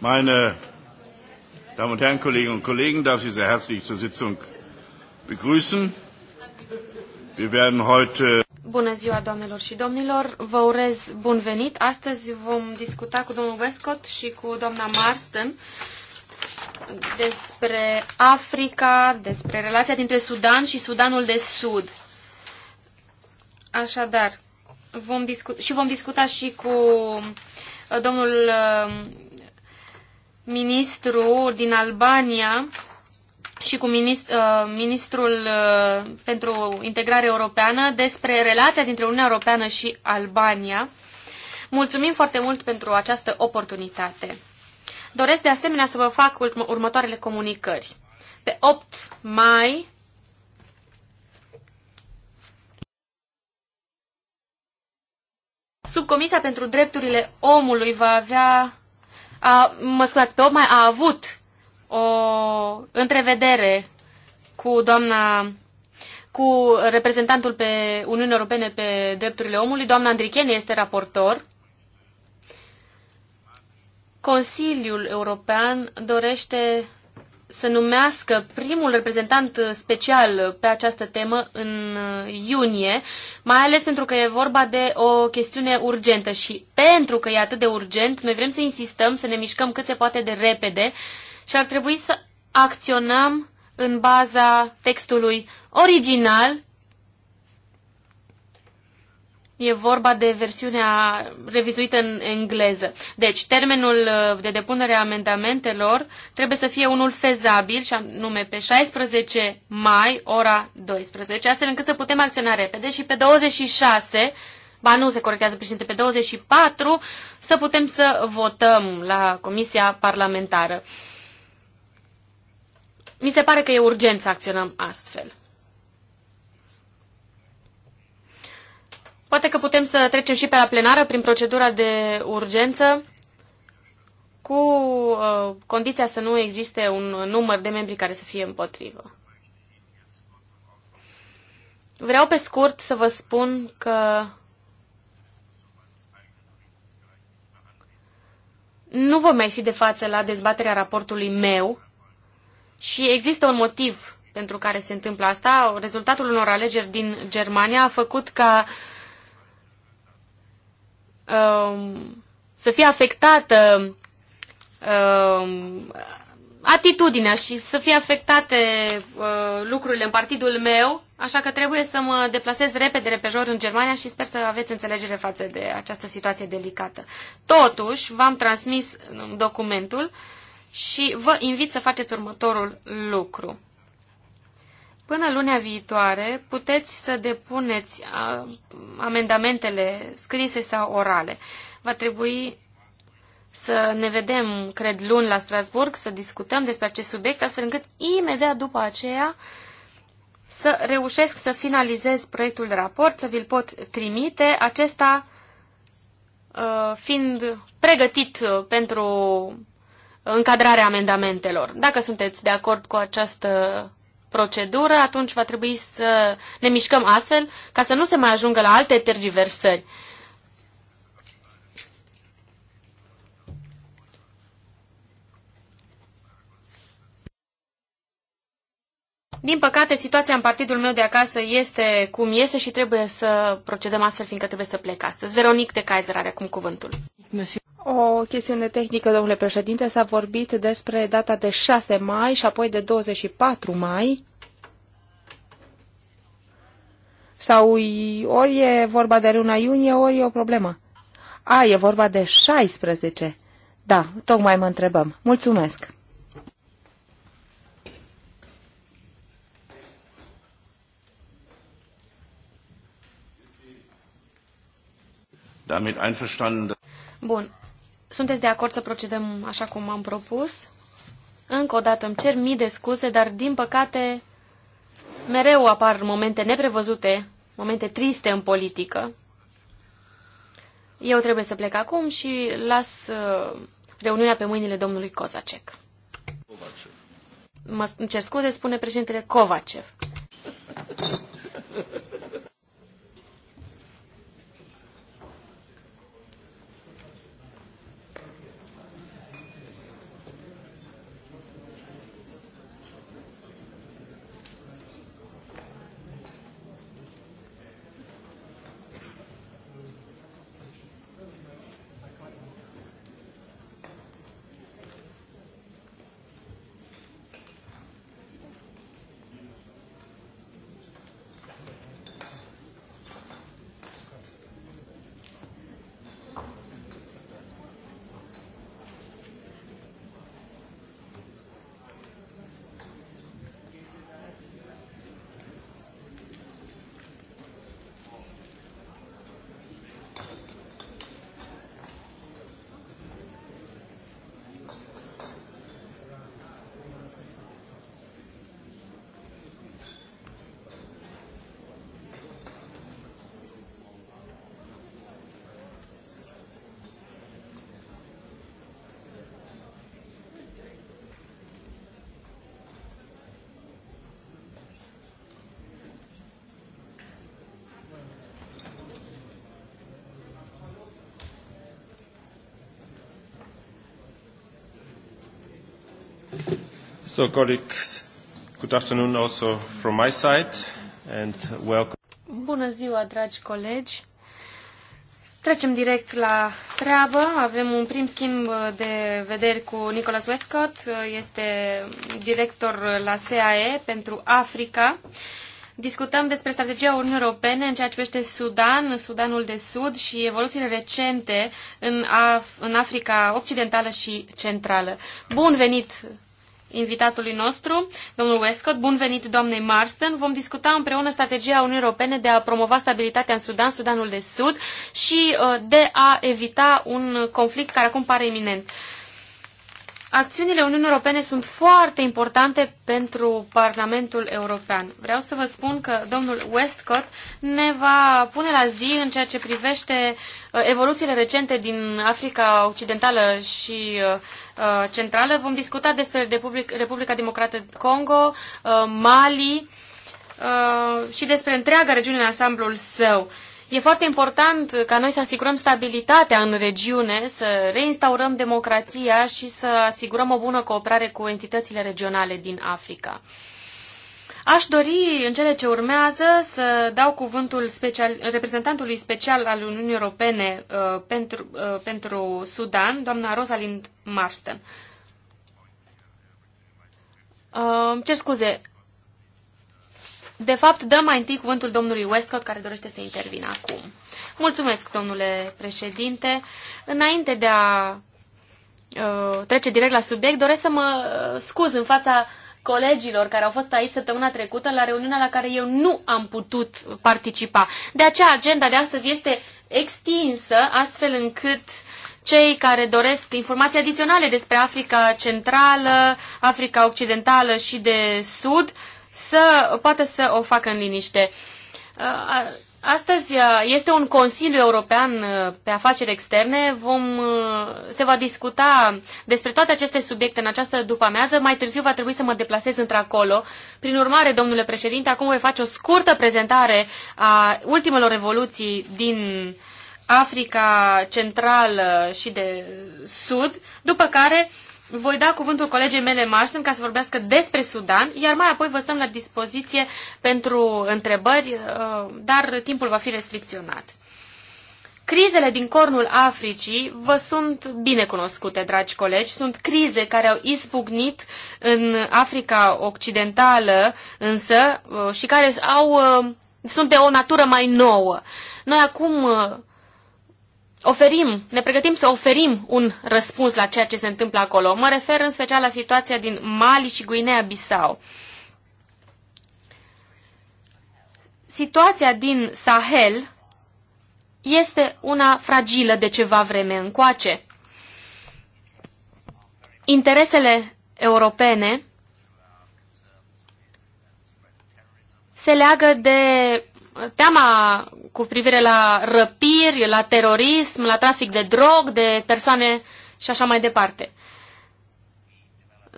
Meine Damen und Herren, Kolleginnen und Kollegen, darf ich Sie sehr herzlich zur Sitzung begrüßen. Wir werden heute Bună ziua, doamnelor și domnilor! Vă urez bun venit! Astăzi vom discuta cu domnul Westcott și cu doamna Marston despre Africa, despre relația dintre Sudan și Sudanul de Sud. Așadar, vom discuta, și vom discuta și cu uh, domnul uh, ministru din Albania și cu minist, uh, ministrul pentru integrare europeană despre relația dintre Uniunea Europeană și Albania. Mulțumim foarte mult pentru această oportunitate. Doresc de asemenea să vă fac următoarele comunicări. Pe 8 mai Subcomisia pentru drepturile omului va avea, a, mă scuzați, pe 8 mai a avut o întrevedere cu doamna cu reprezentantul pe Uniunea Europene pe drepturile omului. Doamna Andrichene este raportor. Consiliul European dorește să numească primul reprezentant special pe această temă în iunie, mai ales pentru că e vorba de o chestiune urgentă și pentru că e atât de urgent, noi vrem să insistăm, să ne mișcăm cât se poate de repede și ar trebui să acționăm în baza textului original E vorba de versiunea revizuită în engleză. Deci, termenul uh, de depunere a amendamentelor trebuie să fie unul fezabil, și anume pe 16 mai, ora 12, astfel încât să putem acționa repede și pe 26, ba nu se corectează președinte, pe 24, să putem să votăm la Comisia Parlamentară. Mi se pare că e urgent să acționăm astfel. Poate că putem să trecem și pe la plenară prin procedura de urgență cu uh, condiția să nu existe un număr de membri care să fie împotrivă. Vreau pe scurt să vă spun că nu vom mai fi de față la dezbaterea raportului meu și există un motiv pentru care se întâmplă asta. Rezultatul unor alegeri din Germania a făcut ca uh, Um, să fie afectată um, atitudinea și să fie afectate uh, lucrurile în partidul meu, așa că trebuie să mă deplasez repede repejor în Germania și sper să aveți înțelegere față de această situație delicată. Totuși, v-am transmis documentul și vă invit să faceți următorul lucru. Până lunea viitoare puteți să depuneți amendamentele scrise sau orale. Va trebui să ne vedem, cred, luni la Strasburg, să discutăm despre acest subiect, astfel încât imediat după aceea să reușesc să finalizez proiectul de raport, să vi-l pot trimite, acesta fiind pregătit pentru încadrarea amendamentelor. Dacă sunteți de acord cu această procedură, atunci va trebui să ne mișcăm astfel ca să nu se mai ajungă la alte tergiversări. Din păcate, situația în partidul meu de acasă este cum este și trebuie să procedăm astfel, fiindcă trebuie să plec astăzi. Veronic de Kaiser are acum cuvântul. Monsieur. O chestiune tehnică, domnule președinte, s-a vorbit despre data de 6 mai și apoi de 24 mai. Sau ori e vorba de luna iunie, ori e o problemă. A, e vorba de 16. Da, tocmai mă întrebăm. Mulțumesc! Damit einverstanden. Bun. Sunteți de acord să procedăm așa cum am propus? Încă o dată îmi cer mii de scuze, dar din păcate mereu apar momente neprevăzute, momente triste în politică. Eu trebuie să plec acum și las uh, reuniunea pe mâinile domnului Kozacek. Mă cer scuze, spune președintele Kovacev. So, colleagues, good afternoon also from my side and welcome. Bună ziua, dragi colegi. Trecem direct la treabă. Avem un prim schimb de vederi cu Nicolas Westcott. Este director la SAE pentru Africa. Discutăm despre strategia Uniunii Europene în ceea ce privește Sudan, Sudanul de Sud și evoluțiile recente în, Af- în Africa Occidentală și Centrală. Bun venit, invitatului nostru, domnul Westcott. Bun venit, doamnei Marston. Vom discuta împreună strategia Uniunii Europene de a promova stabilitatea în Sudan, Sudanul de Sud și uh, de a evita un conflict care acum pare iminent. Acțiunile Uniunii Europene sunt foarte importante pentru Parlamentul European. Vreau să vă spun că domnul Westcott ne va pune la zi în ceea ce privește uh, evoluțiile recente din Africa Occidentală și uh, uh, Centrală. Vom discuta despre Republica Democrată Congo, Mali și despre întreaga regiune în ansamblul său. E foarte important ca noi să asigurăm stabilitatea în regiune, să reinstaurăm democrația și să asigurăm o bună cooperare cu entitățile regionale din Africa. Aș dori, în cele ce urmează, să dau cuvântul special, reprezentantului special al Uniunii Europene uh, pentru, uh, pentru Sudan, doamna Rosalind Marston. Uh, cer scuze, de fapt, dăm mai întâi cuvântul domnului Westcott, care dorește să intervină acum. Mulțumesc, domnule președinte. Înainte de a uh, trece direct la subiect, doresc să mă uh, scuz în fața colegilor care au fost aici săptămâna trecută la reuniunea la care eu nu am putut participa. De aceea, agenda de astăzi este extinsă, astfel încât cei care doresc informații adiționale despre Africa Centrală, Africa Occidentală și de Sud, uh, să poată să o facă în liniște. Astăzi este un Consiliu European pe afaceri externe. Vom, se va discuta despre toate aceste subiecte în această după-amiază. Mai târziu va trebui să mă deplasez într-acolo. Prin urmare, domnule președinte, acum voi face o scurtă prezentare a ultimelor revoluții din Africa Centrală și de Sud, după care voi da cuvântul colegei mele Marston ca să vorbească despre Sudan, iar mai apoi vă stăm la dispoziție pentru întrebări, uh, dar timpul va fi restricționat. Crizele din cornul Africii vă sunt bine cunoscute, dragi colegi. Sunt crize care au izbucnit în Africa Occidentală, însă, uh, și care au, uh, sunt de o natură mai nouă. Noi acum oferim, ne pregătim să oferim un răspuns la ceea ce se întâmplă acolo. Mă refer în special la situația din Mali și Guinea-Bissau. Situația din Sahel este una fragilă de ceva vreme încoace. Interesele europene se leagă de teama cu privire la răpiri, la terorism, la trafic de drog, de persoane și așa mai departe.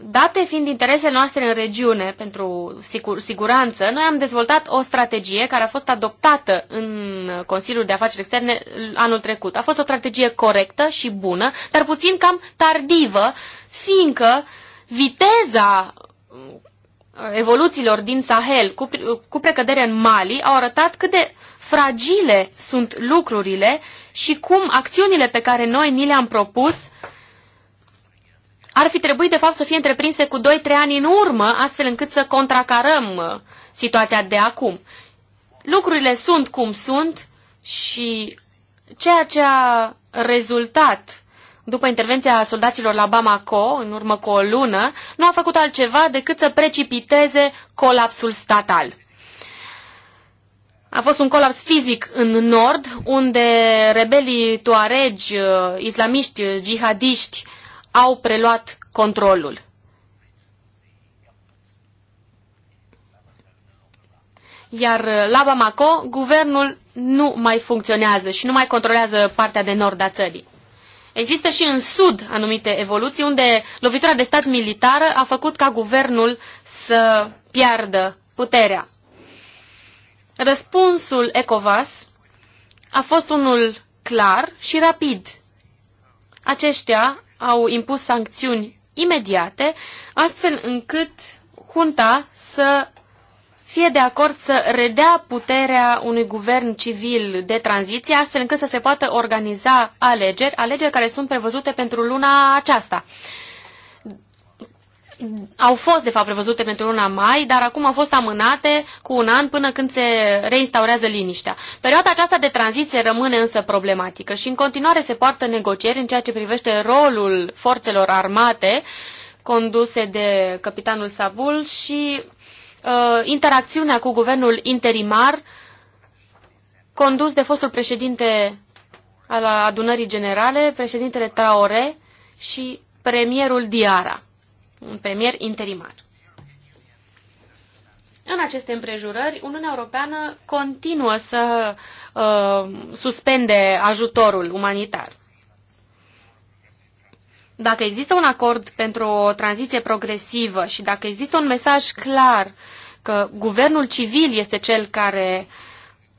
Date fiind interesele noastre în regiune pentru sigur, siguranță, noi am dezvoltat o strategie care a fost adoptată în Consiliul de Afaceri Externe anul trecut. A fost o strategie corectă și bună, dar puțin cam tardivă, fiindcă viteza evoluțiilor din Sahel cu, cu precădere în Mali au arătat cât de fragile sunt lucrurile și cum acțiunile pe care noi ni le-am propus ar fi trebuit de fapt să fie întreprinse cu 2-3 ani în urmă, astfel încât să contracarăm uh, situația de acum. Lucrurile sunt cum sunt și ceea ce a rezultat după intervenția soldaților la Bamako, în urmă cu o lună, nu a făcut altceva decât să precipiteze colapsul statal. A fost un colaps fizic în nord, unde rebelii tuaregi, uh, islamiști, uh, jihadiști au preluat controlul. Iar uh, la Bamako, guvernul nu mai funcționează și nu mai controlează partea de nord a țării. Există și în Sud anumite evoluții unde lovitura de stat militară a făcut ca guvernul să piardă puterea. Răspunsul ECOVAS a fost unul clar și rapid. Aceștia au impus sancțiuni imediate, astfel încât junta să fie de acord să redea puterea unui guvern civil de tranziție, astfel încât să se poată organiza alegeri, alegeri care sunt prevăzute pentru luna aceasta. Au fost, de fapt, prevăzute pentru luna mai, dar acum au fost amânate cu un an până când se reinstaurează liniștea. Perioada aceasta de tranziție rămâne însă problematică și în continuare se poartă negocieri în ceea ce privește rolul forțelor armate conduse de capitanul Sabul și uh, interacțiunea cu guvernul interimar condus de fostul președinte al adunării generale, președintele Traore și premierul Diara, un premier interimar. În aceste împrejurări, Uniunea Europeană continuă să uh, suspende ajutorul umanitar. Dacă există un acord pentru o tranziție progresivă și dacă există un mesaj clar că guvernul civil este cel care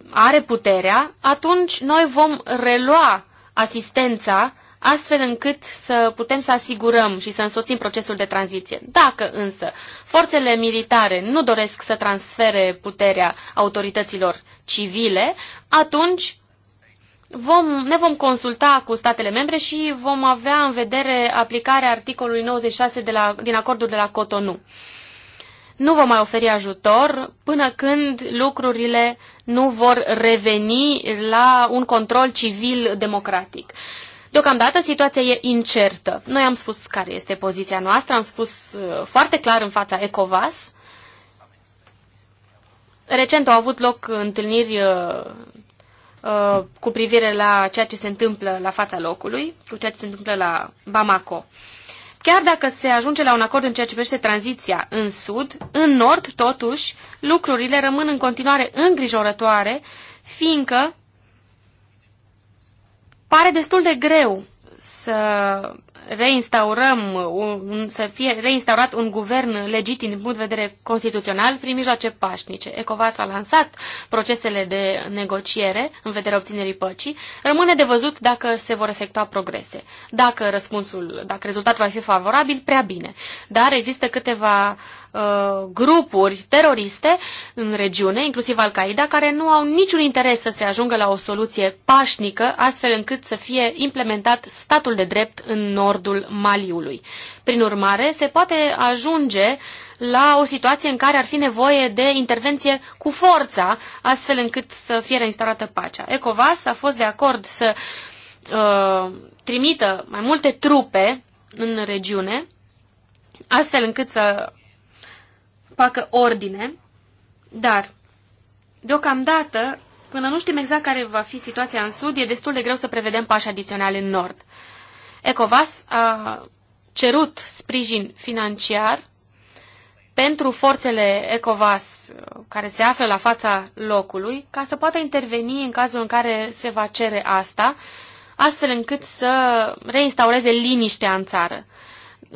are puterea, atunci noi vom relua asistența astfel încât să putem să asigurăm și să însoțim procesul de tranziție. Dacă însă forțele militare nu doresc să transfere puterea autorităților civile, atunci vom, ne vom consulta cu statele membre și vom avea în vedere aplicarea articolului 96 de la, din acordul de la Cotonou. Nu vom mai oferi ajutor până când lucrurile nu vor reveni la un control civil democratic. Deocamdată situația e incertă. Noi am spus care este poziția noastră, am spus uh, foarte clar în fața ECOVAS. Recent au avut loc întâlniri uh, Uh, cu privire la ceea ce se întâmplă la fața locului, cu ceea ce se întâmplă la Bamako. Chiar dacă se ajunge la un acord în ceea ce privește tranziția în sud, în nord, totuși, lucrurile rămân în continuare îngrijorătoare, fiindcă pare destul de greu să reinstaurăm, un, să fie reinstaurat un guvern legitim din punct de vedere constituțional prin mijloace pașnice. ECOVAS a lansat procesele de negociere în vederea obținerii păcii. Rămâne de văzut dacă se vor efectua progrese. Dacă răspunsul, dacă rezultatul va fi favorabil, prea bine. Dar există câteva Uh, grupuri teroriste în regiune, inclusiv Al-Qaeda, care nu au niciun interes să se ajungă la o soluție pașnică, astfel încât să fie implementat statul de drept în nordul Maliului. Prin urmare, se poate ajunge la o situație în care ar fi nevoie de intervenție cu forța, astfel încât să fie reinstaurată pacea. ECOVAS a fost de acord să uh, trimită mai multe trupe în regiune, astfel încât să facă ordine, dar deocamdată, până nu știm exact care va fi situația în Sud, e destul de greu să prevedem pași adiționali în Nord. ECOVAS a cerut sprijin financiar pentru forțele ECOVAS uh, care se află la fața locului, ca să poată interveni în cazul în care se va cere asta, astfel încât să reinstaureze liniștea în țară.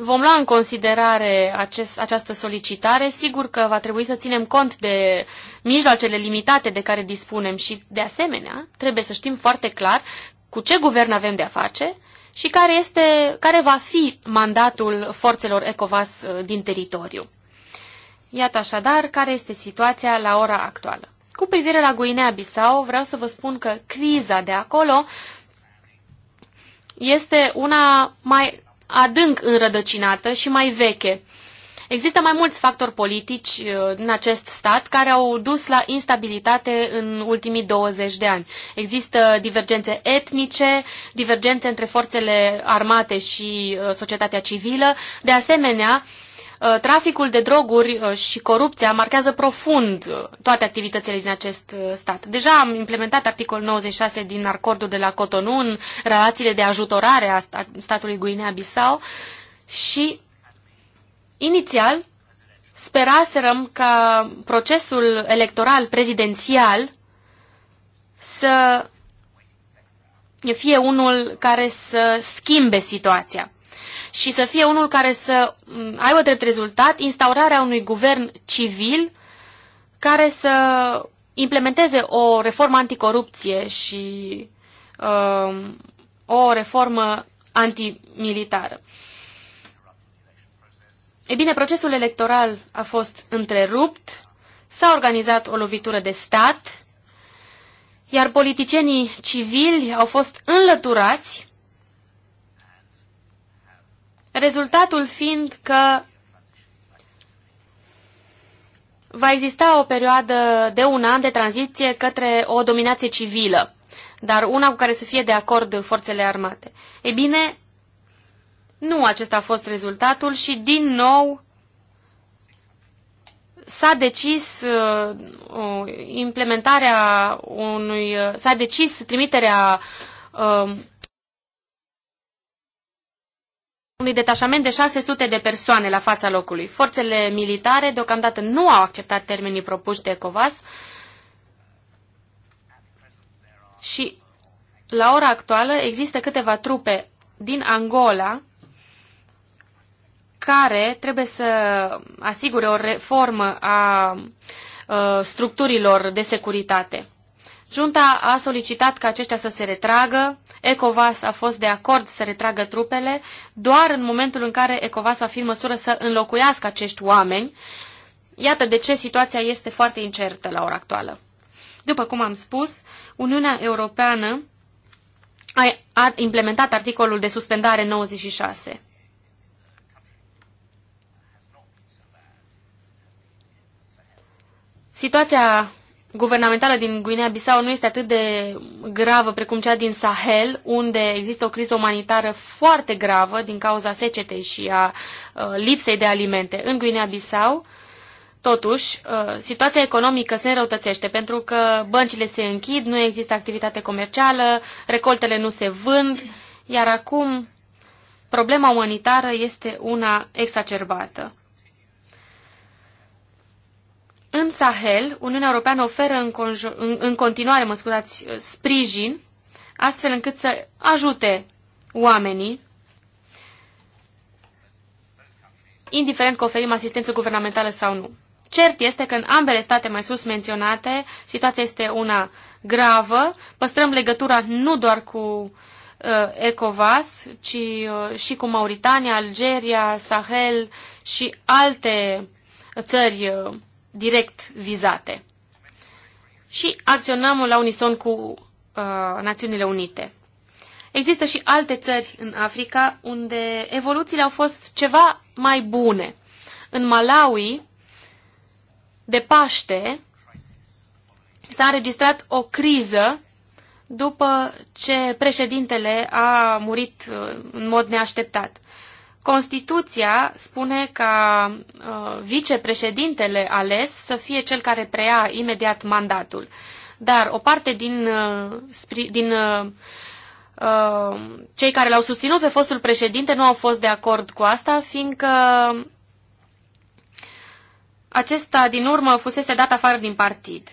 Vom lua în considerare acest, această solicitare. Sigur că va trebui să ținem cont de mijloacele limitate de care dispunem și, de asemenea, trebuie să știm foarte clar cu ce guvern avem de-a face și care, este, care va fi mandatul forțelor ECOVAS uh, din teritoriu. Iată așadar care este situația la ora actuală. Cu privire la Guinea-Bissau, vreau să vă spun că criza de acolo este una mai adânc înrădăcinată și mai veche. Există mai mulți factori politici uh, în acest stat care au dus la instabilitate în ultimii 20 de ani. Există divergențe etnice, divergențe între forțele armate și uh, societatea civilă. De asemenea, Uh, traficul de droguri uh, și corupția marchează profund uh, toate activitățile din acest stat. Deja am implementat articolul 96 din acordul de la Cotonou în relațiile de ajutorare a statului Guinea-Bissau și inițial speraserăm ca procesul electoral prezidențial să fie unul care să schimbe situația și să fie unul care să mm, aibă drept rezultat instaurarea unui guvern civil care să implementeze o reformă anticorupție și um, o reformă antimilitară. E bine, procesul electoral a fost întrerupt, s-a organizat o lovitură de stat, iar politicienii civili au fost înlăturați Rezultatul fiind că va exista o perioadă de un an de tranziție către o dominație civilă, dar una cu care să fie de acord forțele armate. Ei bine, nu acesta a fost rezultatul și din nou s-a decis uh, implementarea unui, uh, s-a decis trimiterea uh, unui detașament de 600 de persoane la fața locului. Forțele militare deocamdată nu au acceptat termenii propuși de Covas și la ora actuală există câteva trupe din Angola care trebuie să asigure o reformă a ă, structurilor de securitate. Junta a solicitat ca aceștia să se retragă, ECOVAS a fost de acord să retragă trupele, doar în momentul în care ECOVAS va fi în măsură să înlocuiască acești oameni. Iată de ce situația este foarte incertă la ora actuală. După cum am spus, Uniunea Europeană a implementat articolul de suspendare 96. Situația guvernamentală din Guinea-Bissau nu este atât de gravă precum cea din Sahel, unde există o criză umanitară foarte gravă din cauza secetei și a uh, lipsei de alimente. În Guinea-Bissau, totuși, uh, situația economică se înrăutățește pentru că băncile se închid, nu există activitate comercială, recoltele nu se vând, iar acum problema umanitară este una exacerbată. În Sahel, Uniunea Europeană oferă în, în, în continuare, mă scuzați, uh, sprijin, astfel încât să ajute oamenii, indiferent că oferim asistență guvernamentală sau nu. Cert este că în ambele state mai sus menționate, situația este una gravă. Păstrăm legătura nu doar cu uh, ECOVAS, ci uh, și cu Mauritania, Algeria, Sahel și alte țări uh, direct vizate. Și acționăm la unison cu uh, Națiunile Unite. Există și alte țări în Africa unde evoluțiile au fost ceva mai bune. În Malawi, de Paște, s-a înregistrat o criză după ce președintele a murit uh, în mod neașteptat. Constituția spune ca uh, vicepreședintele ales să fie cel care preia imediat mandatul. Dar o parte din, uh, spri, din uh, uh, cei care l-au susținut pe fostul președinte nu au fost de acord cu asta, fiindcă acesta din urmă fusese dat afară din partid.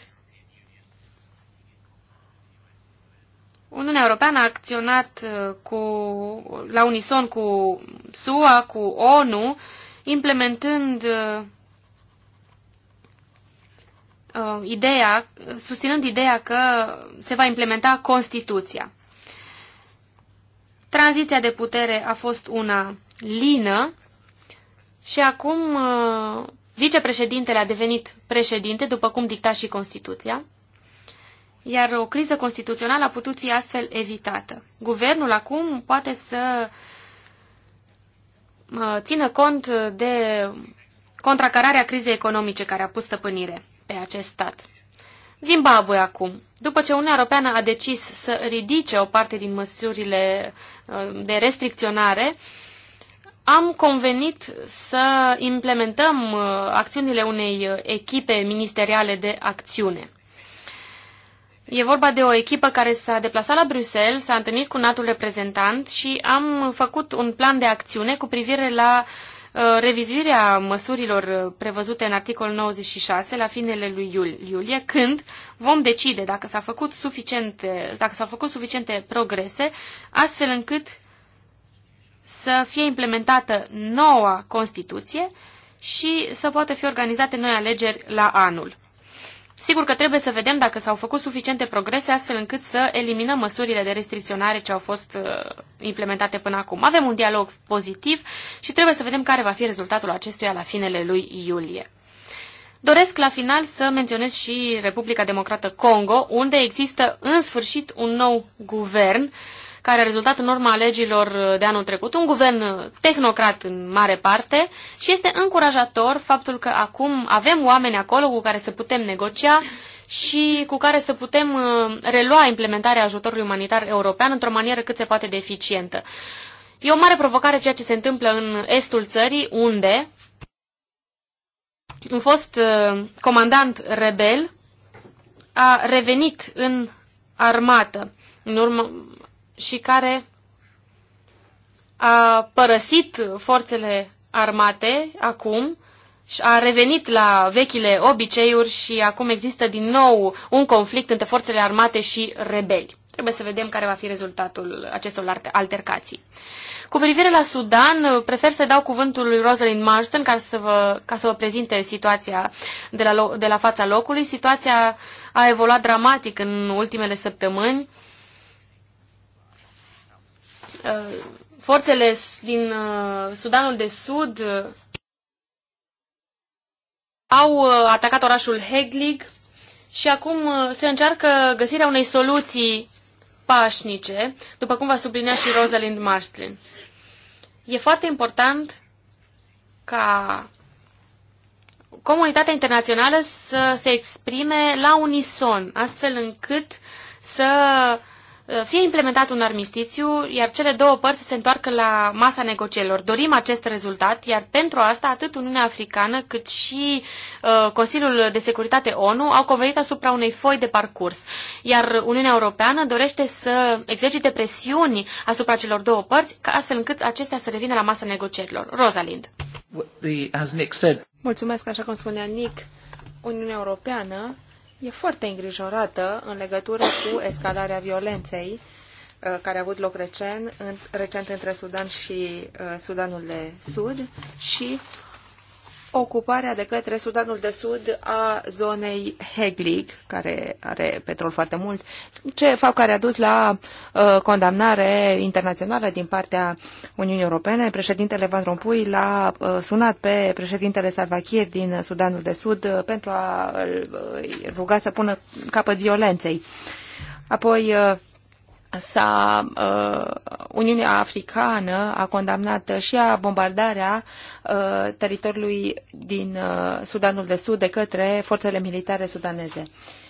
Uniunea Europeană a acționat uh, cu, la unison cu SUA, cu ONU, implementând uh, uh, ideea, susținând ideea că se va implementa Constituția. Tranziția de putere a fost una lină și acum uh, vicepreședintele a devenit președinte, după cum dicta și Constituția iar o criză constituțională a putut fi astfel evitată. Guvernul acum poate să țină cont de contracararea crizei economice care a pus stăpânire pe acest stat. Zimbabwe acum. După ce Uniunea Europeană a decis să ridice o parte din măsurile ă, de restricționare, am convenit să implementăm ă, acțiunile unei echipe ministeriale de acțiune. E vorba de o echipă care s-a deplasat la Bruxelles, s-a întâlnit cu natul reprezentant și am făcut un plan de acțiune cu privire la uh, revizuirea măsurilor uh, prevăzute în articolul 96 la finele lui iulie, când vom decide dacă s-a făcut suficiente, dacă s făcut suficiente progrese, astfel încât să fie implementată noua Constituție și să poată fi organizate noi alegeri la anul. Sigur că trebuie să vedem dacă s-au făcut suficiente progrese astfel încât să eliminăm măsurile de restricționare ce au fost uh, implementate până acum. Avem un dialog pozitiv și trebuie să vedem care va fi rezultatul acestuia la finele lui iulie. Doresc la final să menționez și Republica Democrată Congo, unde există în sfârșit un nou guvern uh, care a rezultat în urma alegerilor de anul trecut, un guvern tehnocrat în mare parte și este încurajator faptul că acum avem oameni acolo cu care să putem negocia și cu care să putem uh, relua implementarea ajutorului umanitar european într-o manieră cât se poate de eficientă. E o mare provocare ceea ce se întâmplă în estul țării, unde un fost uh, comandant rebel a revenit în armată în urmă, și care a părăsit forțele armate acum și a revenit la vechile obiceiuri și acum există din nou un conflict între forțele armate și rebeli. Trebuie să vedem care va fi rezultatul acestor altercații. Cu privire la Sudan, prefer să dau cuvântul lui Rosalind Marston ca să vă, ca să vă prezinte situația de la, de la fața locului. Situația a evoluat dramatic în ultimele săptămâni. Uh, Uh, forțele din uh, Sudanul de Sud uh, au atacat orașul Heglig și acum se încearcă găsirea unei soluții pașnice, după cum va sublinea și Rosalind Marstlin. E foarte important ca comunitatea internațională să se exprime la unison, astfel încât să uh, Uh, fie implementat un armistițiu, iar cele două părți să se întoarcă la masa negocierilor. Dorim acest rezultat, iar pentru asta atât Uniunea Africană cât și uh, Consiliul de Securitate ONU au convenit asupra unei foi de parcurs, iar Uniunea Europeană dorește să exercite presiuni asupra celor două părți, astfel încât acestea să revină la masa negocierilor. Rosalind. Mulțumesc, așa cum spunea Nick. Uniunea Europeană e foarte îngrijorată în legătură cu escalarea violenței uh, care a avut loc recent, recent între Sudan și uh, Sudanul de Sud și ocuparea de către Sudanul de Sud a zonei Heglig, care are petrol foarte mult, ce fapt care a dus la uh, condamnare internațională din partea Uniunii Europene. Președintele Van Rompuy l-a uh, sunat pe președintele Salvachir din Sudanul de Sud uh, pentru a uh, ruga să pună capăt violenței. Apoi, uh, s-a, uh, Uniunea Africană a condamnat și a bombardarea uh, teritoriului din uh, Sudanul de Sud de către forțele militare sudaneze.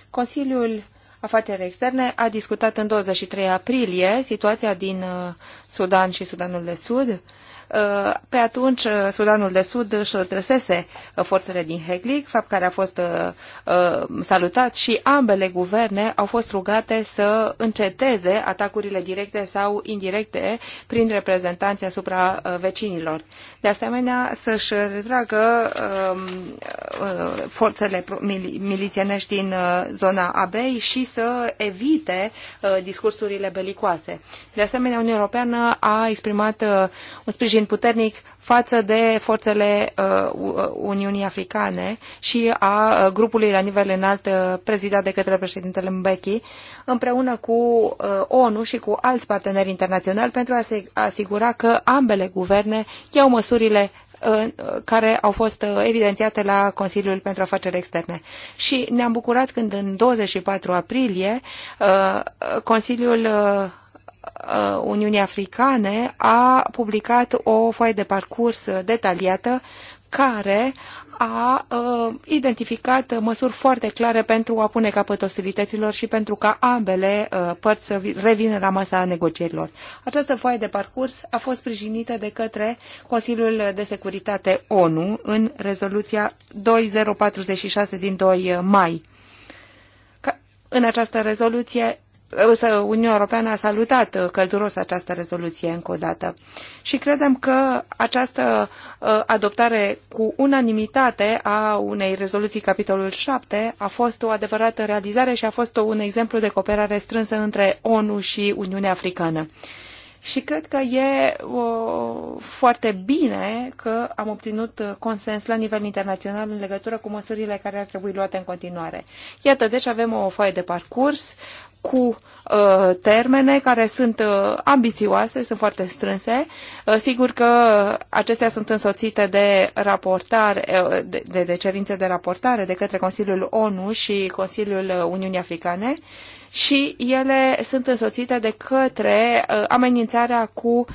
Consiliul Afaceri Externe a discutat în 23 aprilie situația din uh, Sudan și Sudanul de Sud Uh, pe atunci, uh, Sudanul de Sud își trăsese uh, forțele din Heglig, fapt care a fost salutat și ambele guverne au fost rugate să înceteze atacurile directe sau indirecte prin reprezentanții asupra vecinilor. De asemenea, să-și retragă um, forțele milițienești din zona Abei și să evite discursurile belicoase. De asemenea, Uniunea Europeană a exprimat un sprijin sprijin puternic față de forțele uh, Uniunii Africane și a uh, grupului la nivel înalt uh, prezidat de către președintele Mbeki, împreună cu ONU și cu alți parteneri internaționali pentru a se asigura că ambele guverne iau măsurile care au fost evidențiate la Consiliul pentru Afaceri Externe. Și ne-am bucurat când în 24 aprilie Consiliul Uh, Uniunii Africane a publicat o foaie de parcurs detaliată care a uh, identificat măsuri foarte clare pentru a pune capăt ostilităților și pentru ca ambele uh, părți să revină la masa negocierilor. Această foaie de parcurs a fost sprijinită de către Consiliul de Securitate ONU în rezoluția 2046 din 2 mai. Ca, în această rezoluție Uniunea Europeană a salutat uh, călduros această rezoluție încă o dată și credem că această uh, adoptare cu unanimitate a unei rezoluții capitolul 7 a fost o adevărată realizare și a fost un exemplu de cooperare strânsă între ONU și Uniunea Africană. Și cred că e o, foarte bine că am obținut uh, consens la nivel internațional în legătură cu măsurile care ar trebui luate în continuare. Iată, deci avem o foaie de parcurs, cu uh, termene care sunt uh, ambițioase, sunt foarte strânse. Uh, sigur că acestea sunt însoțite de raportare, de, de, de cerințe de raportare de către Consiliul ONU și Consiliul Uniunii Africane și ele sunt însoțite de către amenințarea cu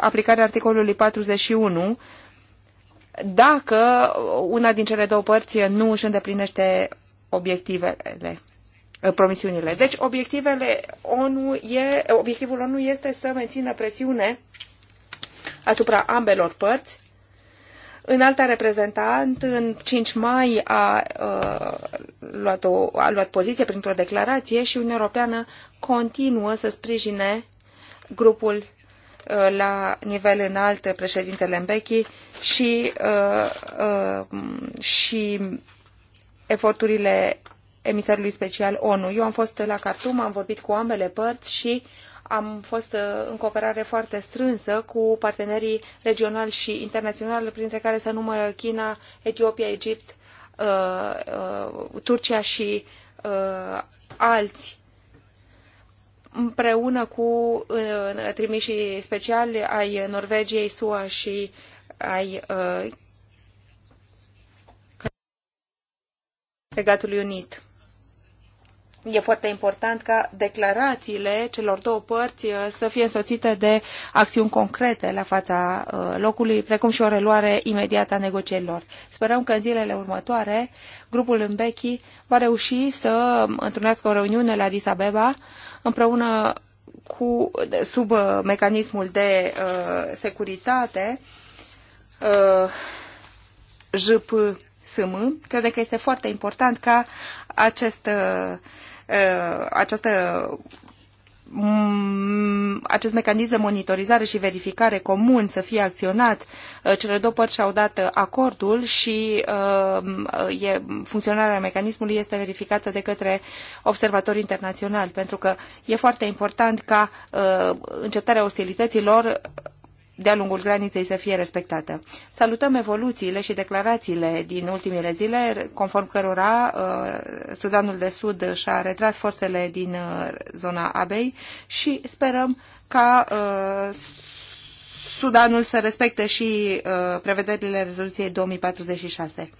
aplicarea articolului 41 dacă una din cele două părți nu își îndeplinește obiectivele. Uh, promisiunile. Deci obiectivele ONU e, obiectivul ONU este să mențină presiune asupra ambelor părți în alta reprezentant, în 5 mai, a, a, uh, luat, o, a luat poziție printr-o declarație și Uniunea Europeană continuă să sprijine grupul uh, la nivel înalt, președintele Mbeki și, uh, uh, și eforturile emisarului special ONU. Eu am fost la Khartoum, am vorbit cu ambele părți și am fost uh, în cooperare foarte strânsă cu partenerii regionali și internaționali, printre care se numără China, Etiopia, Egipt, uh, uh, Turcia și alți împreună cu trimișii speciali ai Norvegiei, SUA și ai Regatului Unit e foarte important ca declarațiile celor două părți uh, să fie însoțite de acțiuni concrete la fața uh, locului, precum și o reluare imediată a negocierilor. Sperăm că în zilele următoare grupul Mbeki va reuși să întrunească o reuniune la Addis Abeba împreună cu, sub uh, mecanismul de uh, securitate uh, JPSM. Cred că este foarte important ca acest uh, Uh, această mm, acest mecanism de monitorizare și verificare comun să fie acționat. Uh, cele două părți și-au dat uh, acordul și uh, e, funcționarea mecanismului este verificată de către observatori internaționali, pentru că e foarte important ca uh, încetarea ostilităților de-a lungul graniței să fie respectată. Salutăm evoluțiile și declarațiile din ultimele zile, conform cărora uh, Sudanul de Sud și-a retras forțele din uh, zona Abei și sperăm ca uh, Sudanul să respecte și prevederile rezoluției 2046.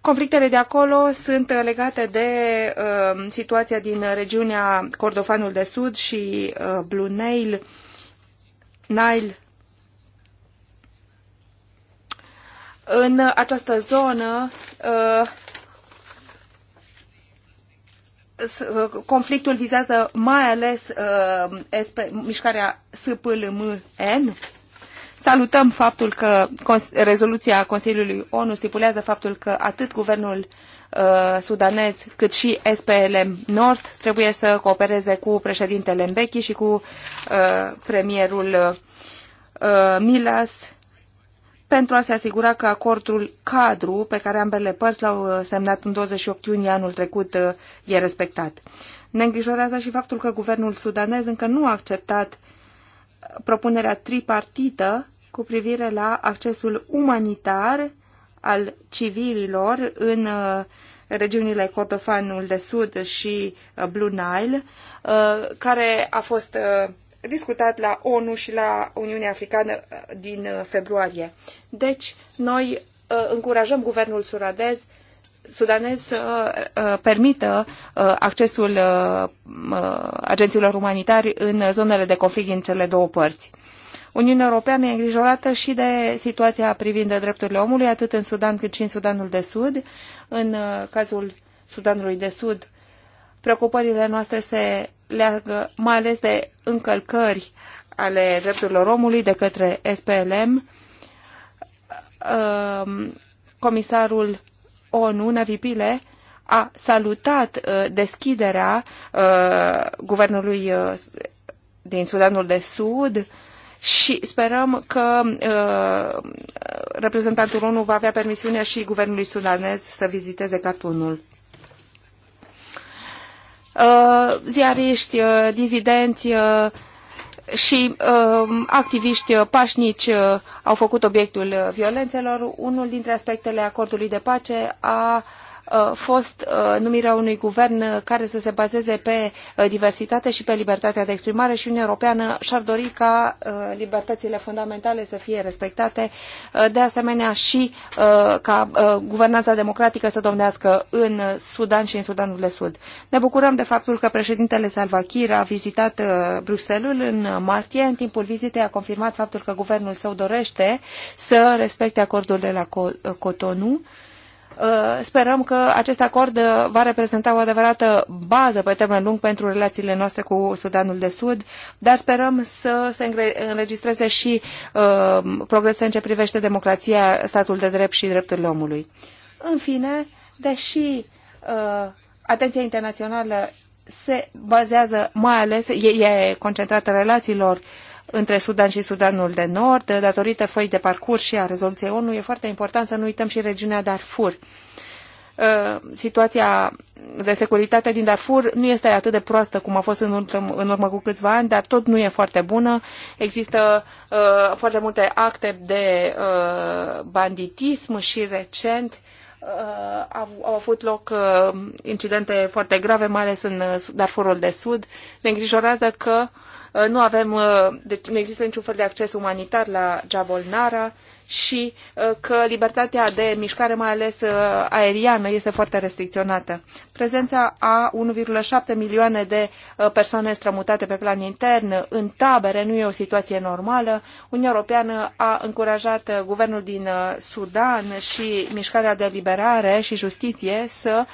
Conflictele de acolo sunt legate de uh, situația din regiunea Cordofanul de Sud și uh, Blue Nail, uh, Nile în această zonă uh, uh, conflictul vizează mai ales uh, mișcarea SPLMN. Salutăm faptul că rezoluția Consiliului ONU stipulează faptul că atât guvernul Uh, sudanez, cât și SPLM North trebuie să coopereze cu președintele Mbeki și cu uh, premierul uh, Milas pentru a se asigura că acordul cadru pe care ambele părți l-au semnat în 28 iunie anul trecut e respectat. Ne îngrijorează și faptul că guvernul sudanez încă nu a acceptat propunerea tripartită cu privire la accesul umanitar al civililor în uh, regiunile Cordofanul de Sud și uh, Blue Nile, uh, care a fost discutat la ONU și la Uniunea Africană din februarie. Deci, noi încurajăm guvernul suradez sudanez să permită accesul agenților umanitari în zonele de conflict din cele două părți. Uniunea Europeană e îngrijorată și de situația privind de drepturile omului, atât în Sudan cât și în Sudanul de Sud. În uh, cazul Sudanului de Sud, preocupările noastre se leagă mai ales de încălcări ale drepturilor omului de către SPLM. Uh, comisarul ONU, Navi Pile, a salutat uh, deschiderea guvernului din Sudanul de Sud și sperăm că uh, reprezentantul ONU va avea permisiunea și guvernului sudanez să viziteze Khartoumul. Uh, ziariști, uh, dizidenți, și activiști pașnici au făcut obiectul violențelor. Unul dintre aspectele acordului de pace a Uh, fost uh, numirea unui guvern uh, care să se bazeze pe diversitate și pe libertatea de exprimare și Uniunea Europeană și-ar dori ca libertățile fundamentale să fie respectate, de asemenea și ca guvernanța democratică să domnească în Sudan și în Sudanul de Sud. Ne bucurăm de faptul că președintele Salva Kiir a vizitat Bruxelles în martie. În timpul vizitei a confirmat faptul că guvernul său dorește să respecte acordul de la Cotonou. Uh, sperăm că acest acord uh, va reprezenta o adevărată bază pe termen lung pentru relațiile noastre cu Sudanul de Sud, dar sperăm să se înregistreze și uh, progrese în ce privește democrația, statul de drept și drepturile omului. În fine, deși atenția internațională se bazează mai ales, e, e concentrată relațiilor uh, între Sudan și Sudanul de Nord, datorită foi de parcurs și a rezoluției ONU, e foarte important să nu uităm și regiunea Darfur. Uh, situația de securitate din Darfur nu este atât de proastă cum a fost în urmă, în urmă cu câțiva ani, dar tot nu e foarte bună. Există uh, foarte multe acte de uh, banditism și recent uh, au, au avut loc uh, incidente foarte grave, mai ales în uh, Darfurul de Sud. Ne îngrijorează că Uh, nu avem, uh, deci nu există niciun fel de acces umanitar la Jabal Nara, și uh, că libertatea de mișcare, mai ales uh, aeriană, este foarte restricționată. Prezența a 1,7 milioane de uh, persoane strămutate pe plan intern în tabere nu e o situație normală. Uniunea Europeană a încurajat guvernul din Sudan și mișcarea de liberare și justiție să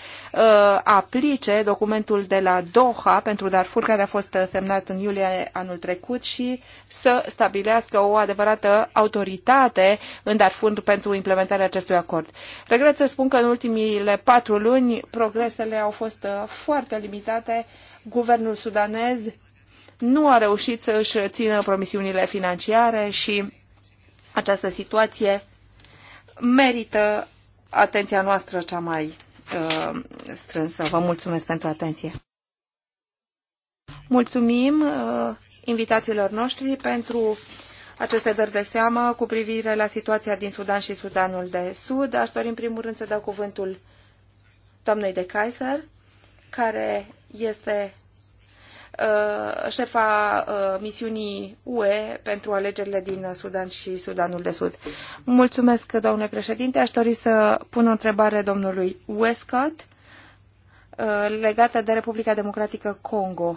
aplice documentul de la Doha pentru Darfur, care a fost semnat în iulie anul trecut și să stabilească o adevărată autoritate în Darfur pentru implementarea acestui acord. Regret să spun că în ultimile patru luni progresele au fost uh, foarte limitate. Guvernul sudanez nu a reușit să își țină promisiunile financiare și această situație merită atenția noastră cea mai uh, strânsă. Vă mulțumesc pentru atenție. Mulțumim uh, invitațiilor noștri pentru aceste dări de seamă cu privire la situația din Sudan și Sudanul de Sud. Aș dori în primul rând să dau cuvântul doamnei de Kaiser, care este uh, șefa uh, misiunii UE pentru alegerile din Sudan și Sudanul de Sud. Mulțumesc, domnule președinte. Aș dori să pun o întrebare domnului Westcott uh, legată de Republica Democratică Congo.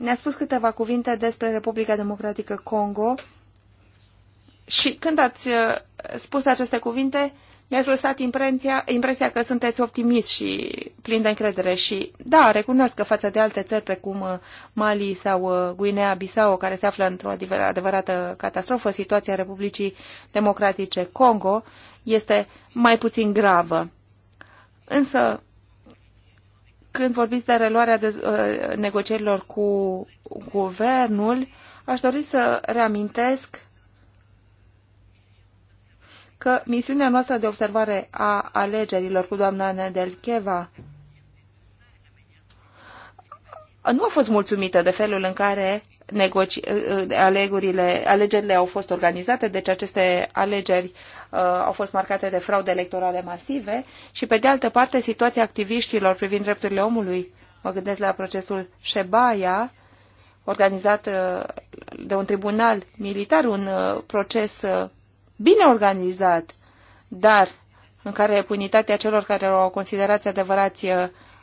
Ne-a spus câteva cuvinte despre Republica Democratică Congo și când ați uh, spus aceste cuvinte, mi-ați lăsat impresia, impresia că sunteți optimist și plin de încredere și, da, recunosc că față de alte țări precum uh, Mali sau uh, Guinea-Bissau, care se află într-o adevărată catastrofă, situația Republicii Democratice Congo este mai puțin gravă. Însă, când vorbiți de reluarea de, uh, negocierilor cu guvernul, aș dori să reamintesc că misiunea noastră de observare a alegerilor cu doamna Nedelcheva nu a fost mulțumită de felul în care negoci- uh, alegurile, alegerile au fost organizate, deci aceste alegeri Uh, au fost marcate de fraude electorale masive și, pe de altă parte, situația activiștilor privind drepturile omului. Mă gândesc la procesul Shebaia, organizat uh, de un tribunal militar, un uh, proces bine organizat, dar în care punitatea celor care au considerați adevărați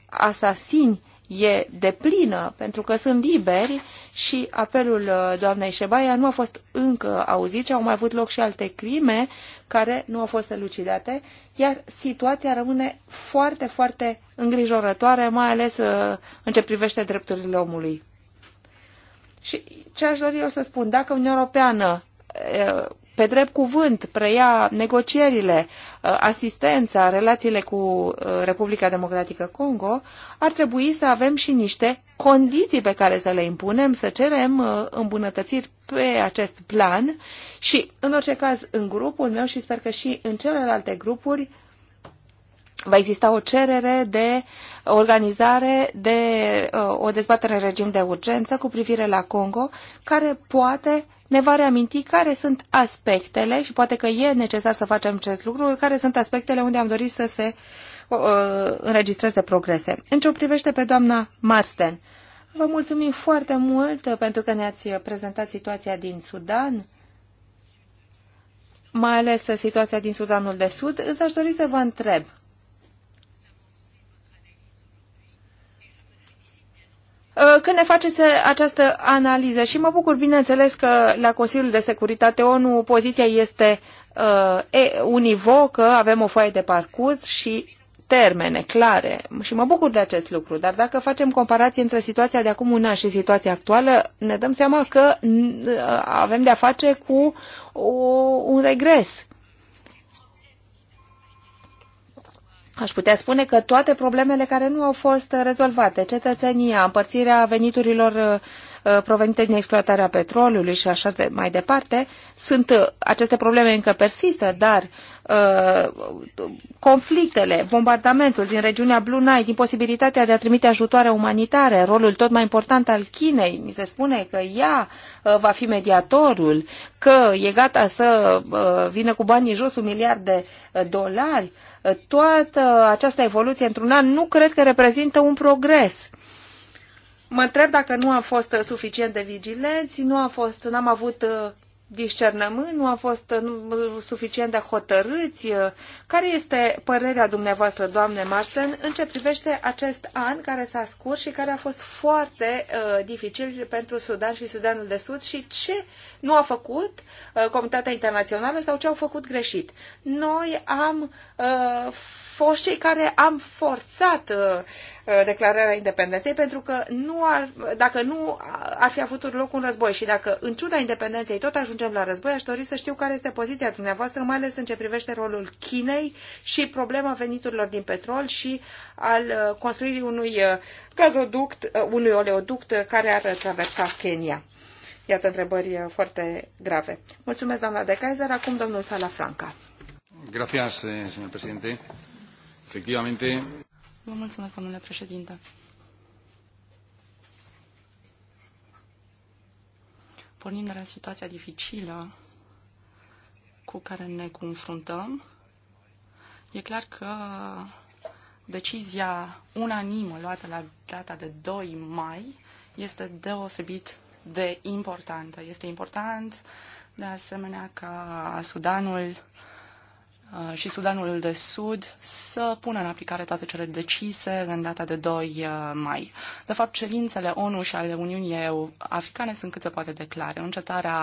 asasini e deplină, pentru că sunt liberi și apelul doamnei Șebaia nu a fost încă auzit și au mai avut loc și alte crime care nu au fost elucidate, iar situația rămâne foarte, foarte îngrijorătoare, mai ales uh, în ce privește drepturile omului. Și ce aș dori eu să spun, dacă Uniunea Europeană uh, pe drept cuvânt preia negocierile, uh, asistența, relațiile cu uh, Republica Democratică Congo, ar trebui să avem și niște condiții pe care să le impunem, să cerem uh, îmbunătățiri pe acest plan și, în orice caz, în grupul meu și sper că și în celelalte grupuri, va exista o cerere de organizare de o dezbatere în regim de urgență cu privire la Congo, care poate ne va reaminti care sunt aspectele, și poate că e necesar să facem acest lucru, care sunt aspectele unde am dorit să se uh, înregistreze progrese. În ce o privește pe doamna Marsden, vă mulțumim foarte mult pentru că ne-ați prezentat situația din Sudan, mai ales situația din Sudanul de Sud, însă aș dori să vă întreb – Uh, când ne faceți această analiză și mă bucur, bineînțeles, că la Consiliul de Securitate ONU poziția este uh, univocă, avem o foaie de parcurs și termene clare și mă bucur de acest lucru, dar dacă facem comparații între situația de acum un an și situația actuală, ne dăm seama că uh, avem de-a face cu o, un regres. Aș putea spune că toate problemele care nu au fost rezolvate, cetățenia, împărțirea veniturilor uh, uh, provenite din exploatarea petrolului și așa de mai departe, sunt, uh, aceste probleme încă persistă, dar conflictele, bombardamentul din regiunea Blue Night, imposibilitatea de a trimite ajutoare umanitare, rolul tot mai important al Chinei, mi se spune că ea va fi mediatorul, că e gata să vină cu banii jos un miliard de dolari, toată această evoluție într-un an nu cred că reprezintă un progres. Mă întreb dacă nu am fost suficient de vigilenți, nu am, fost, n-am avut discernământ, nu a fost suficient de hotărâți. Care este părerea dumneavoastră, doamne Marsden, în ce privește acest an care s-a scurs și care a fost foarte uh, dificil pentru Sudan și Sudanul de Sud și ce nu a făcut uh, comunitatea internațională sau ce au făcut greșit? Noi am uh, fost cei care am forțat uh, uh, declararea independenței, pentru că nu ar, dacă nu ar fi avut loc un război și dacă în ciuda independenței tot ajungem la război, aș dori să știu care este poziția dumneavoastră, mai ales în ce privește rolul Chinei și problema veniturilor din petrol și al uh, construirii unui gazoduct, unui oleoduct care ar traversa Kenya. Iată întrebări foarte grave. Mulțumesc, doamna de Kaiser. Acum, domnul Salafranca. Gracias, eh, señor presidente. Efectivamente. Vă mulțumesc, domnule președinte. Pornind de la situația dificilă cu care ne confruntăm, e clar că decizia unanimă luată la data de 2 mai este deosebit de importantă. Este important, de asemenea, ca Sudanul Uh, și Sudanul de Sud să pună în aplicare toate cele decise în data de 2 uh, mai. De fapt, cerințele ONU și ale Uniunii Africane sunt cât se poate declare. Încetarea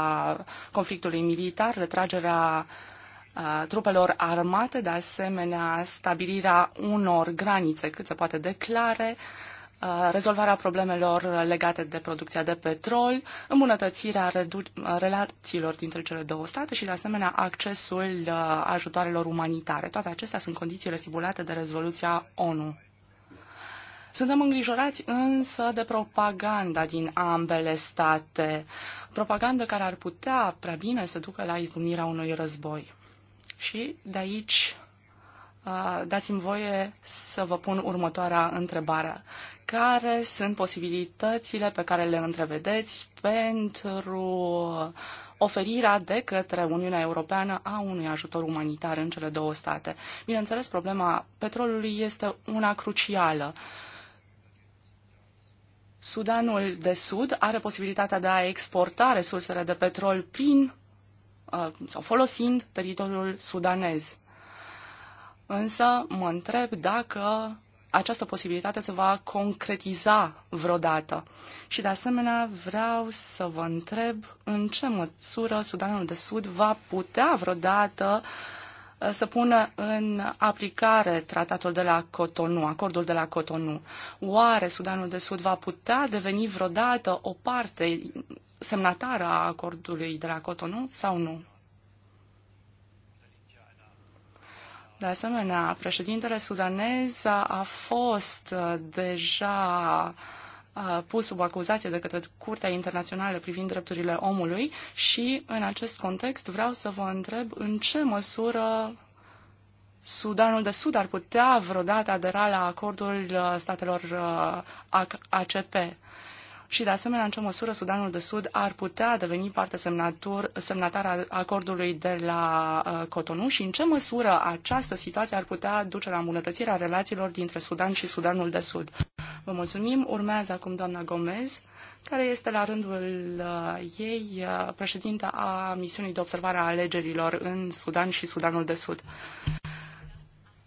conflictului militar, retragerea uh, trupelor armate, de asemenea stabilirea unor granițe cât se poate declare, Uh, rezolvarea problemelor legate de producția de petrol, îmbunătățirea relațiilor dintre cele două state și, de asemenea, accesul uh, ajutoarelor umanitare. Toate acestea sunt condițiile stipulate de rezoluția ONU. Suntem îngrijorați însă de propaganda din ambele state, propaganda care ar putea prea bine să ducă la izbunirea unui război. Și de aici Uh, dați-mi voie să vă pun următoarea întrebare. Care sunt posibilitățile pe care le întrevedeți pentru oferirea de către Uniunea Europeană a unui ajutor umanitar în cele două state? Bineînțeles, problema petrolului este una crucială. Sudanul de Sud are posibilitatea de a exporta resursele de petrol prin uh, sau folosind teritoriul sudanez însă mă întreb dacă această posibilitate se va concretiza vreodată. Și de asemenea vreau să vă întreb în ce măsură Sudanul de Sud va putea vreodată uh, să pună în aplicare tratatul de la Cotonou, acordul de la Cotonou. Oare Sudanul de Sud va putea deveni vreodată o parte semnatară a acordului de la Cotonou sau nu? De asemenea, președintele sudanez a fost uh, deja uh, pus sub acuzație de către Curtea Internațională privind drepturile omului și, în acest context, vreau să vă întreb în ce măsură Sudanul de Sud ar putea vreodată adera la acordul uh, statelor ACP și, de asemenea, în ce măsură Sudanul de Sud ar putea deveni parte semnatur, semnatar a acordului de la uh, Cotonou și în ce măsură această situație ar putea duce la îmbunătățirea relațiilor dintre Sudan și Sudanul de Sud. Vă mulțumim. Urmează acum doamna Gomez, care este la rândul uh, ei uh, președinta a misiunii de observare a alegerilor în Sudan și Sudanul de Sud.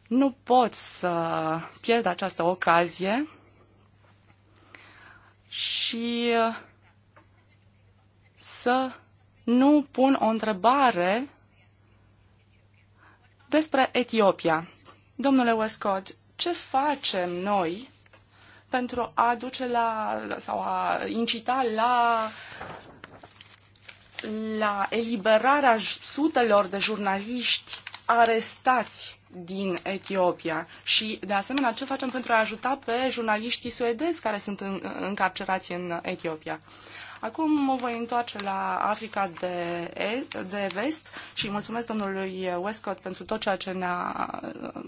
Nu pot să pierd această ocazie și uh, să nu pun o întrebare despre Etiopia. Domnule Westcott, ce facem noi pentru a duce la sau a incita la la eliberarea sutelor de jurnaliști arestați din Etiopia? Și, de asemenea, ce facem pentru a ajuta pe jurnaliștii suedezi care sunt în, încarcerați în Etiopia? Acum mă voi întoarce la Africa de, de vest și mulțumesc domnului Westcott pentru tot ceea ce ne-a uh,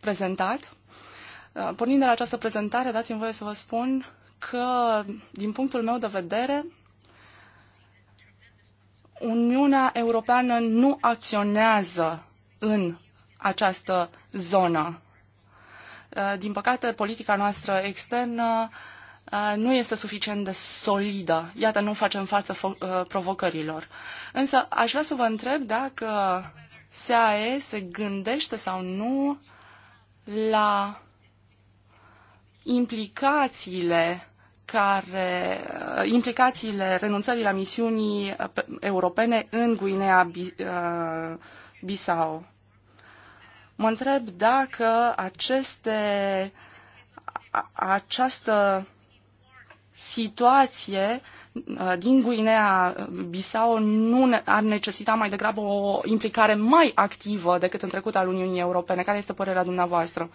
prezentat. Uh, pornind de la această prezentare, dați-mi voie să vă spun că, din punctul meu de vedere, Uniunea Europeană nu acționează în această zonă. Uh, din păcate, politica noastră externă uh, nu este suficient de solidă. Iată, nu facem față uh, provocărilor. Însă, aș vrea să vă întreb dacă SAE se gândește sau nu la implicațiile care implicațiile renunțării la misiunii europene în Guinea Bissau. Mă întreb dacă aceste, această situație din Guinea Bissau nu ar necesita mai degrabă o implicare mai activă decât în trecut al Uniunii Europene. Care este părerea dumneavoastră?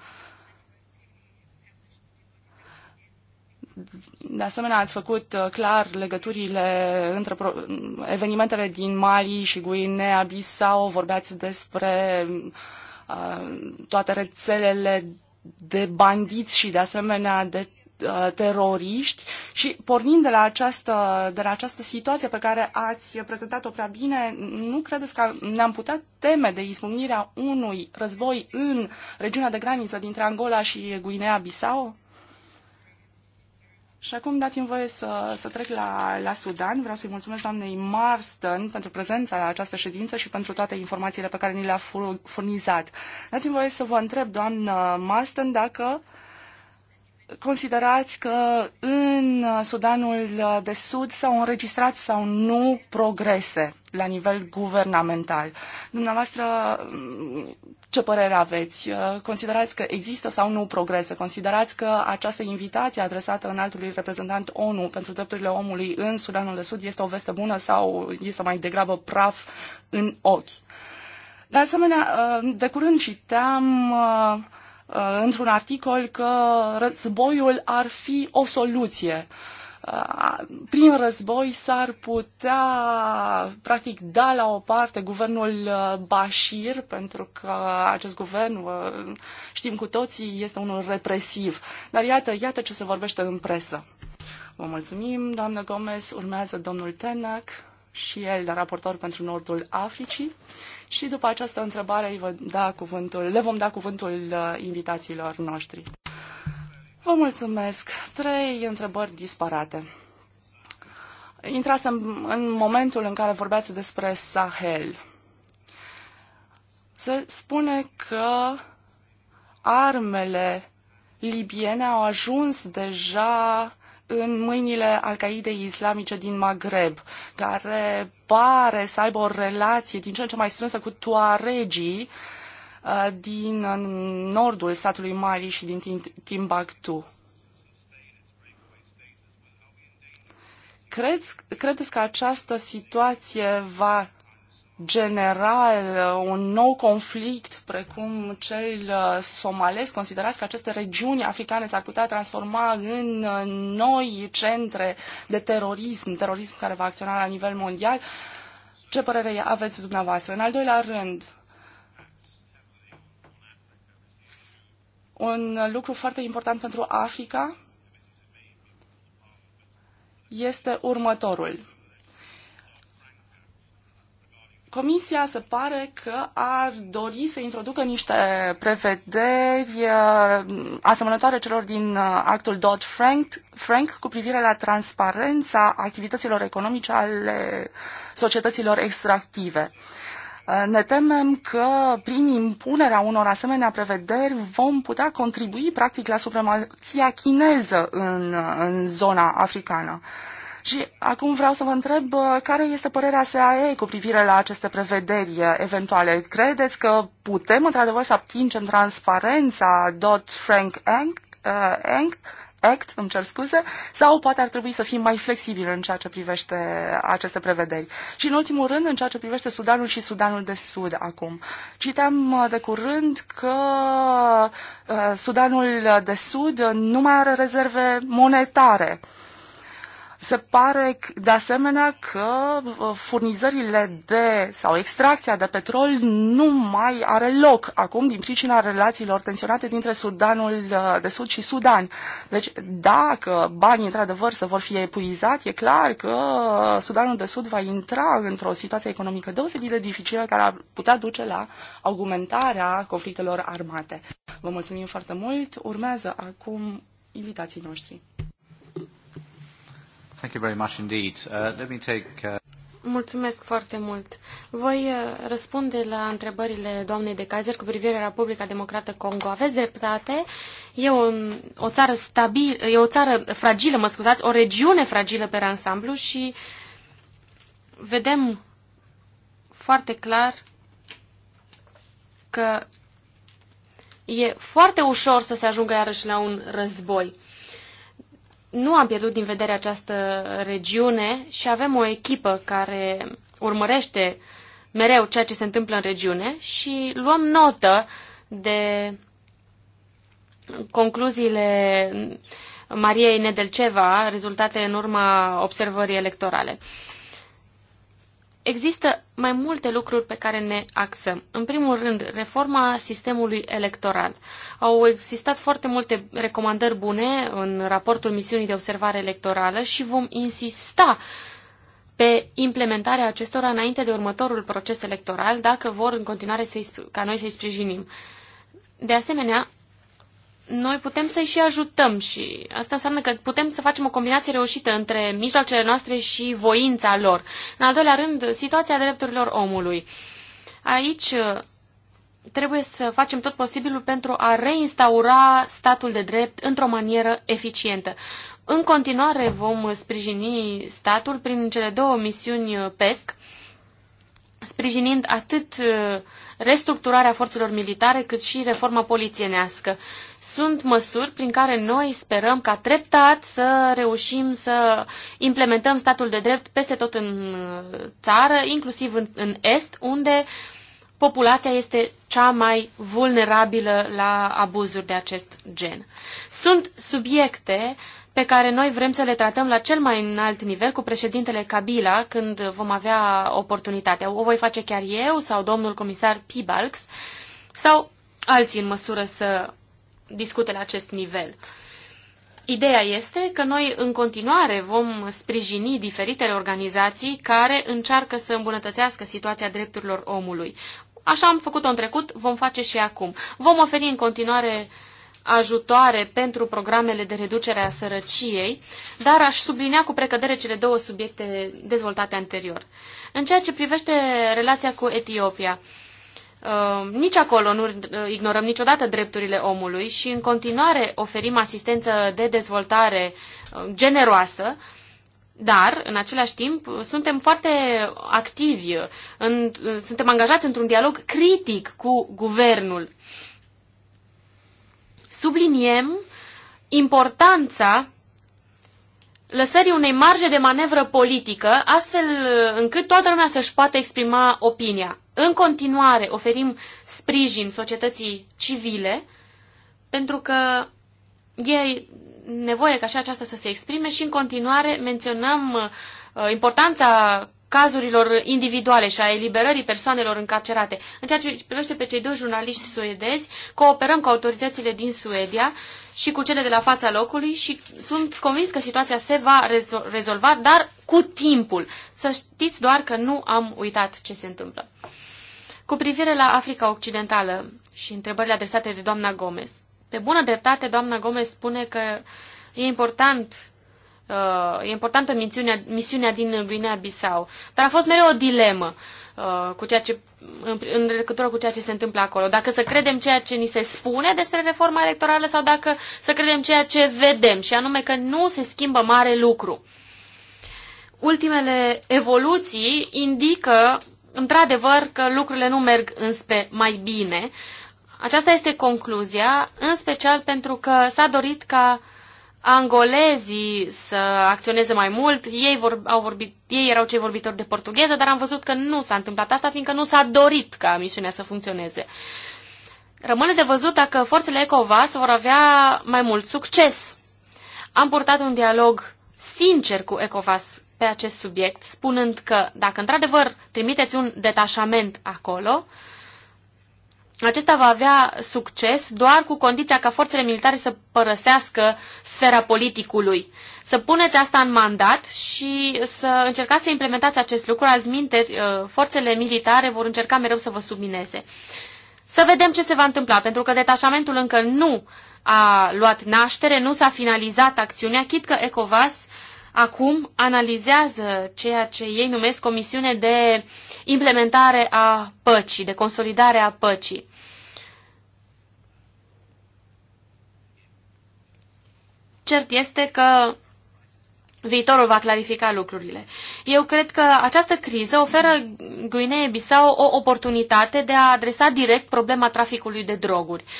De asemenea, ați făcut uh, clar legăturile între evenimentele din Mali și Guinea Bissau, vorbeați despre uh, Uh, toate rețelele de bandiți și de asemenea de uh, teroriști și pornind de la această, de la această situație pe care ați prezentat-o prea bine, nu credeți că ne-am putea teme de izbucnirea unui război în regiunea de graniță dintre Angola și Guinea-Bissau? Și acum dați-mi voie să, să trec la, la Sudan. Vreau să-i mulțumesc doamnei Marston pentru prezența la această ședință și pentru toate informațiile pe care ni le-a furnizat. Dați-mi voie să vă întreb, doamnă Marston, dacă considerați că în Sudanul de Sud s-au înregistrat sau nu progrese la nivel guvernamental. Dumneavoastră ce părere aveți? Uh, considerați că există sau nu progrese? Considerați că această invitație adresată altului reprezentant ONU pentru drepturile omului în Sudanul de Sud este o veste bună sau este mai degrabă praf în ochi? De asemenea, uh, de curând citeam uh, într-un articol că războiul ar fi o soluție prin război s-ar putea practic da la o parte guvernul uh, Bashir, pentru că acest guvern, uh, știm cu toții, este unul represiv. Dar iată, iată ce se vorbește în presă. Vă mulțumim, doamnă Gomez. Urmează domnul Tenac și el, raportor pentru Nordul Africii. Și după această întrebare îi vă da cuvântul, le vom da cuvântul uh, invitațiilor noștri. Vă mulțumesc. Trei întrebări disparate. Intrasem în momentul în care vorbeați despre Sahel. Se spune că armele libiene au ajuns deja în mâinile Al-Qaidei islamice din Maghreb, care pare să aibă o relație din ce în ce mai strânsă cu tuaregii, uh, Uh, din nordul statului Mali și din Timbuktu. Credeți, credeți că această situație va genera uh, un nou conflict precum cel uh, somalez? Considerați că aceste regiuni africane s-ar putea transforma în noi centre de terorism, terorism care va acționa la nivel mondial? Ce părere aveți dumneavoastră? În al doilea rând, Un lucru foarte important pentru Africa este următorul. Comisia se pare că ar dori să introducă niște prevederi uh, asemănătoare celor din uh, actul Dodd-Frank Frank, cu privire la transparența activităților economice ale societăților extractive. Uh, Eh, ne temem că prin impunerea unor asemenea prevederi vom putea contribui practic la supremația chineză în, în zona africană. Și acum vreau să vă întreb eh, care este părerea SAE cu privire la aceste prevederi eh, eventuale. Credeți că putem într-adevăr să atingem transparența Dodd-Frank Act? Act, îmi cer scuze, sau poate ar trebui să fim mai flexibili în ceea ce privește aceste prevederi. Și în ultimul rând, în ceea ce privește Sudanul și Sudanul de Sud acum. Citeam uh, de curând că uh, Sudanul de Sud nu mai are rezerve monetare. Se pare de asemenea că uh, furnizările de sau extracția de petrol nu mai are loc acum din pricina relațiilor tensionate dintre Sudanul uh, de Sud și Sudan. Deci dacă banii într-adevăr se vor fi epuizați, e clar că uh, Sudanul de Sud va intra într-o situație economică deosebit de dificilă care ar putea duce la augmentarea conflictelor armate. Vă mulțumim foarte mult. Urmează acum invitații noștri. Thank you very much indeed. Uh, let me take, uh... Mulțumesc foarte mult. Voi uh, răspunde la întrebările doamnei de Kaiser cu privire la Republica Democrată Congo. Aveți dreptate, e o, o țară stabil, e o țară fragilă, mă scuzați, o regiune fragilă pe ansamblu și vedem foarte clar că e foarte ușor să se ajungă iarăși la un război nu am pierdut din vedere această regiune și avem o echipă care urmărește mereu ceea ce se întâmplă în regiune și luăm notă de concluziile Mariei Nedelceva, rezultate în urma observării electorale. Există mai multe lucruri pe care ne axăm. În primul rând, reforma sistemului electoral. Au existat foarte multe recomandări bune în raportul misiunii de observare electorală și vom insista pe implementarea acestora înainte de următorul proces electoral, dacă vor în continuare ca noi să-i sprijinim. De asemenea, noi putem să-i și ajutăm și asta înseamnă că putem să facem o combinație reușită între mijloacele noastre și voința lor. În al doilea rând, situația drepturilor omului. Aici uh, trebuie să facem tot posibilul pentru a reinstaura statul de drept într-o manieră eficientă. În continuare vom sprijini statul prin cele două misiuni uh, PESC, sprijinind atât uh, restructurarea forțelor militare cât și reforma polițienească sunt măsuri prin care noi sperăm ca treptat să reușim să implementăm statul de drept peste tot în uh, țară, inclusiv în, în Est, unde populația este cea mai vulnerabilă la abuzuri de acest gen. Sunt subiecte pe care noi vrem să le tratăm la cel mai înalt nivel cu președintele Kabila când vom avea oportunitatea. O voi face chiar eu sau domnul comisar Pibalx sau alții în măsură să discute la acest nivel. Ideea este că noi în continuare vom sprijini diferitele organizații care încearcă să îmbunătățească situația drepturilor omului. Așa am făcut-o în trecut, vom face și acum. Vom oferi în continuare ajutoare pentru programele de reducere a sărăciei, dar aș sublinea cu precădere cele două subiecte dezvoltate anterior. În ceea ce privește relația cu Etiopia, uh, Uh, nici acolo nu uh, ignorăm niciodată drepturile omului și în continuare oferim asistență de dezvoltare uh, generoasă, dar, în același timp, suntem foarte activi, în, suntem angajați într-un dialog critic cu guvernul. Subliniem importanța lăsării unei marje de manevră politică, astfel încât toată lumea să-și poată exprima opinia în continuare oferim sprijin societății civile, pentru că e nevoie ca și aceasta să se exprime și în continuare menționăm uh, importanța cazurilor individuale și a eliberării persoanelor încarcerate. În ceea ce privește pe cei doi jurnaliști suedezi, cooperăm cu autoritățile din Suedia și cu cele de la fața locului și sunt convins că situația se va rezolva, dar cu timpul. Să știți doar că nu am uitat ce se întâmplă. Cu privire la Africa Occidentală și întrebările adresate de doamna Gomez, pe bună dreptate, doamna Gomez spune că e important Uh, e importantă misiunea, misiunea din Guinea-Bissau, dar a fost mereu o dilemă uh, cu ceea ce, în, în legătură cu ceea ce se întâmplă acolo. Dacă să credem ceea ce ni se spune despre reforma electorală sau dacă să credem ceea ce vedem, și anume că nu se schimbă mare lucru. Ultimele evoluții indică într-adevăr că lucrurile nu merg înspre mai bine. Aceasta este concluzia, în special pentru că s-a dorit ca angolezii să acționeze mai mult. Ei, vor, au vorbit, ei erau cei vorbitori de portugheză, dar am văzut că nu s-a întâmplat asta, fiindcă nu s-a dorit ca misiunea să funcționeze. Rămâne de văzut dacă forțele ECOVAS vor avea mai mult succes. Am purtat un dialog sincer cu ECOVAS pe acest subiect, spunând că dacă într-adevăr trimiteți un detașament acolo, acesta va avea succes doar cu condiția ca forțele militare să părăsească sfera politicului. Să puneți asta în mandat și să încercați să implementați acest lucru, altminteri uh, forțele militare vor încerca mereu să vă submineze. Să vedem ce se va întâmpla, pentru că detașamentul încă nu a luat naștere, nu s-a finalizat acțiunea, chit că ECOVAS acum analizează ceea ce ei numesc Comisiune de Implementare a Păcii, de Consolidare a Păcii. Cert este că viitorul va clarifica lucrurile. Eu cred că această criză oferă Guinee-Bissau o oportunitate de a adresa direct problema traficului de droguri. Uh,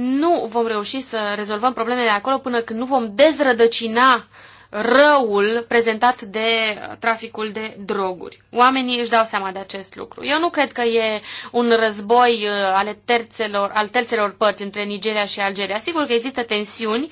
nu vom reuși să rezolvăm problemele acolo până când nu vom dezrădăcina răul prezentat de traficul de droguri. Oamenii își dau seama de acest lucru. Eu nu cred că e un război uh, ale terțelor, al terțelor părți între Nigeria și Algeria. Sigur că există tensiuni,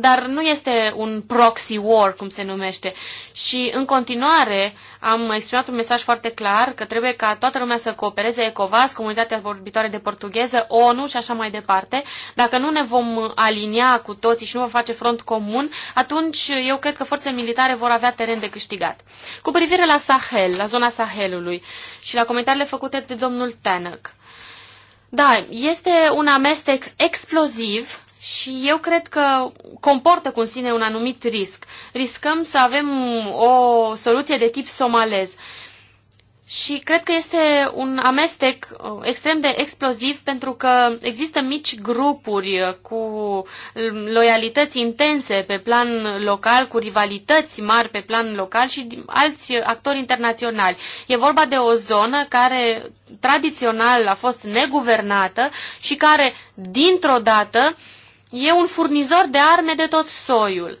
dar nu este un proxy war, cum se numește. Și în continuare am exprimat un mesaj foarte clar că trebuie ca toată lumea să coopereze, ECOVAS, Comunitatea Vorbitoare de Portugheză, ONU și așa mai departe. Dacă nu ne vom alinia cu toții și nu vom face front comun, atunci eu cred că forțele militare vor avea teren de câștigat. Cu privire la Sahel, la zona Sahelului și la comentariile făcute de domnul Tanăc, da, este un amestec exploziv și eu cred că comportă cu sine un anumit risc. Riscăm să avem o soluție de tip somalez. Și cred că este un amestec uh, extrem de exploziv pentru că există mici grupuri cu loialități intense pe plan local, cu rivalități mari pe plan local și alți actori internaționali. E vorba de o zonă care tradițional a fost neguvernată și care dintr-o dată uh, E un furnizor de arme de tot soiul.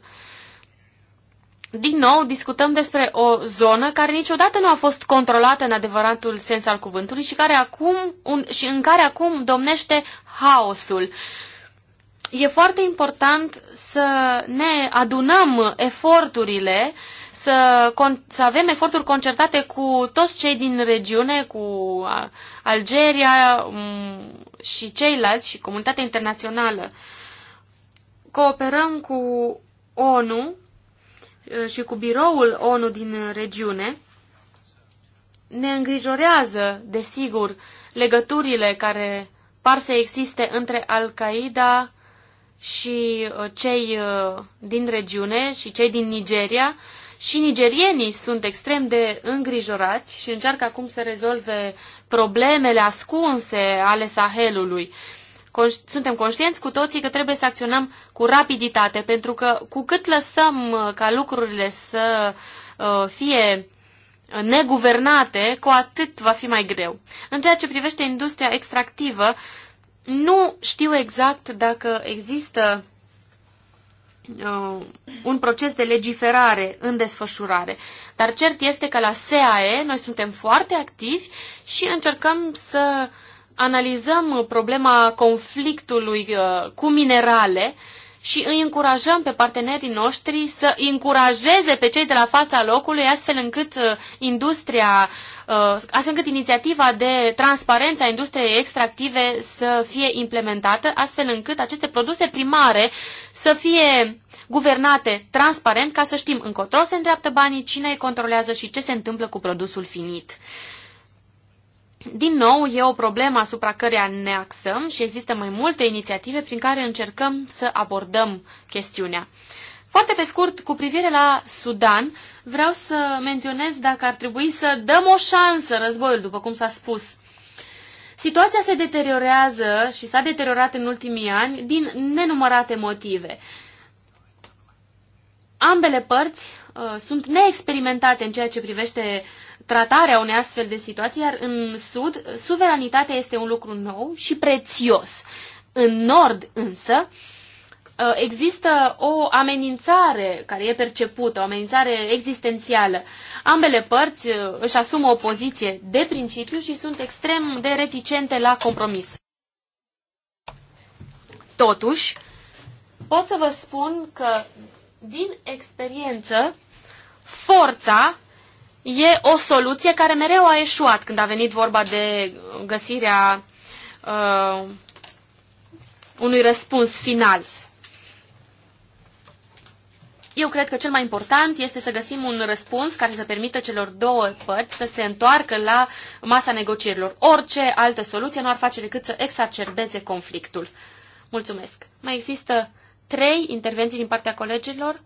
Din nou, discutăm despre o zonă care niciodată nu a fost controlată în adevăratul sens al cuvântului și, care acum, un, și în care acum domnește haosul. E foarte important să ne adunăm eforturile să, să avem eforturi concertate cu toți cei din regiune, cu Algeria mm, și ceilalți și comunitatea internațională. Cooperăm cu ONU uh, și cu biroul ONU din regiune. Ne îngrijorează, desigur, legăturile care par să existe între Al-Qaeda și uh, cei uh, din regiune și cei din Nigeria. Și nigerienii sunt extrem de îngrijorați și încearcă acum să rezolve problemele ascunse ale Sahelului suntem conștienți cu toții că trebuie să acționăm cu rapiditate, pentru că cu cât lăsăm uh, ca lucrurile să uh, fie neguvernate, cu atât va fi mai greu. În ceea ce privește industria extractivă, nu știu exact dacă există uh, un proces de legiferare în desfășurare. Dar cert este că la SAE noi suntem foarte activi și încercăm să analizăm uh, problema conflictului uh, cu minerale și îi încurajăm pe partenerii noștri să încurajeze pe cei de la fața locului astfel încât uh, industria, astfel încât inițiativa de transparență a industriei extractive să fie implementată, astfel încât aceste produse primare să fie guvernate transparent ca să știm încotro se îndreaptă banii, cine îi controlează și ce se întâmplă cu produsul finit. Din nou, e o problemă asupra căreia ne axăm și există mai multe inițiative prin care încercăm să abordăm chestiunea. Foarte pe scurt, cu privire la Sudan, vreau să menționez dacă ar trebui să dăm o șansă războiul, după cum s-a spus. Situația se deteriorează și s-a deteriorat în ultimii ani din nenumărate motive. Ambele părți uh, sunt neexperimentate în ceea ce privește uh, tratarea unei astfel de situații, iar în sud suveranitatea este un lucru nou și prețios. În nord însă uh, există o amenințare care e percepută, o amenințare existențială. Ambele părți uh, își asumă o poziție de principiu și sunt extrem de reticente la compromis. Totuși, pot să vă spun că din experiență, forța e o soluție care mereu a eșuat când a venit vorba de găsirea uh, unui răspuns final. Eu cred că cel mai important este să găsim un răspuns care să permită celor două părți să se întoarcă la masa negocierilor. Orice altă soluție nu ar face decât să exacerbeze conflictul. Mulțumesc. Mai există trei intervenții din partea colegilor.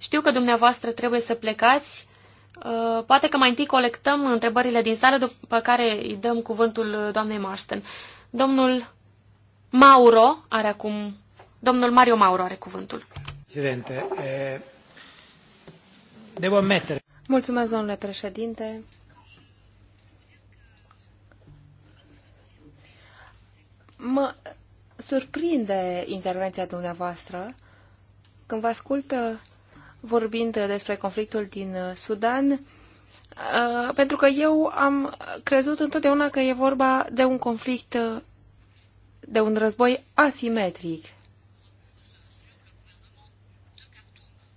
Știu că dumneavoastră trebuie să plecați, Uh, poate că mai întâi colectăm întrebările din sală, după care îi dăm cuvântul doamnei Marston. Domnul Mauro are acum... Domnul Mario Mauro are cuvântul. Presidente, eh, devo ammettere... Mulțumesc, domnule președinte. Mă surprinde intervenția dumneavoastră. Când vă ascultă vorbind despre conflictul din Sudan, uh, pentru că eu am crezut întotdeauna că e vorba de un conflict, uh, de un război asimetric,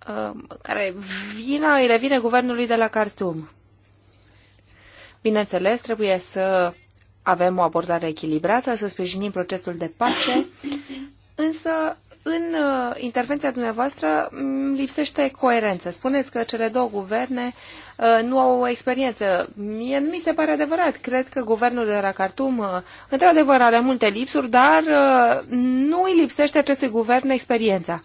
uh, care vina îi revine guvernului de la Khartoum. Bineînțeles, trebuie să avem o abordare echilibrată, să sprijinim procesul de pace, Însă, în uh, intervenția dumneavoastră lipsește coerență. Spuneți că cele două guverne uh, nu au o experiență. Mie nu mi se pare adevărat. Cred că guvernul de la Khartoum, uh, într-adevăr, are multe lipsuri, dar nu îi lipsește acestui guvern experiența.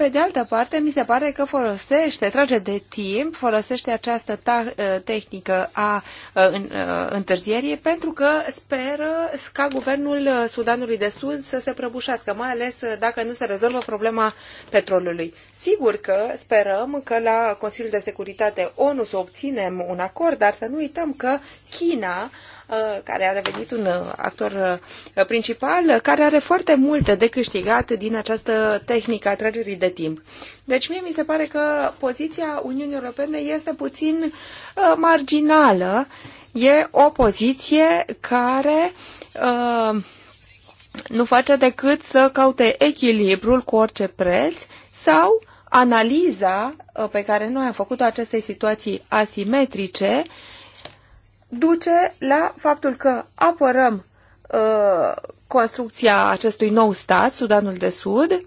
Pe de altă parte, mi se pare că folosește, trage de timp, folosește această ă, tehnică a ă, ă, întârzierii pentru că speră ca guvernul Sudanului de Sud să se prăbușească, mai ales dacă nu se rezolvă problema petrolului. Sigur că sperăm că la Consiliul de Securitate ONU să obținem un acord, dar să nu uităm că China Uh, care a devenit un uh, actor uh, principal, care are foarte multe de câștigat din această tehnică a trăririi de timp. Deci mie mi se pare că poziția Uniunii Europene este puțin marginală. E o poziție care nu face decât să caute echilibrul cu orice preț sau analiza pe care noi am făcut-o acestei situații asimetrice uh, duce la faptul că apărăm uh, construcția acestui nou stat, Sudanul de Sud,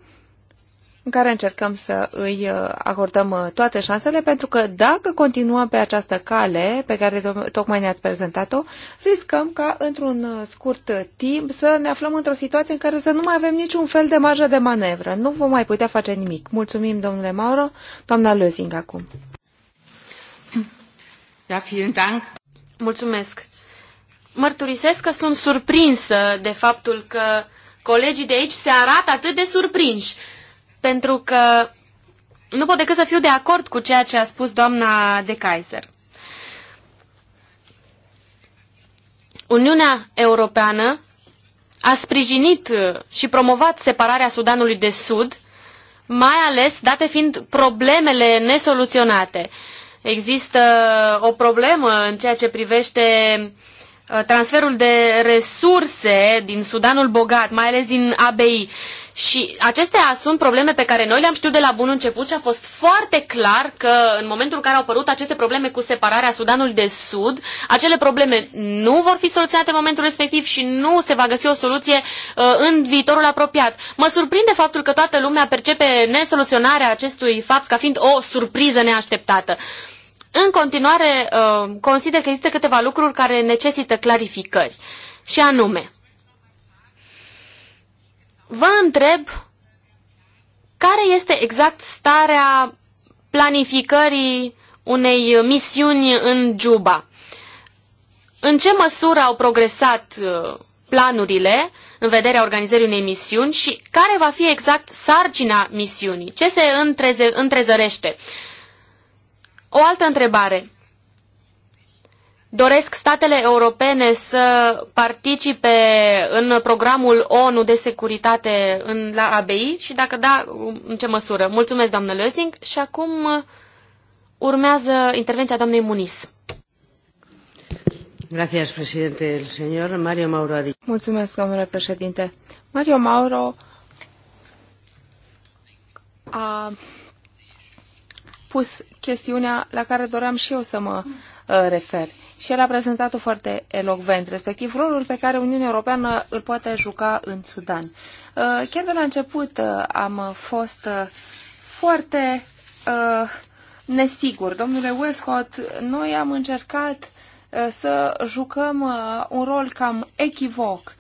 în care încercăm să îi uh, acordăm uh, toate șansele, pentru că dacă continuăm pe această cale pe care tocmai ne-ați prezentat-o, riscăm ca într-un uh, scurt timp să ne aflăm într-o situație în care să nu mai avem niciun fel de marjă de manevră. Nu vom mai putea face nimic. Mulțumim, domnule Mauro. Doamna Lözing acum. Da, vielen Dank. Mulțumesc. Mărturisesc că sunt surprinsă de faptul că colegii de aici se arată atât de surprinși, pentru că nu pot decât să fiu de acord cu ceea ce a spus doamna de Kaiser. Uniunea Europeană a sprijinit și promovat separarea Sudanului de Sud, mai ales date fiind problemele nesoluționate. Uh, Există o problemă în ceea ce privește uh, transferul de resurse din Sudanul bogat, mai ales din ABI. Și acestea sunt probleme pe care noi le-am știut de la bun început și a fost foarte clar că în momentul în care au apărut aceste probleme cu separarea Sudanului de Sud, acele probleme nu vor fi soluționate în momentul respectiv și nu se va găsi o soluție uh, în viitorul apropiat. Mă surprinde faptul că toată lumea percepe nesoluționarea acestui fapt ca fiind o surpriză neașteptată. În continuare, uh, consider că există câteva lucruri care necesită clarificări. Și anume, vă întreb care este exact starea planificării unei misiuni în Juba. În ce măsură au progresat uh, planurile în vederea organizării unei misiuni și care va fi exact sarcina misiunii? Ce se întreze, întrezărește? O altă întrebare doresc statele europene să participe în programul ONU de securitate în, la ABI și dacă da, în ce măsură? Mulțumesc, doamnă Lözing. Și acum urmează intervenția doamnei Muniz. Gracias, señor Mario Mauro Mulțumesc, domnule președinte. Mario Mauro a pus chestiunea la care doream și eu să mă Uh, refer. Și el a prezentat-o foarte elocvent, respectiv rolul pe care Uniunea Europeană îl poate juca în Sudan. Uh, chiar de la început uh, am fost foarte nesigur. Domnule Westcott, noi am încercat să jucăm un rol cam echivoc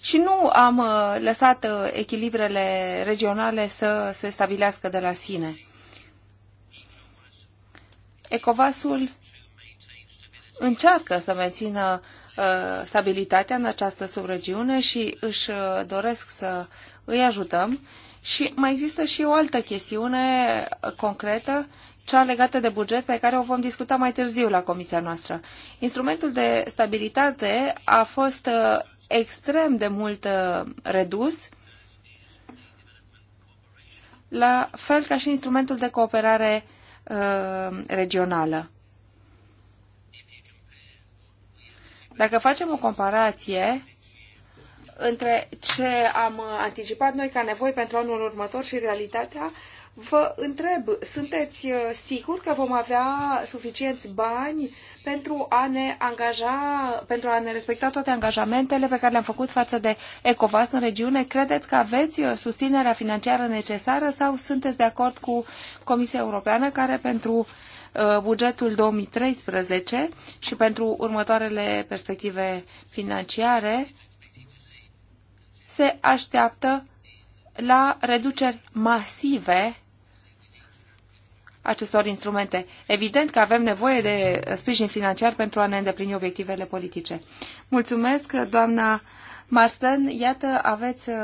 și nu am lăsat echilibrele regionale să se stabilească de la sine. Ecovasul încearcă să mențină uh, stabilitatea în această subregiune și își uh, doresc să îi ajutăm. Și mai există și o altă chestiune uh, concretă, cea legată de buget, pe care o vom discuta mai târziu la comisia noastră. Instrumentul de stabilitate a fost extrem de mult redus, la fel ca și instrumentul de cooperare Uh, regională. Dacă facem o comparație între ce am anticipat noi ca nevoi pentru anul următor și realitatea, Vă întreb, sunteți uh, sigur că vom avea suficienți bani pentru a ne angaja, pentru a ne respecta toate angajamentele pe care le-am făcut față de ECOVAS în regiune? Credeți că aveți uh, susținerea financiară necesară sau sunteți de acord cu Comisia Europeană care pentru uh, bugetul 2013 și pentru următoarele perspective financiare se așteaptă la reduceri masive acestor instrumente. Evident că avem nevoie de sprijin financiar pentru a ne îndeplini obiectivele politice. Mulțumesc, doamna Marsten. Iată, aveți uh,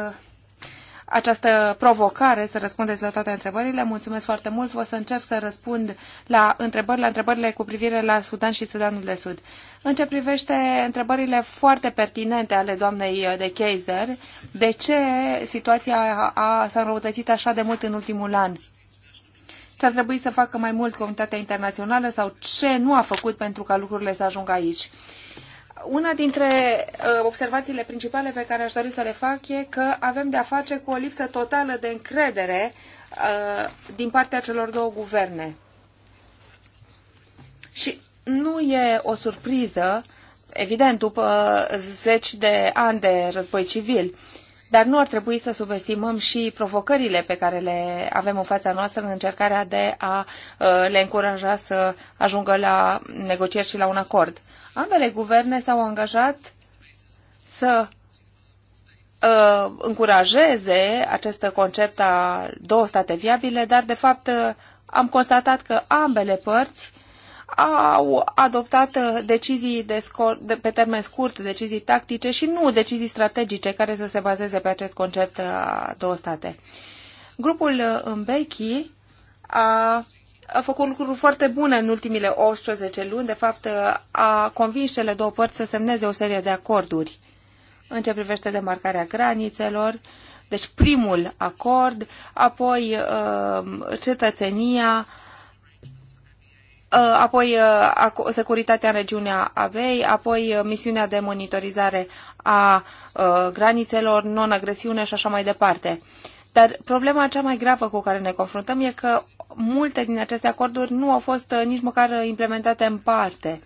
această provocare să răspundeți la toate întrebările. Mulțumesc foarte mult. O să încerc să răspund la întrebări, la întrebările cu privire la Sudan și Sudanul de Sud. În ce privește întrebările foarte pertinente ale doamnei uh, de Kaiser, de ce situația a, s-a înrăutățit așa de mult în ultimul an? ce ar trebui să facă mai mult comunitatea internațională sau ce nu a făcut pentru ca lucrurile să ajungă aici. Una dintre uh, observațiile principale pe care aș dori să le fac e că avem de-a face cu o lipsă totală de încredere uh, din partea celor două guverne. Și nu e o surpriză, evident, după uh, zeci de ani de război civil. Uh, dar nu ar trebui să subestimăm și provocările pe care le avem în fața noastră în încercarea de a uh, le încuraja să ajungă la negocieri și la un acord. Ambele guverne s-au angajat să uh, încurajeze acest concept a două state viabile, dar de fapt uh, am constatat că ambele părți au adoptat uh, decizii de scor- de, pe termen scurt, decizii tactice și nu decizii strategice care să se bazeze pe acest concept a uh, două state. Grupul uh, Mbeki a a făcut lucruri foarte bune în ultimile 18 luni. De fapt, a convins cele două părți să semneze o serie de acorduri în ce privește demarcarea granițelor, deci primul acord, apoi cetățenia, Uh, apoi uh, securitatea în regiunea Avei, apoi uh, misiunea de monitorizare a granițelor, non-agresiune și așa mai departe. Dar problema cea mai gravă cu care ne confruntăm e că multe din aceste acorduri nu au fost nici măcar implementate în parte.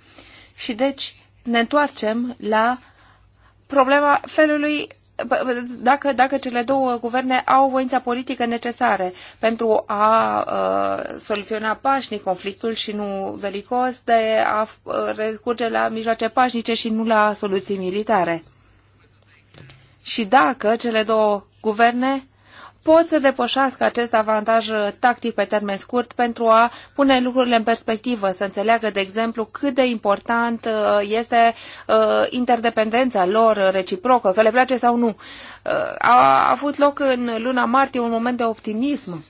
Și deci ne întoarcem la problema felului dacă, dacă cele două guverne au voința politică necesare pentru a uh, soluționa pașnic conflictul și nu belicos, de a uh, recurge la mijloace pașnice și nu la soluții militare. Și dacă cele două guverne pot să depășească acest avantaj uh, tactic pe termen scurt pentru a pune lucrurile în perspectivă, să înțeleagă, de exemplu, cât de important uh, este uh, interdependența lor reciprocă, că le place sau nu. A avut loc în luna martie un moment de optimism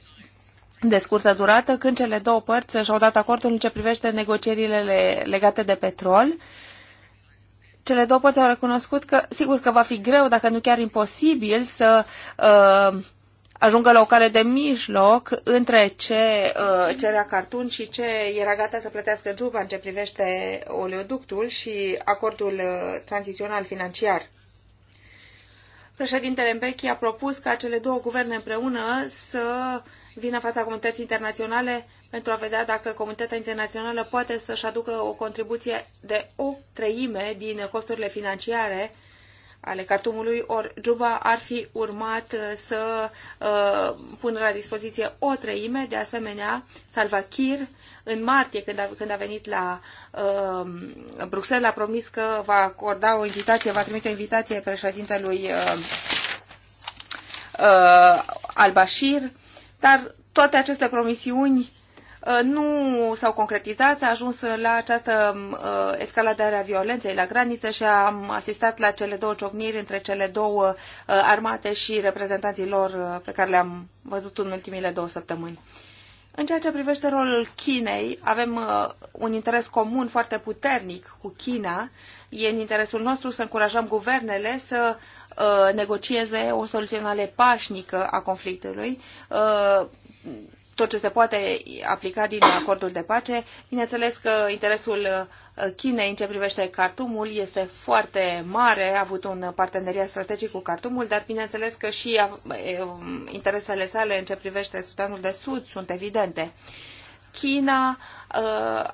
de scurtă durată, când cele două părți și-au dat acordul în ce privește negocierile legate de petrol, cele două părți au recunoscut că, sigur că va fi greu, dacă nu chiar imposibil, să uh, ajungă la o cale de mijloc între ce uh, cerea Cartun și ce era gata să plătească Juba în ce privește oleoductul și acordul uh, tranzițional financiar. Președintele Mbeki a propus ca cele două guverne împreună să vină fața comunității internaționale pentru a vedea dacă comunitatea internațională poate să-și aducă o contribuție de o treime din costurile financiare ale Cartumului, ori Juba ar fi urmat uh, să uh, pună la dispoziție o treime, de asemenea Salva Kiir în martie, când a, când a venit la uh, Bruxelles, a promis că va acorda o invitație, va trimite o invitație președintelui uh, uh, al-Bashir, dar toate aceste promisiuni uh, Uh, nu s-au concretizat, s-a ajuns la această uh, escaladare a violenței la graniță și am asistat la cele două ciocniri între cele două uh, armate și reprezentanții lor pe care le-am văzut în ultimile două săptămâni. În ceea ce privește rolul Chinei, avem uh, un interes comun foarte puternic cu China. E în interesul nostru să încurajăm guvernele să uh, negocieze o soluționare pașnică a conflictului. Uh, tot ce se poate aplica din acordul de pace. Bineînțeles că interesul uh, Chinei în ce privește Cartumul este foarte mare, a avut un parteneriat strategic cu Cartumul, dar bineînțeles că și uh, um, interesele sale în ce privește Sudanul de Sud sunt evidente. China uh,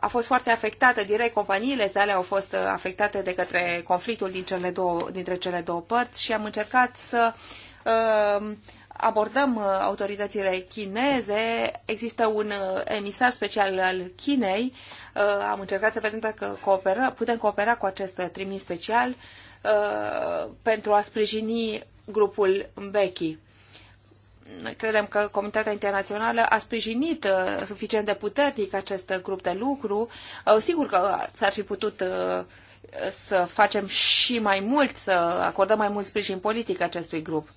a fost foarte afectată direct, companiile sale au fost afectate de către conflictul din cele două, dintre cele două părți și am încercat să abordăm uh, autoritățile chineze. Există un uh, emisar special al Chinei. Uh, am încercat să vedem dacă cooperă, putem coopera cu acest trimis special pentru a sprijini grupul Mbeki. Noi credem că Comunitatea Internațională a sprijinit suficient de puternic acest grup de lucru. Sigur că s-ar fi putut să facem și mai mult, să acordăm mai mult sprijin politic acestui grup.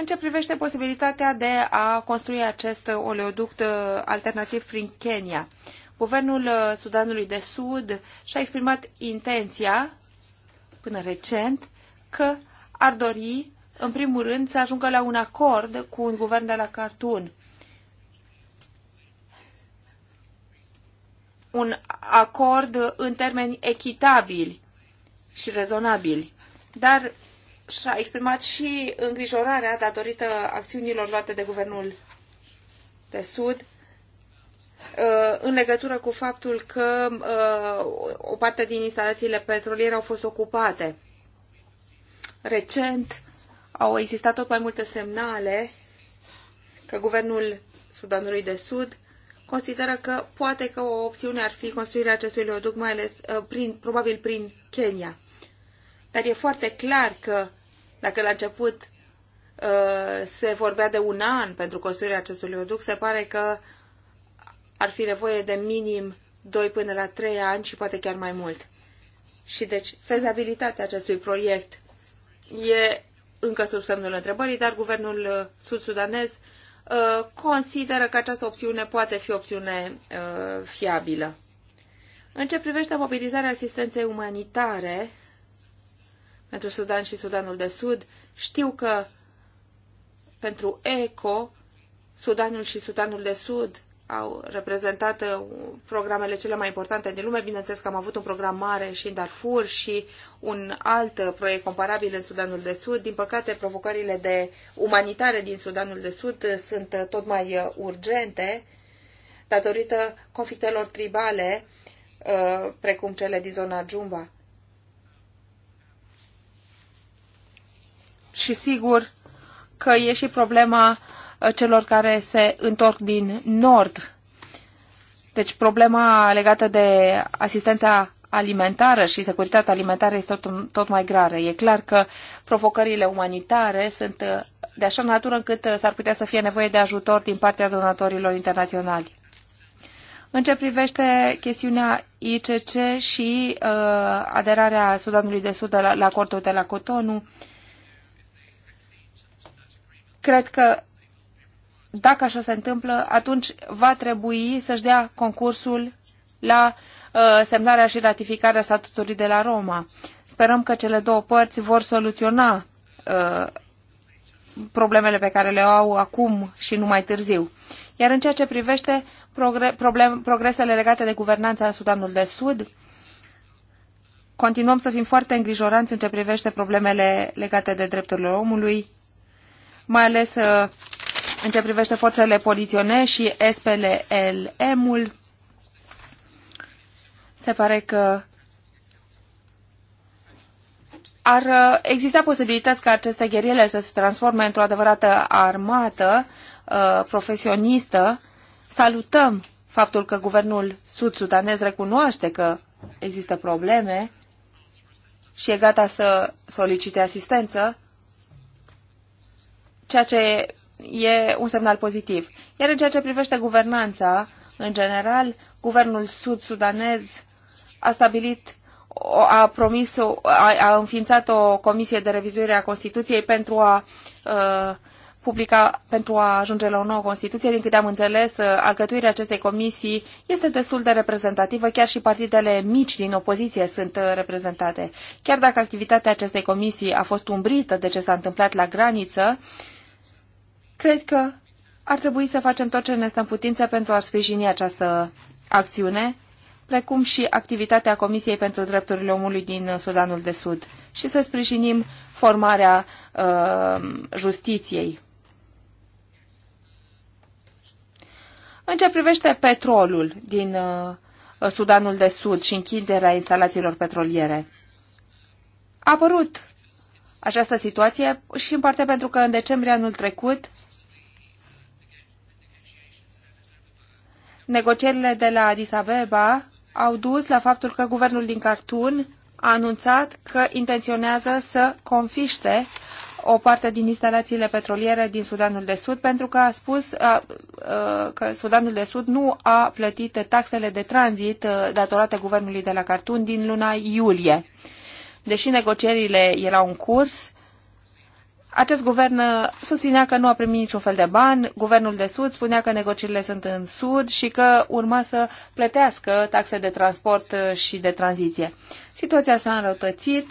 În ce privește posibilitatea de a construi acest oleoduct uh, alternativ prin Kenya, guvernul uh, Sudanului de Sud și-a exprimat intenția, până recent, că ar dori, în primul rând, să ajungă la un acord cu un guvern de la Khartoum. Un acord în termeni echitabili și rezonabili. Dar și-a exprimat și îngrijorarea datorită acțiunilor luate de guvernul de Sud uh, în legătură cu faptul că uh, o parte din instalațiile petroliere au fost ocupate. Recent au existat tot mai multe semnale că guvernul Sudanului de Sud consideră că poate că o opțiune ar fi construirea acestui leoduc, mai ales uh, prin, probabil prin Kenya. Dar e foarte clar că dacă la început uh, se vorbea de un an pentru construirea acestui oduc, se pare că ar fi nevoie de minim 2 până la 3 ani și poate chiar mai mult. Și deci fezabilitatea acestui proiect e încă sub semnul întrebării, dar guvernul uh, sud-sudanez uh, consideră că această opțiune poate fi opțiune fiabilă. În ce privește mobilizarea asistenței umanitare, pentru Sudan și Sudanul de Sud. Știu că pentru ECO, Sudanul și Sudanul de Sud au reprezentat uh, programele cele mai importante din lume. Bineînțeles că am avut un program mare și în Darfur și un alt uh, proiect comparabil în Sudanul de Sud. Din păcate, provocările de umanitare din Sudanul de Sud uh, sunt tot mai urgente datorită conflictelor tribale, precum cele din zona Jumba. și sigur că e și problema uh, celor care se întorc din nord. Deci problema legată de asistența alimentară și securitatea alimentară este tot, tot mai gravă. E clar că provocările umanitare sunt uh, de așa natură încât uh, s-ar putea să fie nevoie de ajutor din partea donatorilor internaționali. În ce privește chestiunea ICC și uh, aderarea Sudanului de Sud la, la acordul de la Cotonu, uh, Cred că dacă așa se întâmplă, atunci va trebui să-și dea concursul la uh, semnarea și ratificarea statutului de la Roma. Sperăm că cele două părți vor soluționa uh, problemele pe care le au acum și nu mai târziu. Iar în ceea ce privește progre problem, progresele legate de guvernanța în Sudanul de Sud, continuăm să fim foarte îngrijorați în ce privește problemele legate de drepturile omului, mai ales uh, în ce privește forțele polițione și SPLM-ul. Se pare că ar uh, exista posibilități ca aceste gherile să se transforme într-o adevărată armată uh, profesionistă. Salutăm faptul că guvernul sud-sudanez recunoaște că există probleme și e gata să solicite asistență ceea ce e un semnal pozitiv. Iar în ceea ce privește guvernanța, în general, guvernul sud-sudanez a stabilit a promis, a, a înființat o comisie de revizuire a Constituției pentru a ă, publica, pentru a ajunge la o nouă Constituție. Din câte am înțeles, ă, alcătuirea acestei comisii este destul de reprezentativă, chiar și partidele mici din opoziție sunt ă, reprezentate. Chiar dacă activitatea acestei comisii a fost umbrită de ce s-a întâmplat la graniță, uh, Cred că ar trebui să facem tot ce ne stă în putință pentru a sprijini această acțiune, precum și activitatea Comisiei pentru Drepturile Omului din Sudanul de Sud și să sprijinim formarea uh, justiției. În ce privește petrolul din uh, Sudanul de Sud și închiderea instalațiilor petroliere, a apărut această situație și în parte pentru că în decembrie anul trecut negocierile de la Addis Abeba au dus la faptul că guvernul din Cartun a anunțat că intenționează să confiște o parte din instalațiile petroliere din Sudanul de Sud pentru că a spus a, a, că Sudanul de Sud nu a plătit taxele de tranzit datorate guvernului de la Cartun din luna iulie. Deși negocierile erau în curs, acest guvern uh, susținea că nu a primit niciun fel de bani, guvernul de sud spunea că negocierile sunt în sud și că urma să plătească taxe de transport uh, și de tranziție. Situația s-a înrăutățit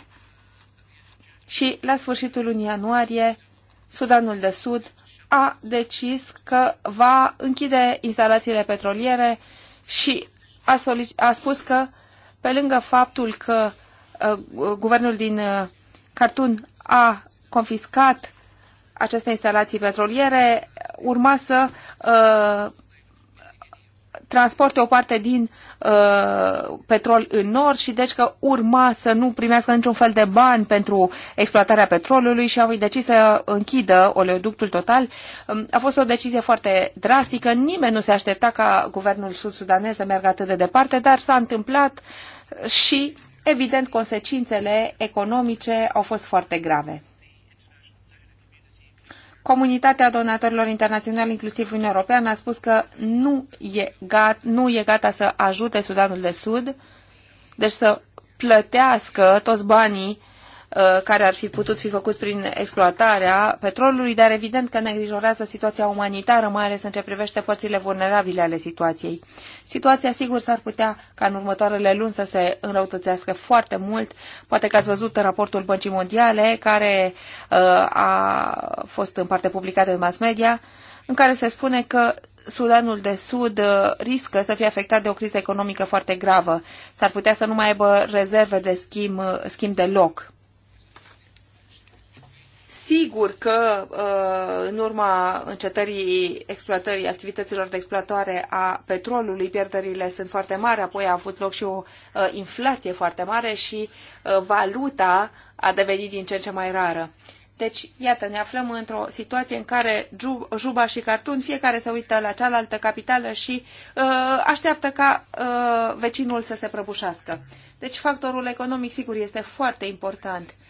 și la sfârșitul lunii ianuarie Sudanul de Sud a decis că va închide instalațiile petroliere și a, a spus că pe lângă faptul că uh, guvernul din uh, Cartun a confiscat aceste instalații petroliere, urma să uh, transporte o parte din uh, petrol în nord și deci că urma să nu primească niciun fel de bani pentru exploatarea petrolului și au decis să închidă oleoductul total. Um, a fost o decizie foarte drastică, nimeni nu se aștepta ca guvernul sud-sudanez să meargă atât de departe, dar s-a întâmplat și, evident, consecințele economice au fost foarte grave. Comunitatea donatorilor internaționali, inclusiv Uniunea Europeană, a spus că nu e, gata, nu e gata să ajute Sudanul de Sud, deci să plătească toți banii Uh, care ar fi putut fi făcuți prin exploatarea petrolului, dar evident că ne îngrijorează situația umanitară, mai ales în ce privește părțile vulnerabile ale situației. Situația, sigur, s-ar putea ca în următoarele luni să se înrăutățească foarte mult. Poate că ați văzut raportul Băncii Mondiale, care uh, a fost în parte publicat în mass media, în care se spune că Sudanul de Sud uh, riscă să fie afectat de o criză economică foarte gravă. S-ar putea să nu mai aibă rezerve de schimb, schimb de loc. Sigur că uh, în urma încetării exploatării activităților de exploatare a petrolului, pierderile sunt foarte mari, apoi a avut loc și o uh, inflație foarte mare și uh, valuta a devenit din ce în ce mai rară. Deci, iată, ne aflăm într-o situație în care Juba și Cartun, fiecare se uită la cealaltă capitală și uh, așteaptă ca uh, vecinul să se prăbușească. Deci, factorul economic, sigur, este foarte important. Uh,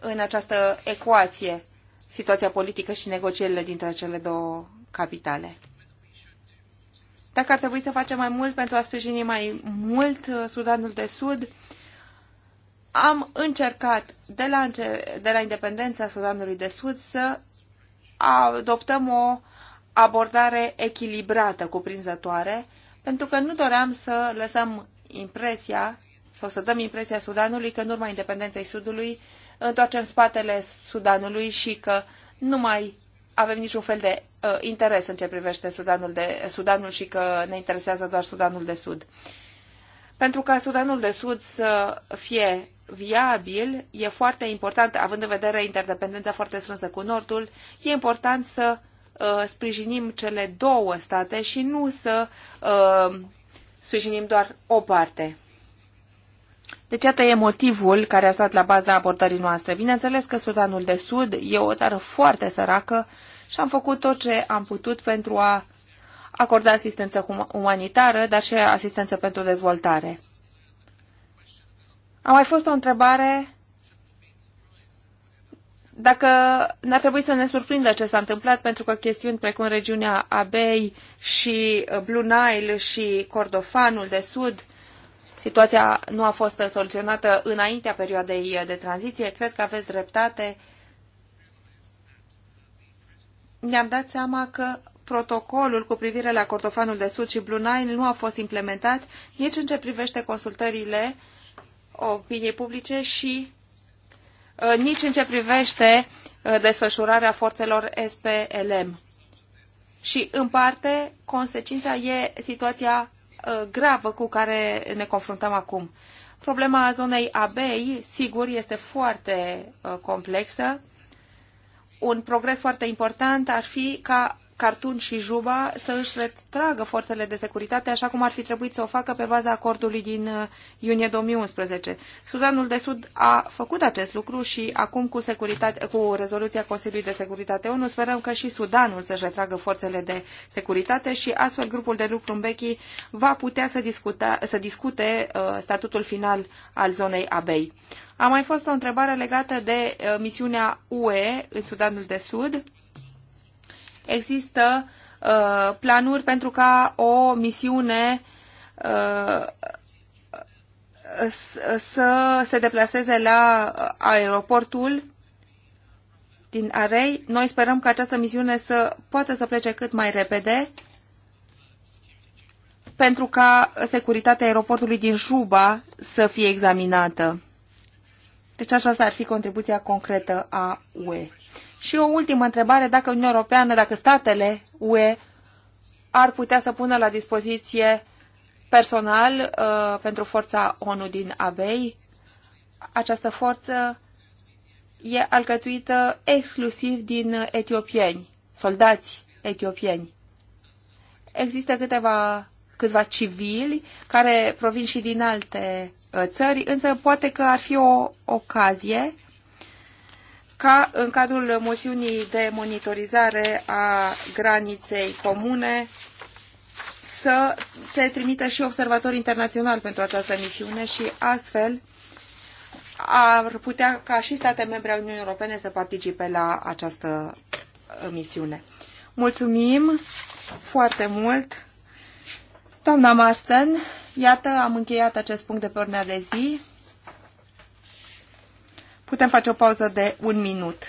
în această ecuație situația politică și negocierile dintre cele două capitale. Dacă ar trebui să facem mai mult pentru a sprijini mai mult uh, Sudanul de Sud, am încercat de la, înce- de la independența Sudanului de Sud să adoptăm o abordare echilibrată, cuprinzătoare, pentru că nu doream să lăsăm impresia sau să dăm impresia Sudanului că în urma independenței Sudului întoarcem spatele Sudanului și că nu mai avem niciun fel de uh, interes în ce privește Sudanul, de, Sudanul și că ne interesează doar Sudanul de Sud. Pentru ca Sudanul de Sud să fie viabil, e foarte important, având în vedere interdependența foarte strânsă cu Nordul, e important să uh, sprijinim cele două state și nu să uh, sprijinim doar o parte. Deci, atât e motivul care a stat la baza abordării noastre. Bineînțeles că Sudanul de Sud e o țară foarte săracă și am făcut tot ce am putut pentru a acorda asistență umanitară, dar și asistență pentru dezvoltare. A mai fost o întrebare dacă n-ar trebui să ne surprindă ce s-a întâmplat, pentru că chestiuni precum regiunea Abei și Blue Nile și Cordofanul de Sud situația nu a fost soluționată înaintea perioadei de tranziție. Cred că aveți dreptate. Ne-am dat seama că protocolul cu privire la Cortofanul de Sud și Blue Nile nu a fost implementat nici în ce privește consultările opiniei publice și uh, nici în ce privește uh, desfășurarea forțelor SPLM. Și, în parte, consecința e situația Uh, gravă cu care ne confruntăm acum. Problema zonei Abei, sigur, este foarte uh, complexă. Un progres foarte important ar fi ca Khartoum și Juba să își retragă forțele de securitate așa cum ar fi trebuit să o facă pe baza acordului din uh, iunie 2011. Sudanul de Sud a făcut acest lucru și acum cu, securitate, cu rezoluția Consiliului de Securitate ONU sperăm că și Sudanul să-și retragă forțele de securitate și astfel grupul de lucru în Bechi va putea să, discuta, să discute uh, statutul final al zonei Abei. A mai fost o întrebare legată de uh, misiunea UE în Sudanul de Sud există uh, planuri pentru ca o misiune uh, să se deplaseze la aeroportul din Arei. Noi sperăm că această misiune să poată să plece cât mai repede pentru ca securitatea aeroportului din Juba să fie examinată. Deci așa ar fi contribuția concretă a UE. Și o ultimă întrebare, dacă Uniunea Europeană, dacă statele UE ar putea să pună la dispoziție personal uh, pentru forța ONU din Abei. Această forță e alcătuită exclusiv din etiopieni, soldați etiopieni. Există câteva, câțiva civili care provin și din alte uh, țări, însă poate că ar fi o ocazie ca în cadrul moțiunii de monitorizare a graniței comune să se trimită și observatori internaționali pentru această misiune și astfel ar putea ca și state membre ale Uniunii Europene să participe la această uh, misiune. Mulțumim foarte mult! Doamna Marsten, iată, am încheiat acest punct de pe de zi. Putem face o pauză de un minut.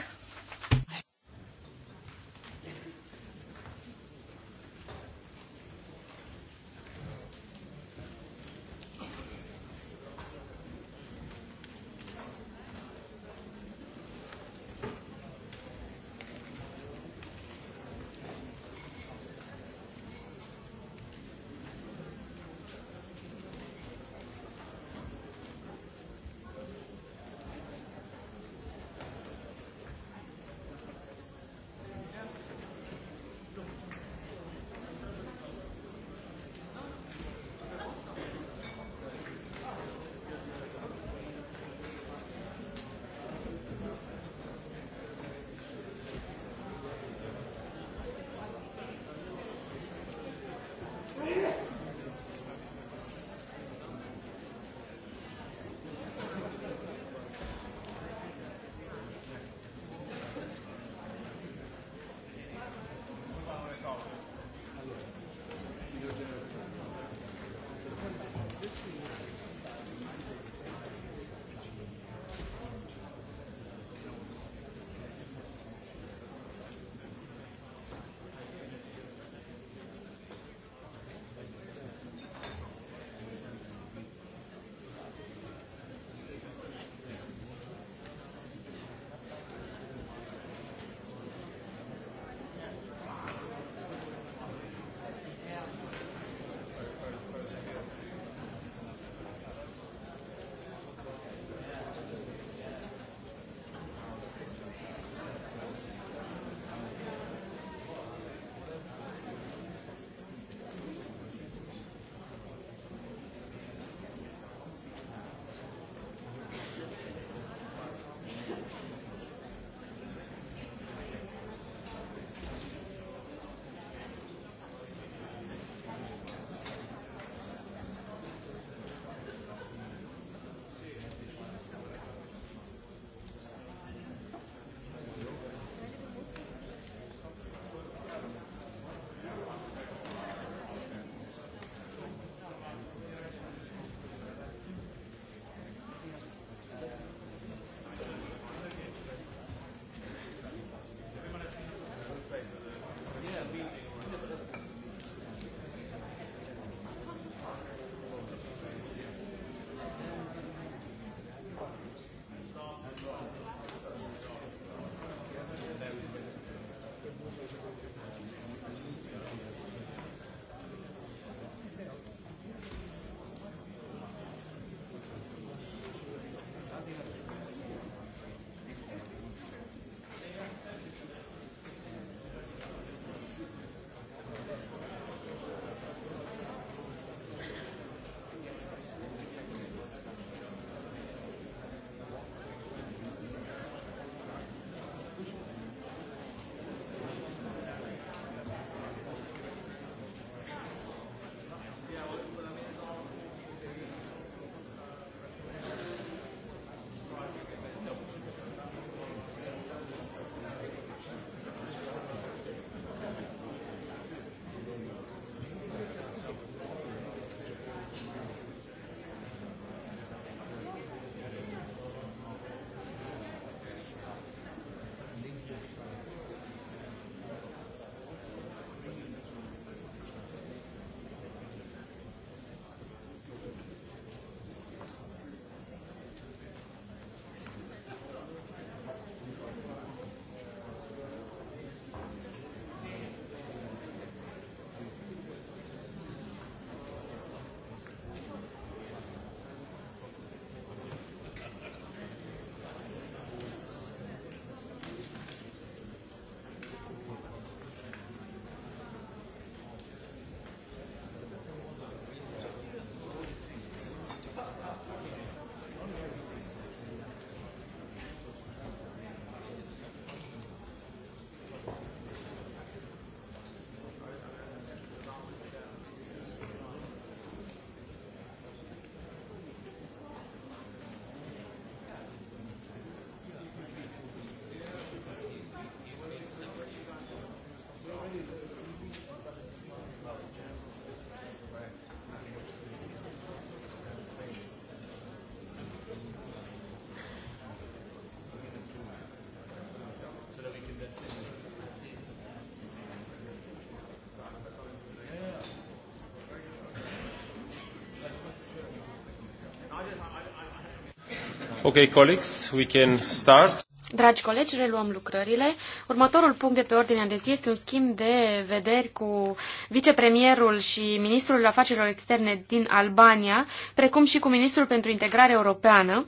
Okay, colleagues, we can start. Dragi colegi, reluăm lucrările. Următorul punct de pe ordinea de zi este un schimb de vederi cu vicepremierul și ministrul afacerilor externe din Albania, precum și cu ministrul pentru integrare europeană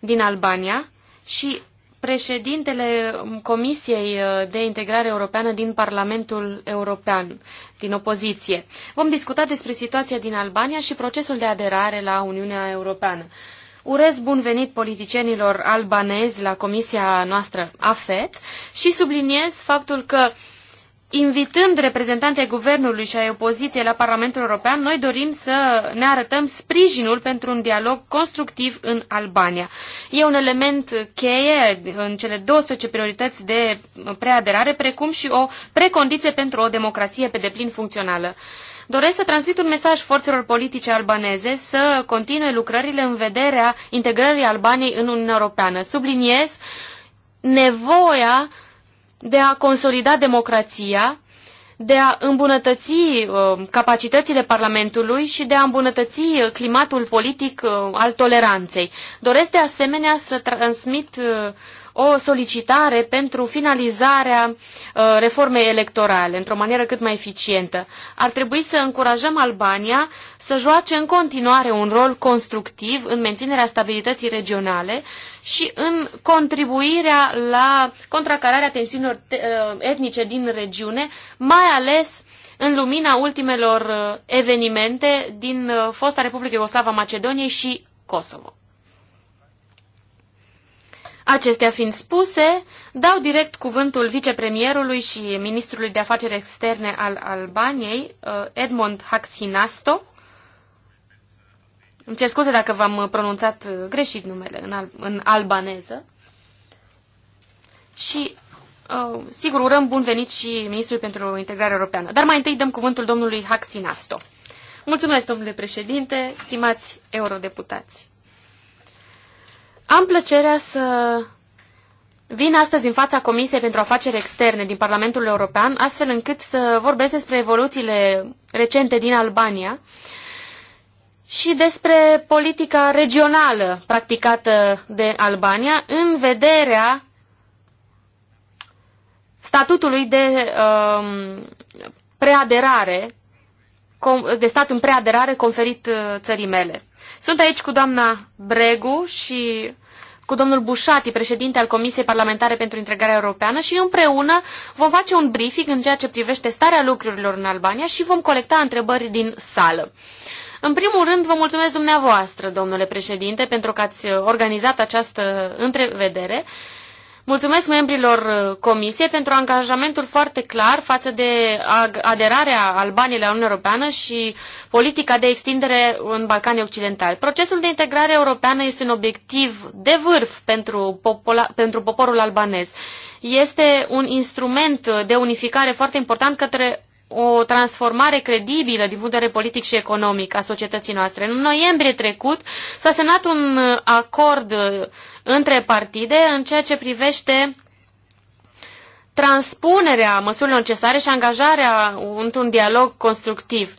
din Albania și președintele Comisiei de Integrare Europeană din Parlamentul European, din opoziție. Vom discuta despre situația din Albania și procesul de aderare la Uniunea Europeană. Urez bun venit politicienilor albanezi la comisia noastră AFET și subliniez faptul că Invitând reprezentanții guvernului și ai opoziției la Parlamentul European, noi dorim să ne arătăm sprijinul pentru un dialog constructiv în Albania. E un element cheie în cele 12 priorități de preaderare, precum și o precondiție pentru o democrație pe deplin funcțională doresc să transmit un mesaj forțelor politice albaneze să continue lucrările în vederea integrării Albaniei în Uniunea Europeană. Subliniez nevoia de a consolida democrația, de a îmbunătăți uh, capacitățile Parlamentului și de a îmbunătăți climatul politic uh, al toleranței. Doresc de asemenea să transmit uh, o solicitare pentru finalizarea uh, reformei electorale într-o manieră cât mai eficientă. Ar trebui să încurajăm Albania să joace în continuare un rol constructiv în menținerea stabilității regionale și în contribuirea la contracararea tensiunilor uh, etnice din regiune, mai ales în lumina ultimelor uh, evenimente din fosta Republică Iugoslava Macedoniei și Kosovo. Acestea fiind spuse, dau direct cuvântul vicepremierului și ministrului de afaceri externe al Albaniei, uh, Edmond Haxinasto. Îmi cer scuze dacă v-am uh, pronunțat uh, greșit numele în, al în albaneză. Și, uh, sigur, urăm bun venit și ministrului pentru integrare europeană. Dar mai întâi dăm cuvântul domnului Haxinasto. Mulțumesc, domnule președinte, stimați eurodeputați. Am plăcerea să vin astăzi în fața Comisiei pentru Afaceri Externe din Parlamentul European, astfel încât să vorbesc despre evoluțiile recente din Albania și despre politica regională practicată de Albania în vederea statutului de um, preaderare, de stat în preaderare conferit uh, țării mele. Sunt aici cu doamna Bregu și cu domnul Bușati, președinte al Comisiei Parlamentare pentru Integrarea Europeană și împreună vom face un briefing în ceea ce privește starea lucrurilor în Albania și vom colecta întrebări din sală. În primul rând, vă mulțumesc dumneavoastră, domnule președinte, pentru că ați organizat această întrevedere Mulțumesc membrilor uh, Comisiei pentru angajamentul foarte clar față de aderarea Albaniei la Uniunea Europeană și politica de extindere în Balcanii Occidentali. Procesul de integrare europeană este un obiectiv de vârf pentru, pentru poporul albanez. Este un instrument de unificare foarte important către o transformare credibilă din punct de vedere politic și economic a societății noastre. În noiembrie trecut s-a semnat un uh, acord uh, între partide în ceea ce privește transpunerea măsurilor necesare și angajarea într-un dialog constructiv.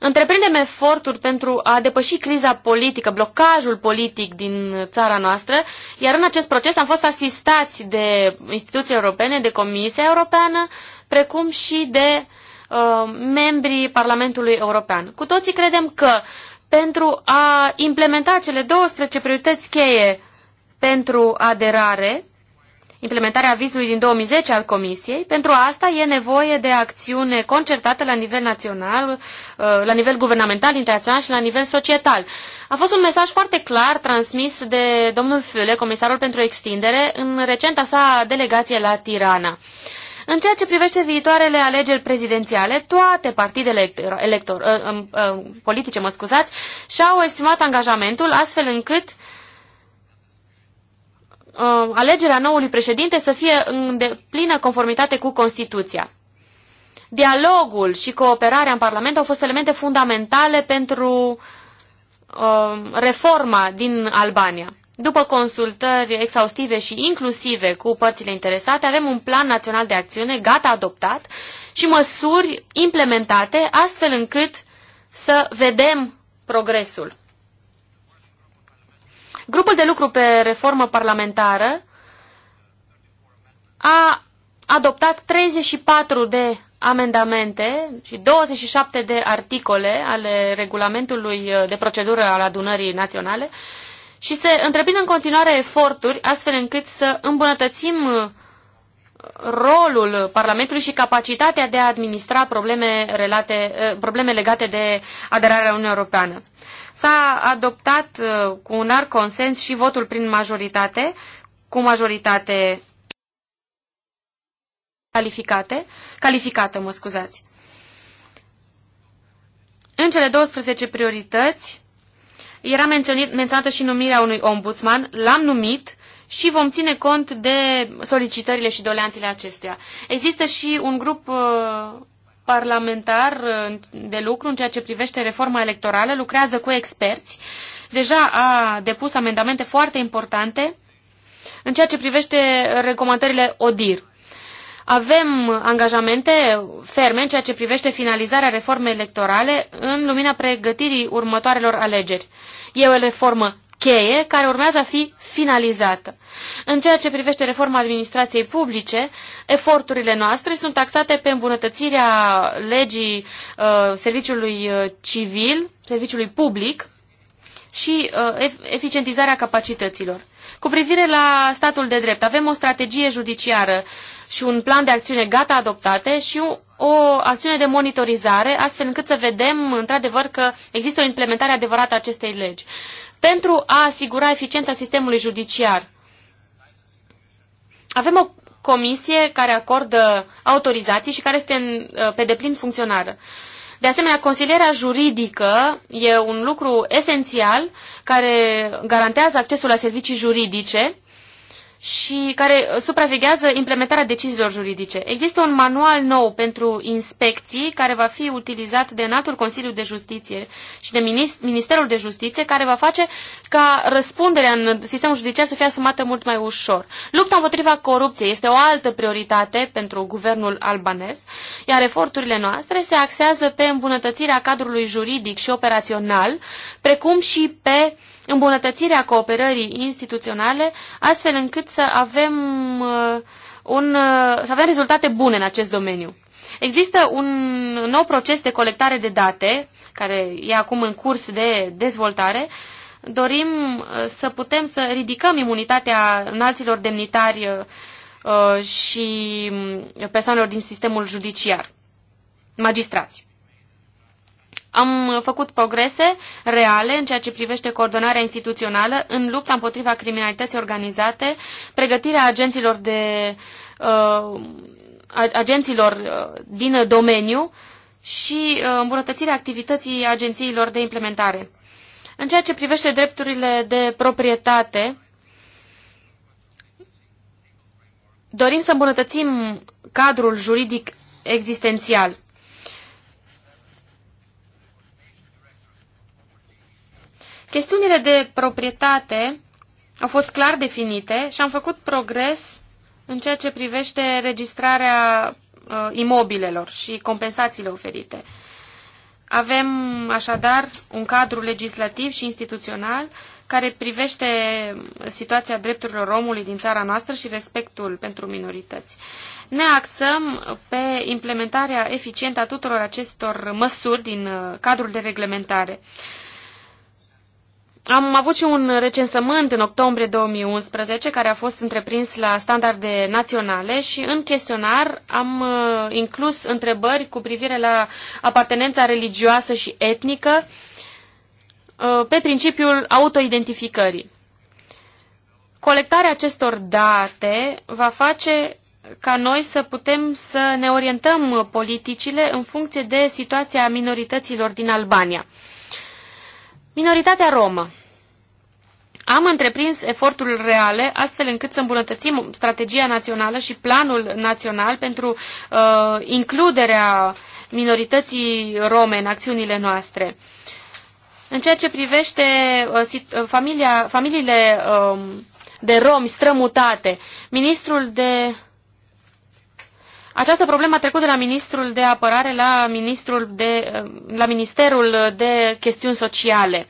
Întreprindem eforturi pentru a depăși criza politică, blocajul politic din țara noastră, iar în acest proces am fost asistați de instituții europene, de Comisia Europeană, precum și de Uh, membrii Parlamentului European. Cu toții credem că pentru a implementa cele 12 priorități cheie pentru aderare, implementarea vizului din 2010 al Comisiei. Pentru asta e nevoie de acțiune concertată la nivel național, uh, la nivel guvernamental, internațional și la nivel societal. A fost un mesaj foarte clar transmis de domnul Füle, comisarul pentru extindere, în recenta sa delegație la Tirana. În ceea ce privește viitoarele alegeri prezidențiale, toate partidele elector, elector, uh, uh, politice, mă scuzați, și-au estimat angajamentul astfel încât uh, alegerea noului președinte să fie în plină conformitate cu Constituția. Dialogul și cooperarea în Parlament au fost elemente fundamentale pentru uh, reforma din Albania. După consultări exhaustive și inclusive cu părțile interesate, avem un plan național de acțiune gata adoptat și măsuri implementate astfel încât să vedem progresul. Grupul de lucru pe reformă parlamentară a adoptat 34 de amendamente și 27 de articole ale regulamentului de procedură al adunării naționale și se întreprind în continuare eforturi astfel încât să îmbunătățim uh, rolul Parlamentului și capacitatea de a administra probleme, relate, uh, probleme legate de aderarea Uniunii Europeană. S-a adoptat uh, cu un larg consens și votul prin majoritate, cu majoritate calificate, calificată, mă scuzați. În cele 12 priorități, era menționat, menționată și numirea unui ombudsman, l-am numit și vom ține cont de solicitările și doleantele acestuia. Există și un grup uh, parlamentar uh, de lucru în ceea ce privește reforma electorală, lucrează cu experți, deja a depus amendamente foarte importante în ceea ce privește recomandările ODIR. Avem angajamente ferme în ceea ce privește finalizarea reformei electorale în lumina pregătirii următoarelor alegeri. E o reformă cheie care urmează a fi finalizată. În ceea ce privește reforma administrației publice, eforturile noastre sunt taxate pe îmbunătățirea legii uh, serviciului uh, civil, serviciului public, și uh, eficientizarea capacităților. Cu privire la statul de drept, avem o strategie judiciară și un plan de acțiune gata adoptate și o acțiune de monitorizare, astfel încât să vedem, într-adevăr, că există o implementare adevărată a acestei legi. Pentru a asigura eficiența sistemului judiciar, avem o comisie care acordă autorizații și care este în, uh, pe deplin funcționară. Uh, de asemenea, consilierea juridică e un lucru esențial care garantează accesul la servicii juridice și care supraveghează implementarea deciziilor juridice. Există un manual nou pentru inspecții care va fi utilizat de Înaltul Consiliu de Justiție și de Ministerul de Justiție care va face ca răspunderea în sistemul judiciar să fie asumată mult mai ușor. Lupta împotriva corupției este o altă prioritate pentru guvernul albanez, iar eforturile noastre se axează pe îmbunătățirea cadrului juridic și operațional, precum și pe uh, îmbunătățirea cooperării instituționale, astfel încât să avem, uh, un, uh, să avem rezultate bune în acest domeniu. Există un nou proces de colectare de date, care e acum în curs de dezvoltare. Dorim uh, să putem să ridicăm imunitatea înalților demnitari și mm, persoanelor din sistemul judiciar, magistrați. Am făcut progrese reale în ceea ce privește coordonarea instituțională în lupta împotriva criminalității organizate, pregătirea agenților de uh, agenților uh, din domeniu și uh, îmbunătățirea activității agențiilor de implementare. În ceea ce privește drepturile de proprietate, dorim să îmbunătățim cadrul juridic existențial. Chestiunile de proprietate au fost clar definite și am făcut progres în ceea ce privește registrarea uh, imobilelor și compensațiile oferite. Avem așadar un cadru legislativ și instituțional care privește situația drepturilor omului din țara noastră și respectul pentru minorități. Ne axăm pe implementarea eficientă a tuturor acestor măsuri din uh, cadrul de reglementare. Uh, am avut și un recensământ în octombrie 2011 care a fost întreprins la standarde naționale și în chestionar am uh, inclus întrebări cu privire la apartenența religioasă și etnică uh, pe principiul autoidentificării. Colectarea acestor date va face ca noi să putem să ne orientăm politicile în funcție de situația minorităților din Albania. Minoritatea romă. Am întreprins eforturi reale astfel încât să îmbunătățim strategia națională și planul național pentru uh, includerea minorității rome în acțiunile noastre. În ceea ce privește uh, uh familia, familiile uh, de romi strămutate, ministrul de această problemă a trecut de la ministrul de apărare la, ministrul de, uh, la Ministerul de Chestiuni Sociale.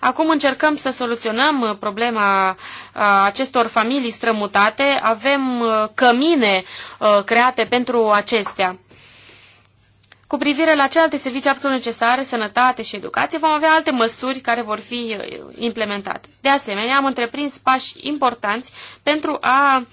Acum încercăm să soluționăm uh, problema uh, acestor familii strămutate. Avem uh, cămine create pentru acestea. Cu privire la celelalte servicii absolut necesare, sănătate și educație, vom avea alte măsuri care vor fi implementate. De asemenea, am întreprins pași importanți pentru a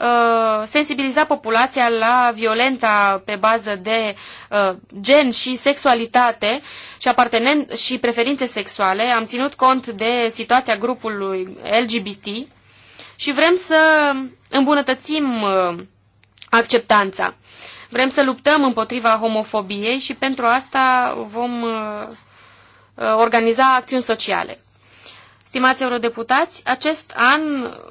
Uh, sensibiliza populația la violența pe bază de uh, gen și sexualitate și, apartenen- și preferințe sexuale. Am ținut cont de situația grupului LGBT și vrem să îmbunătățim uh, acceptanța. Vrem să luptăm împotriva homofobiei și pentru asta vom uh, uh organiza acțiuni sociale. Stimați eurodeputați, acest an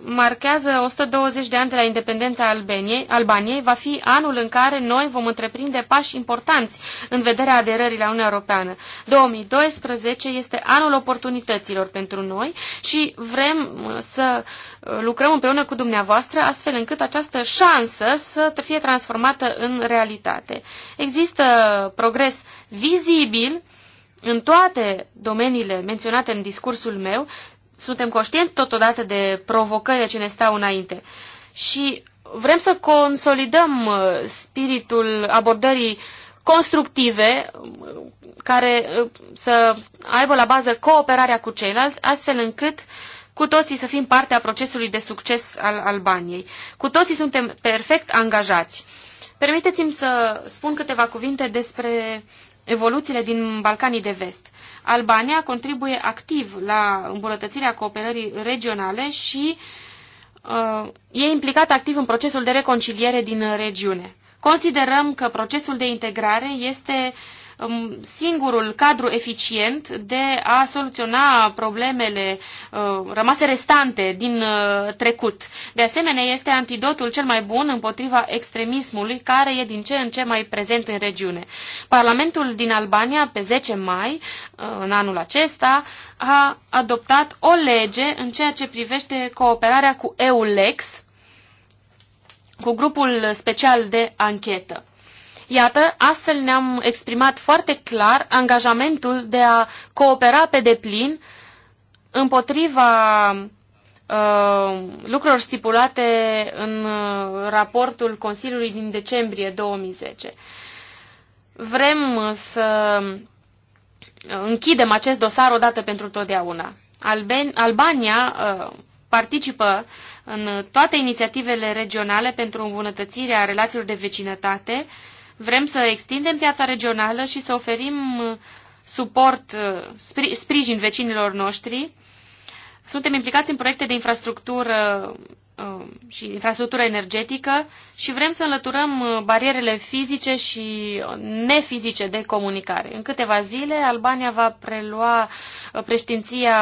marchează 120 de ani de la independența Albaniei. Albaniei va fi anul în care noi vom întreprinde pași importanți în vederea aderării la Uniunea Europeană. 2012 este anul oportunităților pentru noi și vrem uh, să uh, lucrăm împreună cu dumneavoastră astfel încât această șansă să fie transformată în realitate. Există progres vizibil în toate domeniile menționate în discursul meu, suntem conștienți totodată de provocările ce ne stau înainte și vrem să consolidăm uh, spiritul abordării constructive uh, care uh, să aibă la bază cooperarea cu ceilalți, astfel încât cu toții să fim parte a procesului de succes al Albaniei. Cu toții suntem perfect angajați. Permiteți-mi să spun câteva cuvinte despre evoluțiile din Balcanii de Vest. Albania contribuie activ la îmbunătățirea cooperării regionale și uh, e implicat activ în procesul de reconciliere din regiune. Considerăm că procesul de integrare este uh, Um, singurul cadru eficient de a soluționa problemele uh, rămase restante din uh, trecut. De asemenea, este antidotul cel mai bun împotriva extremismului care e din ce în ce mai prezent în regiune. Parlamentul din Albania, pe 10 mai, uh, în anul acesta, a adoptat o lege în ceea ce privește cooperarea cu EULEX, cu grupul special de anchetă. Iată, astfel ne-am exprimat foarte clar angajamentul de a coopera pe deplin împotriva uh, lucrurilor stipulate în uh, raportul Consiliului din decembrie 2010. Vrem să închidem acest dosar odată pentru totdeauna. Alben, Albania uh, participă în toate inițiativele regionale pentru îmbunătățirea relațiilor de vecinătate uh, Vrem să extindem piața regională și să oferim uh, suport, uh, sprijin vecinilor noștri. Suntem implicați în proiecte de infrastructură Um, și infrastructură energetică și vrem să înlăturăm uh, barierele fizice și nefizice de comunicare. În câteva zile, Albania va prelua uh, preștinția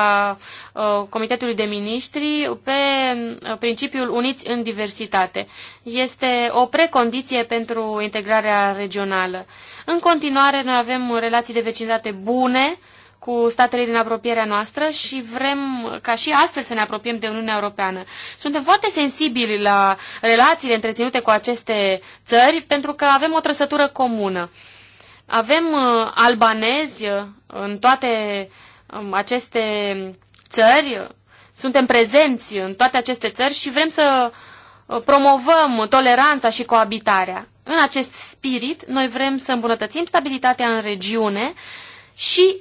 uh, Comitetului de Ministri pe principiul Uniți în diversitate. Este o precondiție pentru integrarea regională. În continuare, noi avem relații de vecinătate bune, cu statele din apropierea noastră și vrem ca și astfel să ne apropiem de Uniunea Europeană. Suntem foarte sensibili la relațiile întreținute cu aceste țări pentru că avem o trăsătură comună. Avem uh, albanezi uh, în toate um, aceste țări, suntem prezenți în toate aceste țări și vrem să uh, promovăm toleranța și coabitarea. În acest spirit, noi vrem să îmbunătățim stabilitatea în regiune și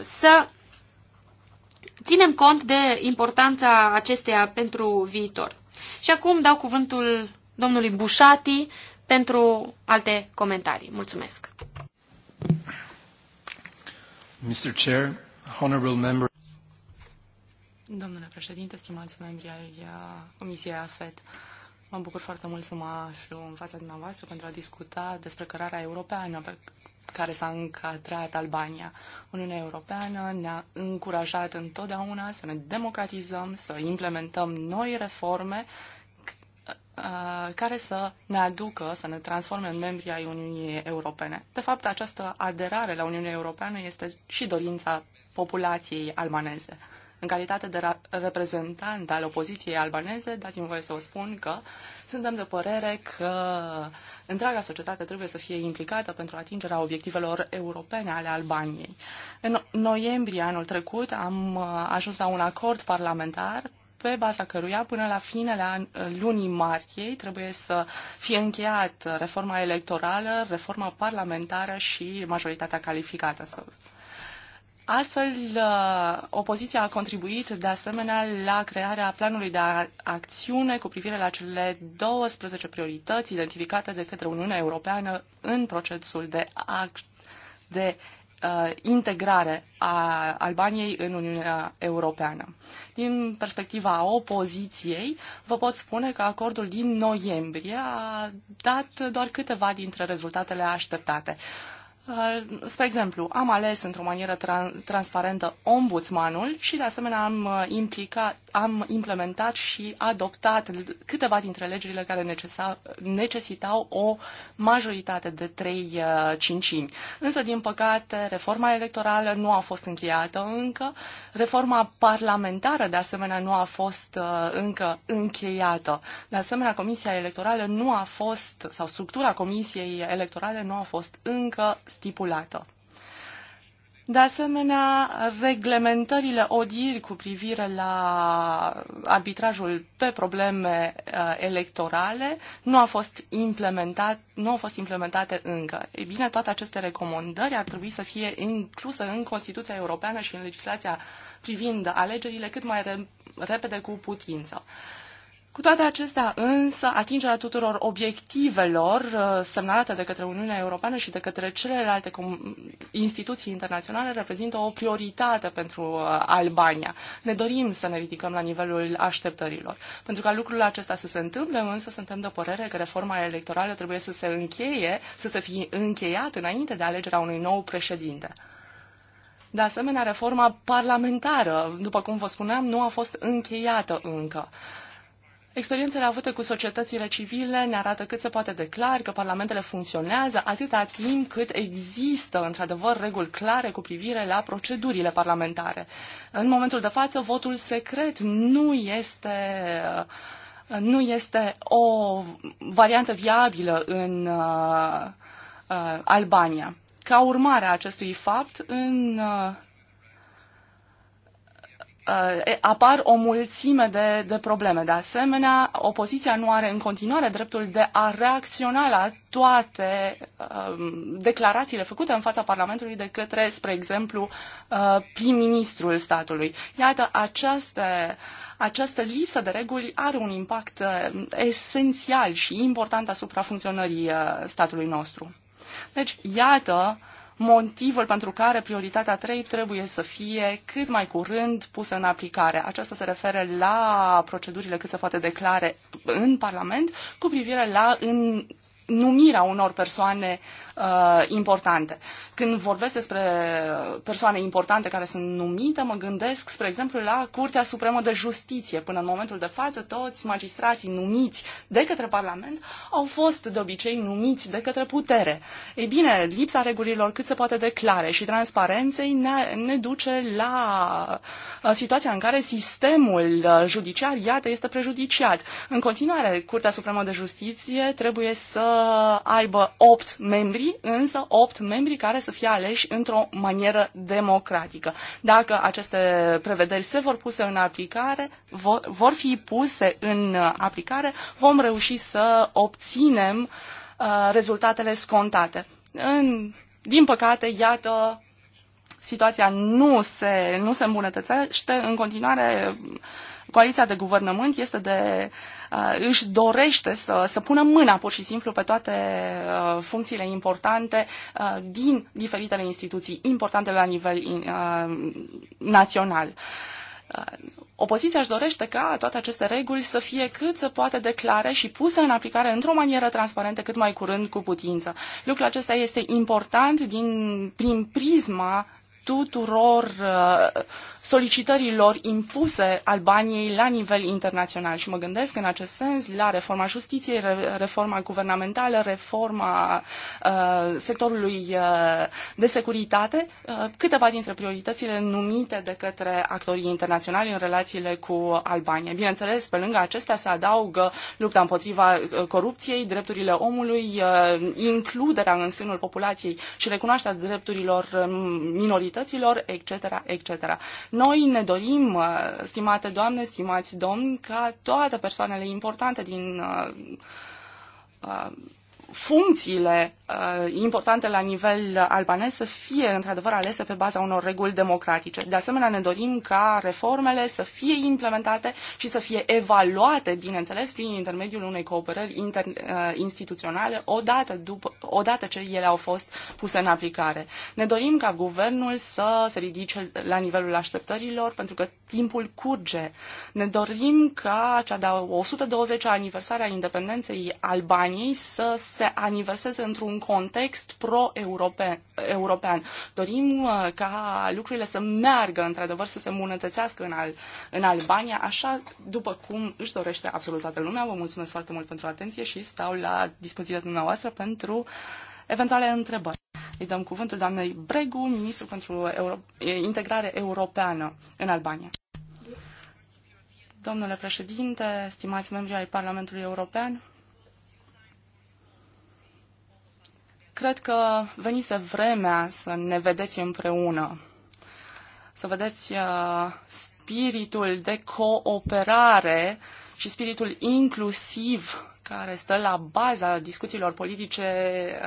să ținem cont de importanța acesteia pentru viitor. Și acum dau cuvântul domnului Bușati pentru alte comentarii. Mulțumesc. Mr. Chair, honorable member. Domnule președinte, stimați membri ai uh, Comisiei AFET, mă bucur foarte mult să mă aflu în fața dumneavoastră pentru a discuta despre cărarea europeană pe care s-a încadrat Albania. Uniunea Europeană ne-a încurajat întotdeauna să ne democratizăm, să implementăm noi reforme uh, care să ne aducă, să ne transforme în membri ai Uniunii Europene. De fapt, această aderare la Uniunea Europeană este și dorința populației albaneze. În calitate de reprezentant al opoziției albaneze, dați-mi voie să vă spun că suntem de părere că întreaga societate trebuie să fie implicată pentru atingerea obiectivelor europene ale Albaniei. În noiembrie anul trecut am uh, ajuns la un acord parlamentar pe baza căruia până la finele lunii martie trebuie să fie încheiat reforma electorală, reforma parlamentară și majoritatea calificată. Astfel, uh, opoziția a contribuit de asemenea la crearea planului de acțiune cu privire la cele 12 priorități identificate de către Uniunea Europeană în procesul de, de uh, integrare a Albaniei în Uniunea Europeană. Din perspectiva opoziției, vă pot spune că acordul din noiembrie a dat doar câteva dintre rezultatele așteptate. Uh, Uh, spre exemplu, am ales într-o manieră tran- transparentă ombudsmanul și, de asemenea, am, uh, implicat, am implementat și adoptat câteva dintre legile care necesa, necesitau o majoritate de trei uh, cincimi. Însă, din păcate, reforma electorală nu a fost încheiată încă, reforma parlamentară, de asemenea, nu a fost încă încheiată. De asemenea, Comisia Electorală nu a fost, sau structura Comisiei Electorale nu a fost încă stipulată. De asemenea, reglementările odiri cu privire la arbitrajul pe probleme uh, electorale nu, a fost implementat, nu au fost implementate încă. Ei bine, toate aceste recomandări ar trebui să fie incluse în Constituția Europeană și în legislația privind alegerile cât mai re- repede cu putință. Uh, cu toate acestea, însă, atingerea tuturor obiectivelor uh, semnalate de către Uniunea Europeană și de către celelalte instituții internaționale reprezintă o prioritate pentru uh, Albania. Ne dorim să ne ridicăm la nivelul așteptărilor. Pentru ca lucrul acesta să se întâmple, însă, suntem de părere că reforma electorală trebuie să se încheie, să se fie încheiat înainte de alegerea unui nou președinte. De asemenea, reforma parlamentară, după cum vă spuneam, nu a fost încheiată încă. Experiențele avute cu societățile civile ne arată cât se poate de clar că parlamentele funcționează atâta timp cât există, într-adevăr, reguli clare cu privire la procedurile parlamentare. În momentul de față, votul secret nu este nu este o variantă viabilă în uh, uh, Albania. Ca urmare a acestui fapt, în uh, Uh, apar o mulțime de, de probleme. De asemenea, opoziția nu are în continuare dreptul de a reacționa la toate uh, declarațiile făcute în fața Parlamentului de către, spre exemplu, uh, prim-ministrul statului. Iată, aceste, această lipsă de reguli are un impact uh, esențial și important asupra funcționării uh, statului nostru. Deci, iată, uh, motivul pentru care prioritatea 3 trebuie să fie cât mai curând pusă în aplicare. Aceasta se referă la procedurile cât se poate declare în Parlament cu privire la în numirea unor persoane uh, importante. Când vorbesc despre persoane importante care sunt numite, mă gândesc, spre exemplu, la Curtea Supremă de Justiție. Până în momentul de față, toți magistrații numiți de către Parlament au fost de obicei numiți de către putere. Ei bine, lipsa regulilor cât se poate de clare și transparenței ne, ne duce la uh, situația în care sistemul uh, judiciar, iată, este prejudiciat. În continuare, Curtea Supremă de Justiție trebuie să aibă opt membri trebui însă opt membri care să fie aleși într-o manieră democratică. Dacă aceste prevederi se vor puse în aplicare, vor, vor fi puse în aplicare, vom reuși să obținem uh, rezultatele scontate. În, din păcate, iată, situația nu se, nu se îmbunătățește. În continuare, uh, coaliția de guvernământ este de, uh, își dorește să, să pună mâna pur și simplu pe toate uh, funcțiile importante uh, din diferitele instituții importante la nivel național. Opoziția își dorește ca toate aceste reguli să fie cât se poate declare și puse în aplicare într-o manieră transparentă cât mai curând cu putință. Lucrul acesta este important din, prin prisma tuturor uh, solicitărilor impuse Albaniei la nivel internațional. Și mă gândesc în acest sens la reforma justiției, reforma guvernamentală, reforma uh, sectorului uh, de securitate, uh, câteva dintre prioritățile numite de către actorii internaționali în relațiile cu Albania. Bineînțeles, pe lângă acestea se adaugă lupta împotriva uh, corupției, drepturile omului, uh, includerea în sânul populației și recunoașterea drepturilor minorităților comunităților, etc., etc. Noi ne dorim, uh, stimate doamne, stimați domni, ca toate persoanele importante din uh, uh, funcțiile Uh, importante la nivel albanez să fie într-adevăr alese pe baza unor reguli democratice. De asemenea, ne dorim ca reformele să fie implementate și să fie evaluate, bineînțeles, prin intermediul unei cooperări uh, instituționale odată, după, odată ce ele au fost puse în aplicare. Ne dorim ca guvernul să se ridice la nivelul așteptărilor, pentru că timpul curge. Ne dorim ca cea de 120-a aniversare a independenței Albaniei să se aniverseze într-un context pro-european. Dorim uh, ca lucrurile să meargă, într-adevăr, să se îmbunătățească în, Al- în Albania, așa după cum își dorește absolut toată lumea. Vă mulțumesc foarte mult pentru atenție și stau la dispoziția dumneavoastră pentru eventuale întrebări. Îi dăm cuvântul doamnei Bregu, ministru pentru Euro- integrare europeană în Albania. Domnule președinte, stimați membri ai Parlamentului European, Cred că venise vremea să ne vedeți împreună, să vedeți uh, spiritul de cooperare și spiritul inclusiv care stă la baza discuțiilor politice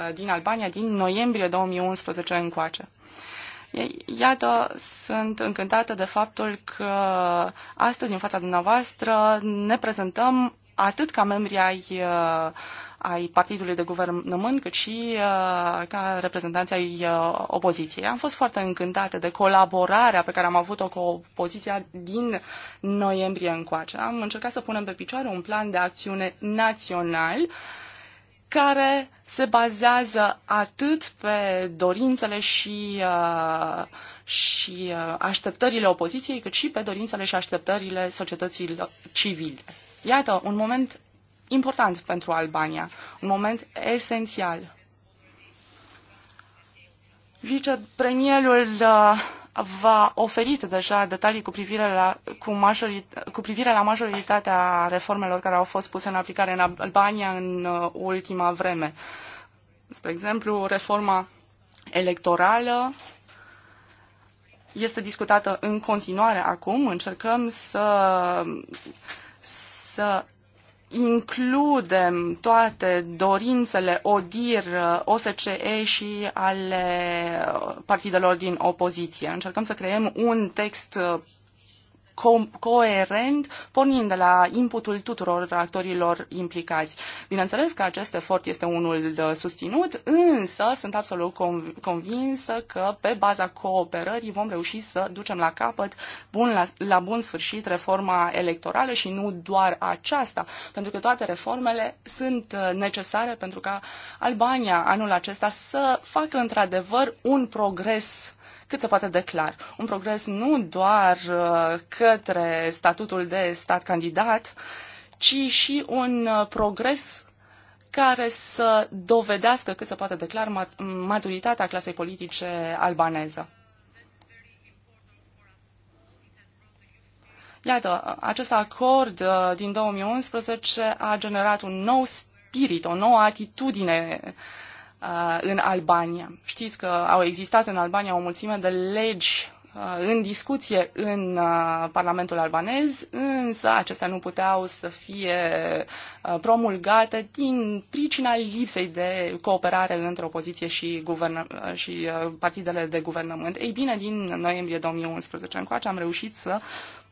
uh, din Albania din noiembrie 2011 încoace. Iată, sunt încântată de faptul că astăzi, în fața dumneavoastră, ne prezentăm atât ca membri ai uh, ai partidului de guvernământ, cât și uh, ca reprezentanții ai uh, opoziției. Am fost foarte încântate de colaborarea pe care am avut-o cu opoziția din noiembrie încoace. Am încercat să punem pe picioare un plan de acțiune național care se bazează atât pe dorințele și, uh, și așteptările opoziției, cât și pe dorințele și așteptările societății civile. Iată, un moment important pentru Albania, un moment esențial. Vicepremierul uh, v-a oferit deja detalii cu privire la, cu, majorita, cu privire la majoritatea reformelor care au fost puse în aplicare în Albania în uh, ultima vreme. Spre exemplu, reforma electorală este discutată în continuare acum. Încercăm să, să includem toate dorințele ODIR, OSCE și ale partidelor din opoziție. Încercăm să creăm un text co- coerent, pornind de la inputul tuturor actorilor implicați. Bineînțeles că acest efort este unul uh, susținut, însă sunt absolut convinsă că pe baza cooperării vom reuși să ducem la capăt bun la, la bun sfârșit reforma electorală și nu doar aceasta, pentru că toate reformele sunt uh, necesare pentru ca Albania anul acesta să facă într-adevăr un progres cât se poate de clar. Un progres nu doar uh, către statutul de stat candidat, ci și un uh, progres care să dovedească cât se poate de clar maturitatea clasei politice albaneză. Iată, acest acord uh, din 2011 a generat un nou spirit, o nouă atitudine uh, Uh, în Albania. Știți că au existat în Albania o mulțime de legi uh, în discuție în uh, Parlamentul albanez, însă acestea nu puteau să fie promulgate din pricina lipsei de cooperare între opoziție și, guvern- și partidele de guvernământ. Ei bine, din noiembrie 2011 încoace am reușit să uh,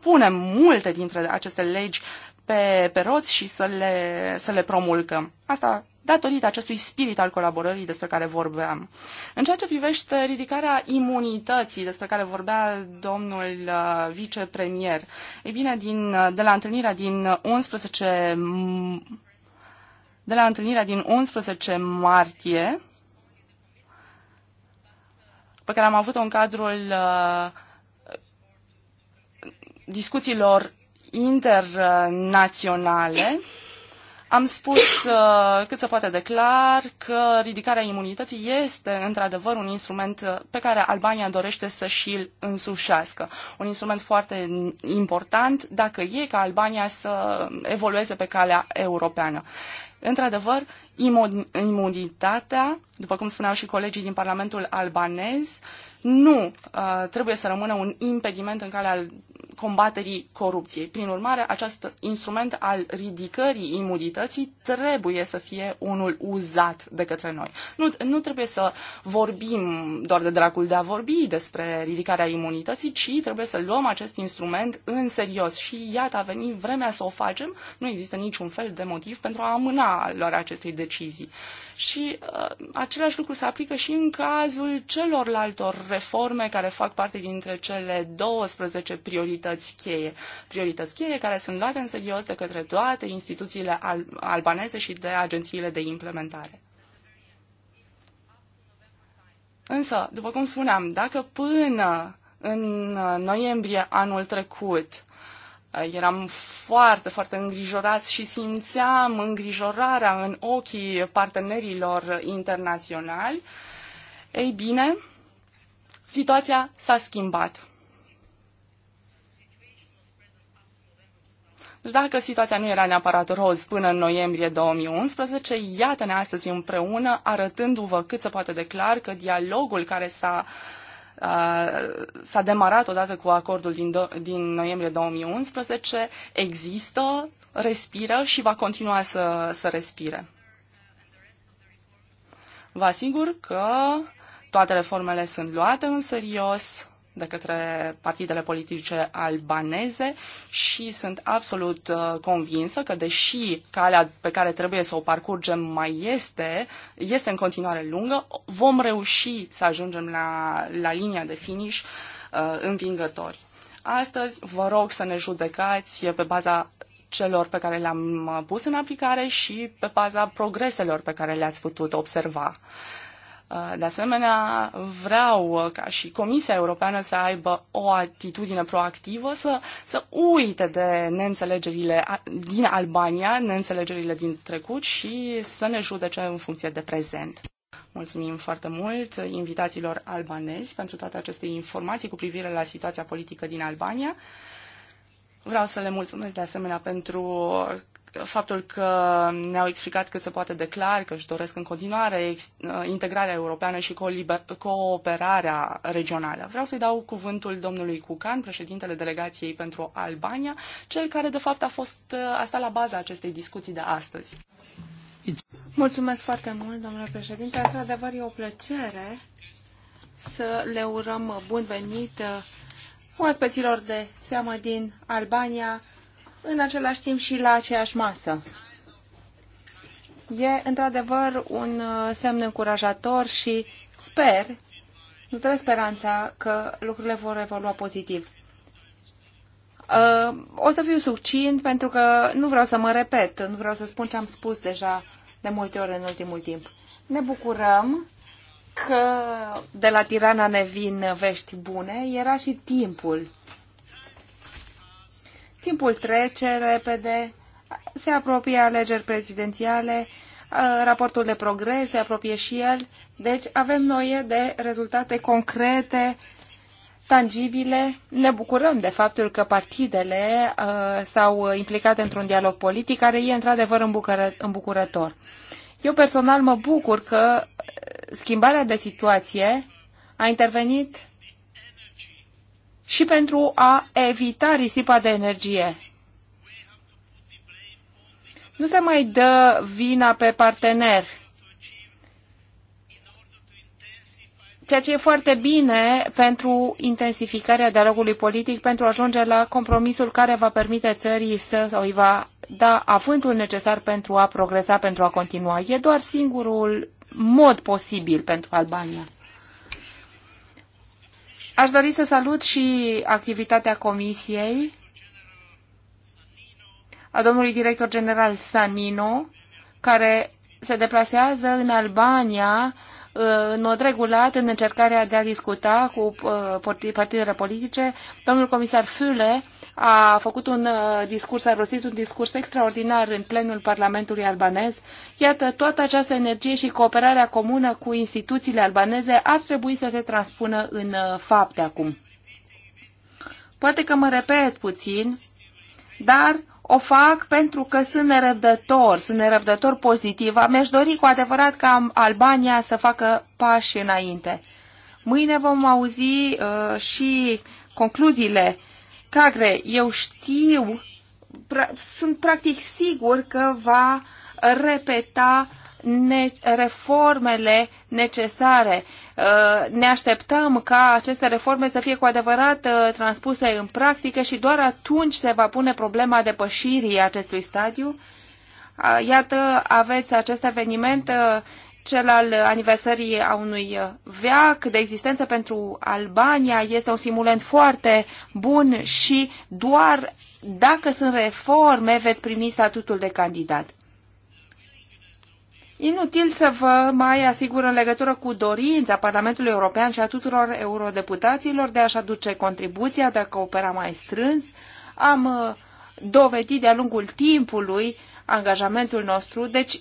punem multe dintre aceste legi pe, pe roți și să le, să le promulgăm. Asta datorită acestui spirit al colaborării despre care vorbeam. În ceea ce privește ridicarea imunității despre care vorbea domnul uh, vicepremier, e bine, din, uh, de la întâlnirea din 11 de la întâlnirea din 11 martie, pe care am avut-o în cadrul uh, discuțiilor internaționale, am spus uh, cât se poate de clar că ridicarea imunității este într-adevăr un instrument uh, pe care Albania dorește să și-l însușească. Un instrument foarte important dacă e ca Albania să evolueze pe calea europeană. Într-adevăr, imunitatea după cum spuneau și colegii din Parlamentul albanez, nu uh, trebuie să rămână un impediment în calea combaterii corupției. Prin urmare, acest instrument al ridicării imunității trebuie să fie unul uzat de către noi. Nu, nu trebuie să vorbim doar de dracul de a vorbi despre ridicarea imunității, ci trebuie să luăm acest instrument în serios. Și iată, a venit vremea să o facem. Nu există niciun fel de motiv pentru a amâna luarea acestei decizii. Și uh, Același lucru se aplică și în cazul celorlaltor reforme care fac parte dintre cele 12 priorități cheie. Priorități cheie care sunt luate în serios de către toate instituțiile al- albaneze și de agențiile de implementare. Însă, după cum spuneam, dacă până în noiembrie anul trecut Eram foarte, foarte îngrijorați și simțeam îngrijorarea în ochii partenerilor internaționali. Ei bine, situația s-a schimbat. Deci dacă situația nu era neapărat roz până în noiembrie 2011, iată-ne astăzi împreună arătându-vă cât se poate declar că dialogul care s-a uh, Uh, s-a demarat odată cu acordul din, do- din noiembrie 2011, există, respiră și va continua să, să respire. Vă asigur că toate reformele sunt luate în serios, de către partidele politice albaneze și sunt absolut uh, convinsă că deși calea pe care trebuie să o parcurgem mai este, este în continuare lungă, vom reuși să ajungem la, la linia de finish uh, învingători. Astăzi vă rog să ne judecați pe baza celor pe care le-am pus în aplicare și pe baza progreselor pe care le-ați putut observa. Uh, de asemenea, vreau uh, ca și Comisia Europeană să aibă o atitudine proactivă, să, să uite de neînțelegerile din Albania, neînțelegerile din trecut și să ne judece în funcție de prezent. Mulțumim foarte mult invitațiilor albanezi pentru toate aceste informații cu privire la situația politică din Albania. Vreau să le mulțumesc de asemenea pentru faptul că ne-au explicat cât se poate de clar că își doresc în continuare uh, integrarea europeană și cooperarea regională. Vreau să-i dau cuvântul domnului Cucan, președintele delegației pentru Albania, cel care de fapt a fost uh, a stat la baza acestei discuții de astăzi. Mulțumesc foarte mult, domnule președinte. Într-adevăr, e o plăcere să le urăm bun venit uh, oaspeților de seamă din Albania, în același timp și la aceeași masă. E într-adevăr un uh, semn încurajator și sper, nu trebuie speranța că lucrurile vor evolua pozitiv. Uh, o să fiu succint pentru că nu vreau să mă repet, nu vreau să spun ce am spus deja de multe ori în ultimul timp. Ne bucurăm că de la Tirana ne vin vești bune, era și timpul Timpul trece repede, se apropie alegeri prezidențiale, raportul de progres se apropie și el, deci avem noi de rezultate concrete, tangibile. Ne bucurăm de faptul că partidele uh, s-au implicat într-un dialog politic care e într-adevăr îmbucură, îmbucurător. Eu personal mă bucur că schimbarea de situație a intervenit și pentru a evita risipa de energie. Nu se mai dă vina pe partener. ceea ce e foarte bine pentru intensificarea dialogului politic, pentru a ajunge la compromisul care va permite țării să, sau îi va da avântul necesar pentru a progresa, pentru a continua. E doar singurul mod posibil pentru Albania. Aș dori să salut și activitatea comisiei a domnului director general Sanino, care se deplasează în Albania Uh, în mod regulat în încercarea de a discuta cu uh, partidele politice. Domnul comisar Füle a făcut un uh, discurs, a rostit un discurs extraordinar în plenul Parlamentului albanez. Iată, toată această energie și cooperarea comună cu instituțiile albaneze ar trebui să se transpună în fapte acum. Poate că mă repet puțin, dar o fac pentru că sunt nerăbdător, sunt nerăbdător pozitiv. Mi-aș dori cu adevărat ca Albania să facă pași înainte. Mâine vom auzi uh, și concluziile. Cagre, eu știu, pra- sunt practic sigur că va repeta reformele necesare. Uh, ne așteptăm ca aceste reforme să fie cu adevărat uh, transpuse în practică și doar atunci se va pune problema depășirii acestui stadiu. Uh, iată, aveți acest eveniment cel al aniversării a unui veac de existență pentru Albania este un simulant foarte bun și doar dacă sunt reforme veți primi statutul de candidat. Inutil să vă mai asigur în legătură cu dorința Parlamentului European și a tuturor eurodeputaților de a-și aduce contribuția, de a coopera mai strâns. Am uh, dovedit de-a lungul timpului angajamentul nostru, deci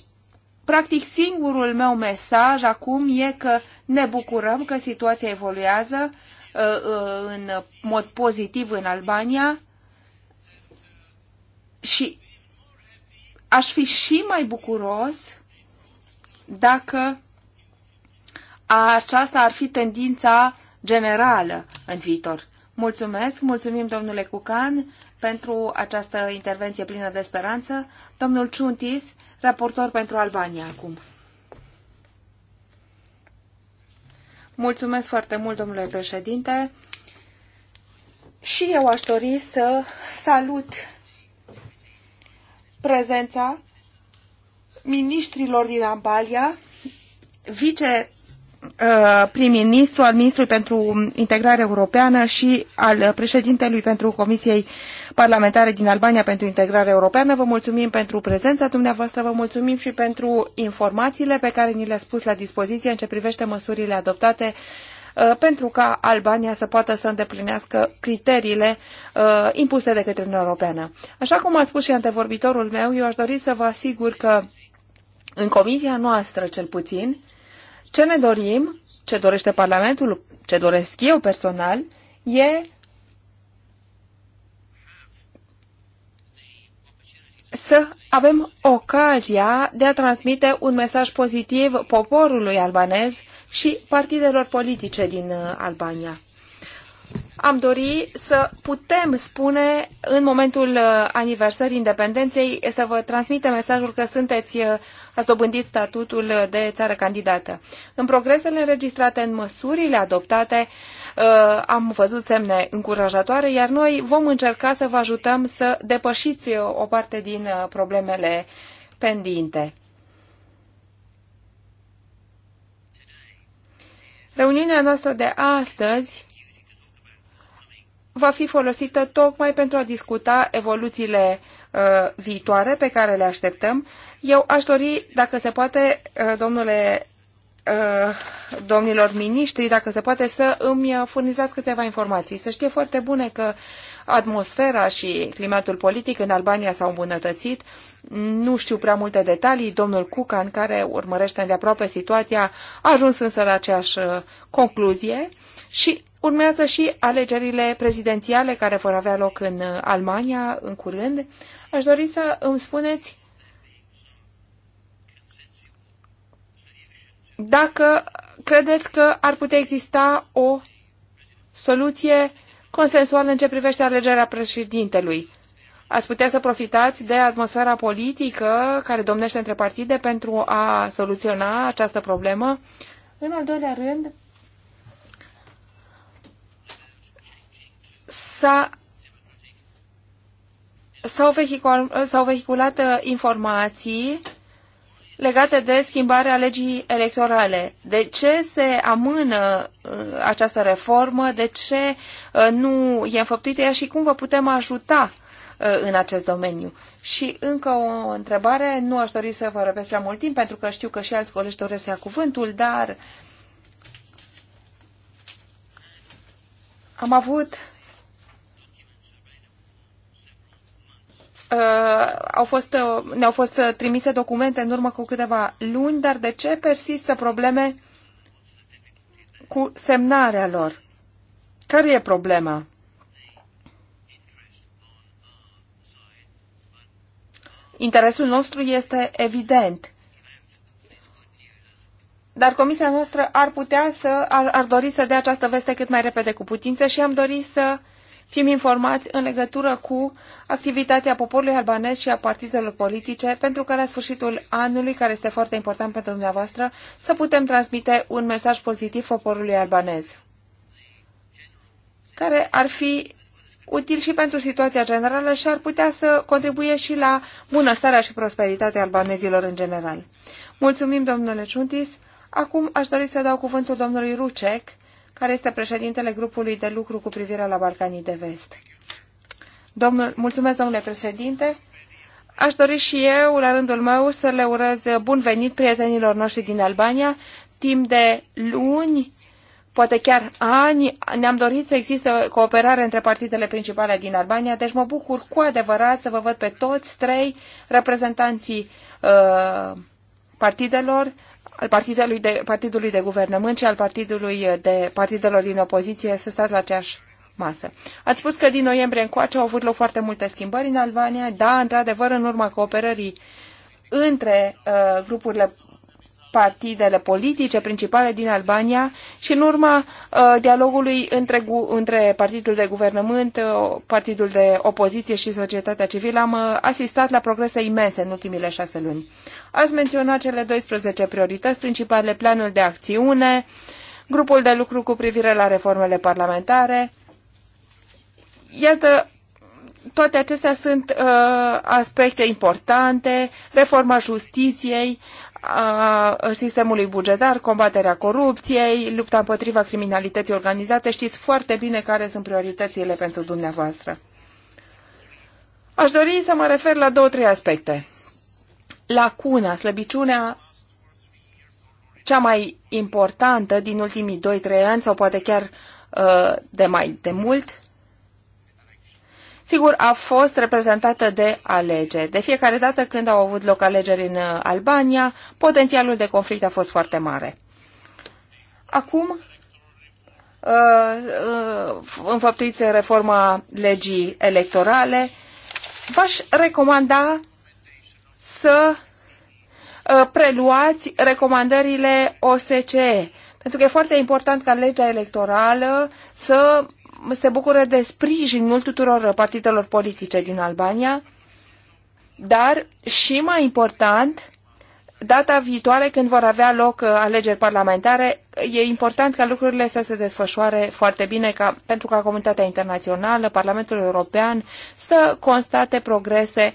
Practic, singurul meu mesaj acum e că ne bucurăm că situația evoluează uh, uh, în mod pozitiv în Albania și aș fi și mai bucuros dacă aceasta ar fi tendința generală în viitor. Mulțumesc, mulțumim domnule Cucan pentru această intervenție plină de speranță. Domnul Ciuntis, raportor pentru Albania acum. Mulțumesc foarte mult, domnule președinte. Și eu aș dori să salut prezența ministrilor din Ambalia, vice uh, prim-ministru, al ministrului pentru integrare europeană și al președintelui pentru Comisiei Parlamentare din Albania pentru integrare europeană. Vă mulțumim pentru prezența dumneavoastră, vă mulțumim și pentru informațiile pe care ni le-a spus la dispoziție în ce privește măsurile adoptate uh, pentru ca Albania să poată să îndeplinească criteriile uh, impuse de către Uniunea Europeană. Așa cum a spus și antevorbitorul meu, eu aș dori să vă asigur că în comisia noastră cel puțin, ce ne dorim, ce dorește Parlamentul, ce doresc eu personal, e să avem ocazia de a transmite un mesaj pozitiv poporului albanez și partidelor politice din uh, Albania am dori să putem spune în momentul uh, aniversării independenței să vă transmitem mesajul că sunteți, uh, ați dobândit statutul de țară candidată. În progresele înregistrate, în măsurile adoptate, uh, am văzut semne încurajatoare, iar noi vom încerca să vă ajutăm să depășiți o parte din problemele pendinte. Reuniunea noastră de astăzi va fi folosită tocmai pentru a discuta evoluțiile uh, viitoare pe care le așteptăm. Eu aș dori, dacă se poate, uh, domnule uh, domnilor miniștri, dacă se poate, să îmi furnizați câteva informații. Să știe foarte bune că atmosfera și climatul politic în Albania s-au îmbunătățit. Nu știu prea multe detalii. Domnul Cucan, care urmărește îndeaproape situația, a ajuns însă la aceeași uh, concluzie și Urmează și alegerile prezidențiale care vor avea loc în uh, Almania în curând. Aș dori să îmi spuneți dacă credeți că ar putea exista o soluție consensuală în ce privește alegerea președintelui. Ați putea să profitați de atmosfera politică care domnește între partide pentru a soluționa această problemă? În al doilea rând, s-a s-au, vehicul, s-au vehiculat uh, informații legate de schimbarea legii electorale. De ce se amână uh, această reformă? De ce uh, nu e înfăptuită ea și cum vă putem ajuta în acest domeniu? Și încă o întrebare, nu aș dori să vă răbesc prea mult timp, pentru că știu că și alți colegi doresc să ia cuvântul, dar am avut Uh, au fost, uh, ne-au fost uh, trimise documente în urmă cu câteva luni, dar de ce persistă probleme cu semnarea lor? Care e problema? Interesul nostru este evident. Dar comisia noastră ar putea să, ar, ar dori să dea această veste cât mai repede cu putință și am dori să uh, fim informați în legătură cu activitatea poporului albanez și a partidelor politice, pentru că la sfârșitul anului, care este foarte important pentru dumneavoastră, să putem transmite un mesaj pozitiv poporului albanez, care ar fi util și pentru situația generală și ar putea să contribuie și la bunăstarea și prosperitatea albanezilor în general. Mulțumim, domnule Ciuntis. Acum aș dori să dau cuvântul domnului Rucek, care este președintele grupului de lucru cu privire la Balcanii de Vest. Domnul, mulțumesc, domnule președinte. Aș dori și eu, la rândul meu, să le urez bun venit prietenilor noștri din Albania. Timp de luni, poate chiar ani, ne-am dorit să existe cooperare între partidele principale din Albania, deci mă bucur cu adevărat să vă văd pe toți trei reprezentanții uh, partidelor al partidului de, partidului de guvernământ și al partidului de partidelor din opoziție să stați la aceeași masă. Ați spus că din noiembrie încoace au avut loc foarte multe schimbări în Albania. Da, într-adevăr, în urma cooperării între uh, grupurile partidele politice principale din Albania și în urma uh, dialogului între, între partidul de guvernământ, uh, partidul de opoziție și societatea civilă am uh, asistat la progrese imense în ultimile șase luni. Ați menționat cele 12 priorități principale, planul de acțiune, grupul de lucru cu privire la reformele parlamentare. Iată, toate acestea sunt uh, aspecte importante, reforma justiției, sistemului bugetar, combaterea corupției, lupta împotriva criminalității organizate. Știți foarte bine care sunt prioritățile pentru dumneavoastră. Aș dori să mă refer la două, trei aspecte. Lacuna, slăbiciunea cea mai importantă din ultimii 2-3 ani sau poate chiar uh, de mai de mult sigur, a fost reprezentată de alegeri. De fiecare dată când au avut loc alegeri în uh, Albania, potențialul de conflict a fost foarte mare. Acum, uh, uh, înfăptuiți reforma legii electorale, v-aș recomanda să preluați recomandările OSCE, pentru că e foarte important ca legea electorală să se bucură de sprijinul tuturor partidelor politice din Albania, dar și mai important, data viitoare când vor avea loc uh, alegeri parlamentare, e important ca lucrurile să se desfășoare foarte bine ca, pentru ca comunitatea internațională, Parlamentul European să constate progrese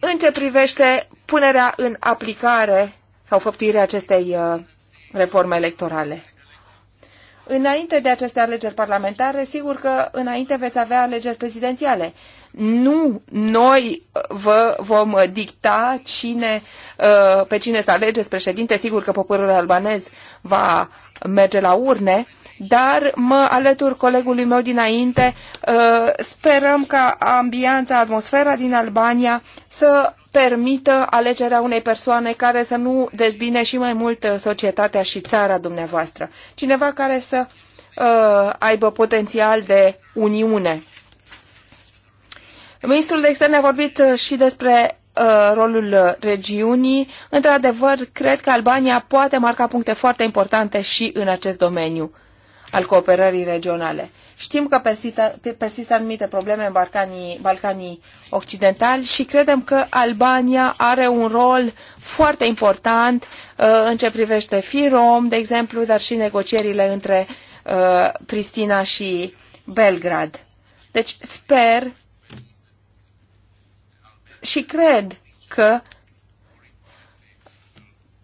în ce privește punerea în aplicare sau făptuirea acestei uh, reforme electorale. Înainte de aceste alegeri parlamentare, sigur că înainte veți avea alegeri prezidențiale. Nu noi vă vom dicta cine, uh, pe cine să alegeți președinte. Sigur că poporul albanez va merge la urne, dar mă alătur colegului meu dinainte. Uh, sperăm ca ambianța, atmosfera din Albania să permită alegerea unei persoane care să nu dezbine și mai mult uh, societatea și țara dumneavoastră. Cineva care să uh, aibă potențial de uniune. Ministrul de Externe a vorbit și despre uh, rolul regiunii. Într-adevăr, cred că Albania poate marca puncte foarte importante și în acest domeniu al cooperării regionale. Știm că persistă, persistă anumite probleme în Balcanii, Balcanii Occidentali și credem că Albania are un rol foarte important uh, în ce privește FIROM, de exemplu, dar și negocierile între uh, Pristina și Belgrad. Deci sper și cred că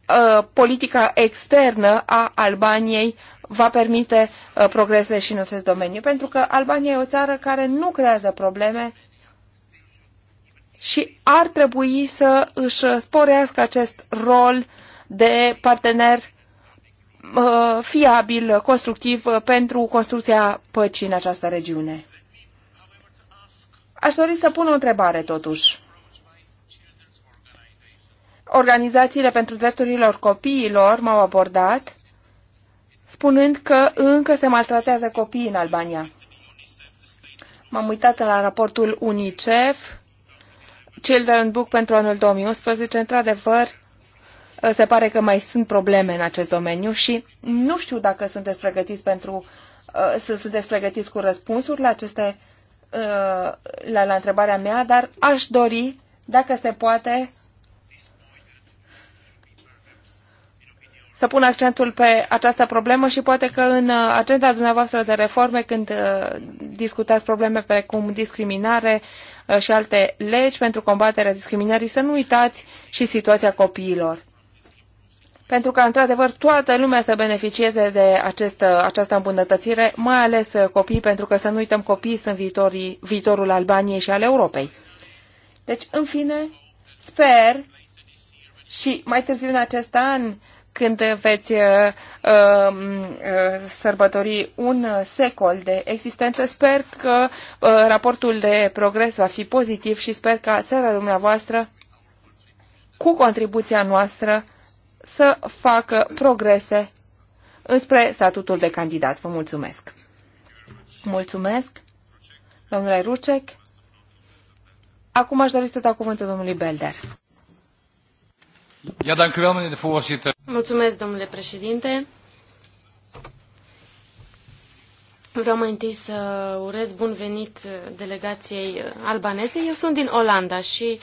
uh, politica externă a Albaniei va permite uh, progresele și în acest domeniu, pentru că Albania e o țară care nu creează probleme și ar trebui să își sporească acest rol de partener uh, fiabil, constructiv uh, pentru construcția păcii în această regiune. Aș dori să pun o întrebare, totuși. Organizațiile pentru drepturile copiilor m-au abordat spunând că încă se maltratează copiii în Albania. M-am uitat la raportul UNICEF, Children Book pentru anul 2011. Într-adevăr, se pare că mai sunt probleme în acest domeniu și nu știu dacă sunteți pregătiți pentru să uh, sunteți pregătiți cu răspunsuri la aceste uh, la, la întrebarea mea, dar aș dori, dacă se poate, să pun accentul pe această problemă și poate că în uh, agenda dumneavoastră de reforme, când uh, discutați probleme precum discriminare uh, și alte legi pentru combaterea discriminării, să nu uitați și situația copiilor. Pentru ca, într-adevăr, toată lumea să beneficieze de acest, această îmbunătățire, mai ales copiii, pentru că să nu uităm copiii sunt viitorii, viitorul Albaniei și al Europei. Deci, în fine, sper și mai târziu în acest an când veți uh, um, uh, sărbători un secol de existență. Sper că uh, raportul de progres va fi pozitiv și sper ca țara dumneavoastră, cu contribuția noastră, să facă progrese înspre statutul de candidat. Vă mulțumesc! Mulțumesc, domnule Rucec. Acum aș dori să dau cuvântul domnului Belder. Mulțumesc, domnule președinte. Vreau mai întâi să urez bun venit delegației albaneze. Eu sunt din Olanda și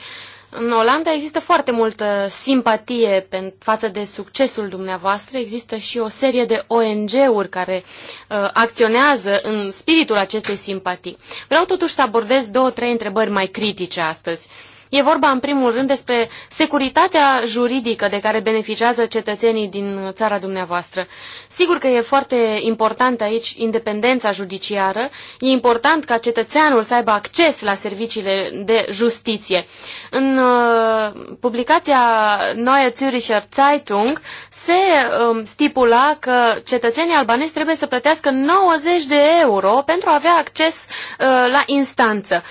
în Olanda există foarte multă simpatie față de succesul dumneavoastră. Există și o serie de ONG-uri care uh, acționează în spiritul acestei simpatii. Vreau totuși să abordez două, trei întrebări mai critice astăzi. Uh, E vorba, în primul rând, despre securitatea juridică de care beneficiază cetățenii din țara dumneavoastră. Sigur că e foarte important aici independența judiciară. E important ca cetățeanul să aibă acces la serviciile de justiție. În uh, publicația Neue Züricher Zeitung se um, stipula că cetățenii albanezi trebuie să plătească 90 de euro pentru a avea acces uh, la instanță.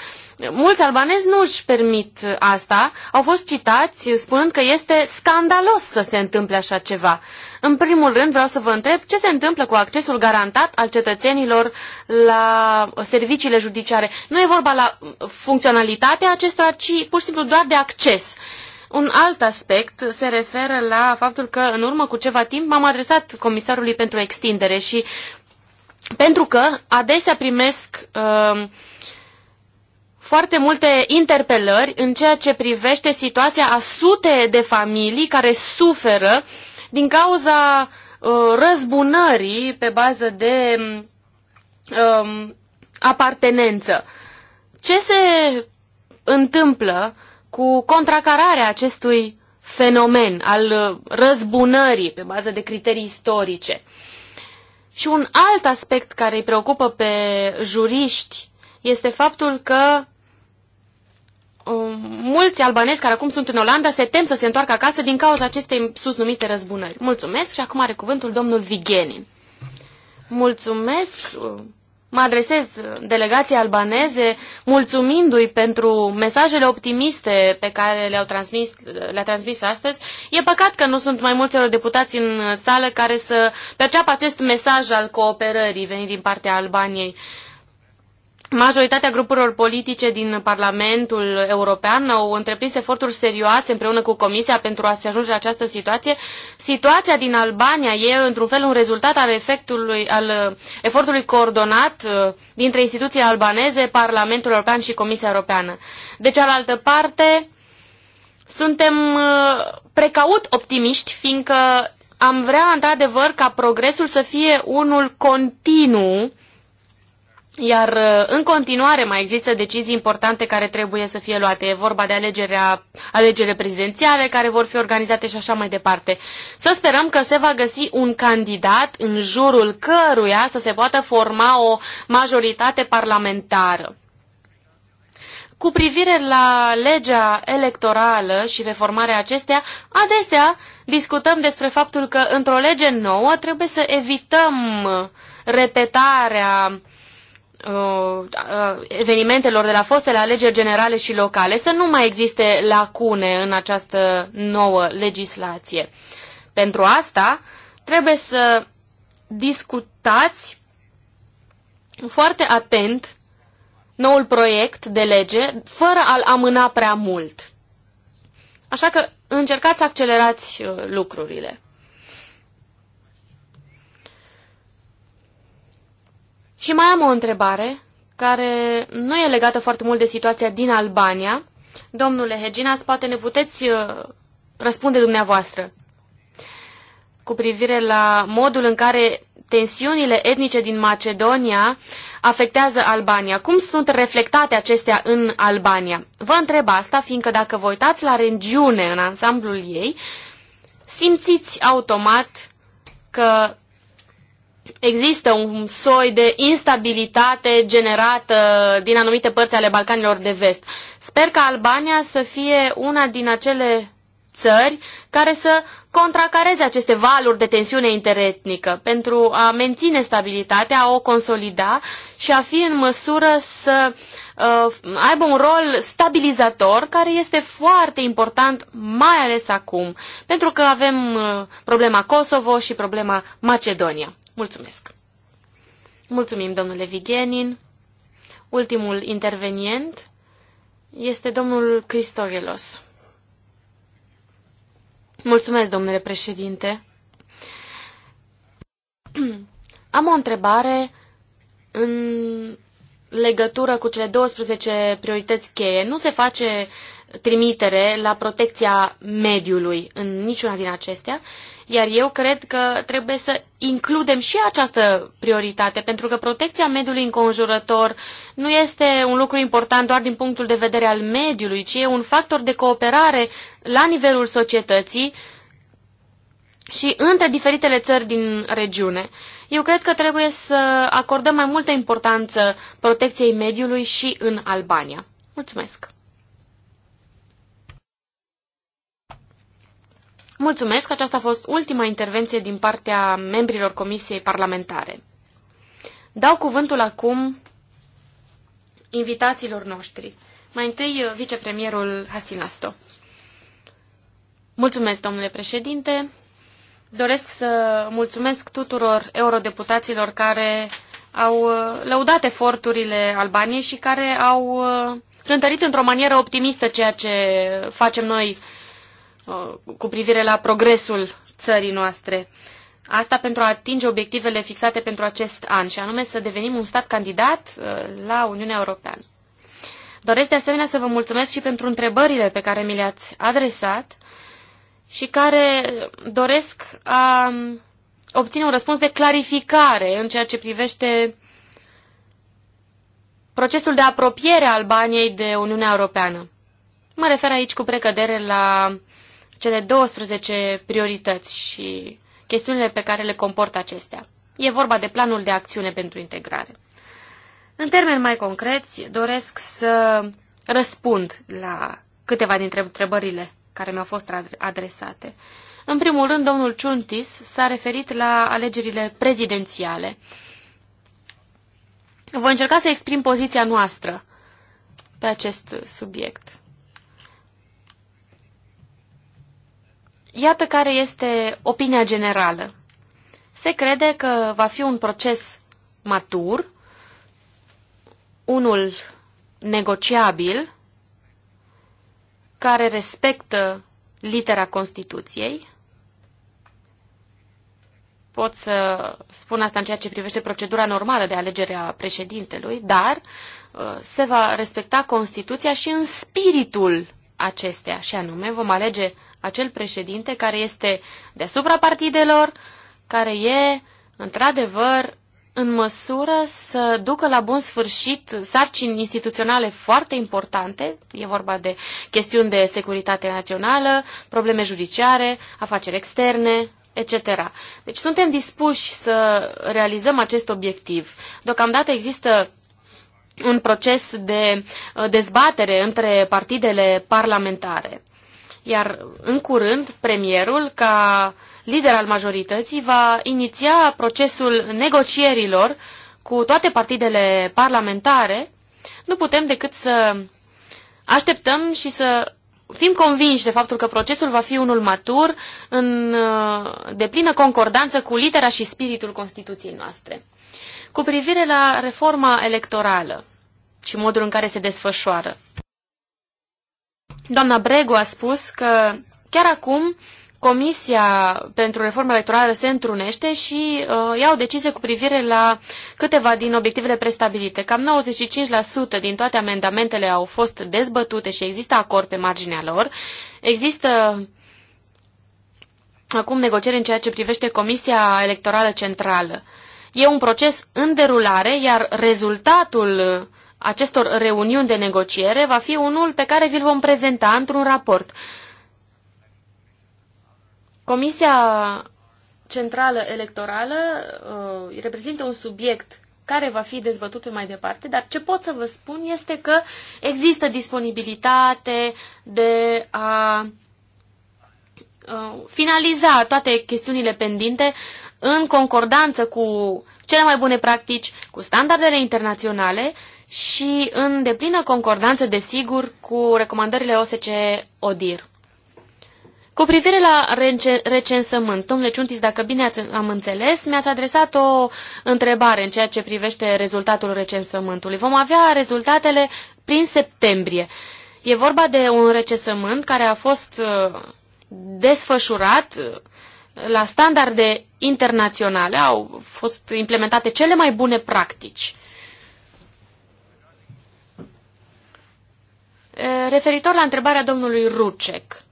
Mulți albanezi nu își permit asta, au fost citați spunând că este scandalos să se întâmple așa ceva. În primul rând vreau să vă întreb ce se întâmplă cu accesul garantat al cetățenilor la serviciile judiciare. Nu e vorba la funcționalitatea acestora, ci pur și simplu doar de acces. Un alt aspect se referă la faptul că în urmă cu ceva timp m-am adresat comisarului pentru extindere și pentru că adesea primesc uh, foarte multe interpelări în ceea ce privește situația a sute de familii care suferă din cauza uh, răzbunării pe bază de uh, apartenență. Ce se întâmplă cu contracararea acestui fenomen al uh, răzbunării pe bază de criterii istorice? Și un alt aspect care îi preocupă pe juriști este faptul că Uh, mulți albanezi care acum sunt în Olanda se tem să se întoarcă acasă din cauza acestei sus numite răzbunări. Mulțumesc și acum are cuvântul domnul Vigenin. Mulțumesc, uh, mă adresez delegației albaneze mulțumindu-i pentru mesajele optimiste pe care le-au transmis, le-a transmis astăzi. E păcat că nu sunt mai mulți deputați în sală care să perceapă acest mesaj al cooperării venit din partea Albaniei. Uh, Majoritatea grupurilor politice din Parlamentul European au întreprins eforturi serioase împreună cu Comisia pentru a se ajunge la această situație. Situația din Albania e, într-un fel, un rezultat al, efectului, al uh, efortului coordonat uh, dintre instituțiile albaneze, Parlamentul European și Comisia Europeană. De cealaltă parte, suntem uh, precaut optimiști, fiindcă am vrea, într-adevăr, ca progresul să fie unul continuu, iar uh, în continuare mai există decizii importante care trebuie să fie luate. E vorba de alegerea, alegere prezidențiale care vor fi organizate și așa mai departe. Să sperăm că se va găsi un candidat în jurul căruia să se poată forma o majoritate parlamentară. Cu privire la legea electorală și reformarea acesteia, adesea discutăm despre faptul că într-o lege nouă trebuie să evităm repetarea Uh, uh, evenimentelor de la fostele alegeri generale și locale, să nu mai existe lacune în această nouă legislație. Pentru asta trebuie să discutați foarte atent noul proiect de lege, fără a-l amâna prea mult. Așa că încercați să accelerați uh, lucrurile. Și mai am o întrebare care nu e legată foarte mult de situația din Albania. Domnule Hegina, poate ne puteți uh, răspunde dumneavoastră cu privire la modul în care tensiunile etnice din Macedonia afectează Albania. Cum sunt reflectate acestea în Albania? Vă întreb asta, fiindcă dacă vă uitați la regiune în ansamblul ei, simțiți automat că există un soi de instabilitate generată din anumite părți ale Balcanilor de Vest. Sper ca Albania să fie una din acele țări care să contracareze aceste valuri de tensiune interetnică pentru a menține stabilitatea, a o consolida și a fi în măsură să uh, aibă un rol stabilizator care este foarte important, mai ales acum, pentru că avem uh, problema Kosovo și problema Macedonia. Mulțumesc! Mulțumim, domnule Vigenin. Ultimul intervenient este domnul Cristogelos. Mulțumesc, domnule președinte. Am o întrebare în legătură cu cele 12 priorități cheie. Nu se face trimitere la protecția mediului în niciuna din acestea iar eu cred că trebuie să includem și această prioritate, pentru că protecția mediului înconjurător nu este un lucru important doar din punctul de vedere al mediului, ci e un factor de cooperare la nivelul societății și între diferitele țări din regiune. Eu cred că trebuie să acordăm mai multă importanță protecției mediului și în Albania. Mulțumesc! Mulțumesc, aceasta a fost ultima intervenție din partea membrilor Comisiei Parlamentare. Dau cuvântul acum invitațiilor noștri. Mai întâi, vicepremierul Hasinasto. Mulțumesc, domnule președinte. Doresc să mulțumesc tuturor eurodeputaților care au uh, lăudat eforturile Albaniei și care au uh, cântărit într-o manieră optimistă ceea ce facem noi Uh, cu privire la progresul țării noastre. Asta pentru a atinge obiectivele fixate pentru acest an, și anume să devenim un stat candidat uh, la Uniunea Europeană. Doresc de asemenea să vă mulțumesc și pentru întrebările pe care mi le-ați adresat și care doresc a um, obține un răspuns de clarificare în ceea ce privește procesul de apropiere a Albaniei de Uniunea Europeană. Mă refer aici cu precădere la cele 12 priorități și chestiunile pe care le comportă acestea. E vorba de planul de acțiune pentru integrare. În termeni mai concreți, doresc să răspund la câteva dintre întrebările care mi-au fost adresate. În primul rând, domnul Ciuntis s-a referit la alegerile prezidențiale. Voi încerca să exprim poziția noastră pe acest subiect. Iată care este opinia generală. Se crede că va fi un proces matur, unul negociabil, care respectă litera Constituției. Pot să spun asta în ceea ce privește procedura normală de alegere a președintelui, dar uh, se va respecta Constituția și în spiritul acestea, și anume vom alege acel președinte care este deasupra partidelor, care e, într-adevăr, în măsură să ducă la bun sfârșit sarcini instituționale foarte importante, e vorba de chestiuni de securitate națională, probleme judiciare, afaceri externe, etc. Deci suntem dispuși să realizăm acest obiectiv. Deocamdată există un proces de uh, dezbatere între partidele parlamentare. Iar în curând, premierul, ca lider al majorității, va iniția procesul negocierilor cu toate partidele parlamentare. Nu putem decât să așteptăm și să fim convinși de faptul că procesul va fi unul matur, în uh, deplină concordanță cu litera și spiritul Constituției noastre. Cu privire la reforma electorală și modul în care se desfășoară, Doamna Bregu a spus că chiar acum Comisia pentru reforma Electorală se întrunește și uh, ia o decizie cu privire la câteva din obiectivele prestabilite. Cam 95% din toate amendamentele au fost dezbătute și există acord pe marginea lor. Există acum negocieri în ceea ce privește Comisia Electorală Centrală. E un proces în derulare, iar rezultatul acestor reuniuni de negociere va fi unul pe care vi-l vom prezenta într-un raport. Comisia Centrală Electorală uh, reprezintă un subiect care va fi dezbătut pe mai departe, dar ce pot să vă spun este că există disponibilitate de a uh, finaliza toate chestiunile pendinte în concordanță cu cele mai bune practici, cu standardele internaționale și în deplină concordanță, desigur, cu recomandările OSCE ODIR. Cu privire la recensământ, domnule Ciuntis, dacă bine am înțeles, mi-ați adresat o întrebare în ceea ce privește rezultatul recensământului. Vom avea rezultatele prin septembrie. E vorba de un recensământ care a fost uh, desfășurat uh, la standarde internaționale. Au fost implementate cele mai bune practici. Referitor la întrebarea domnului Rucek,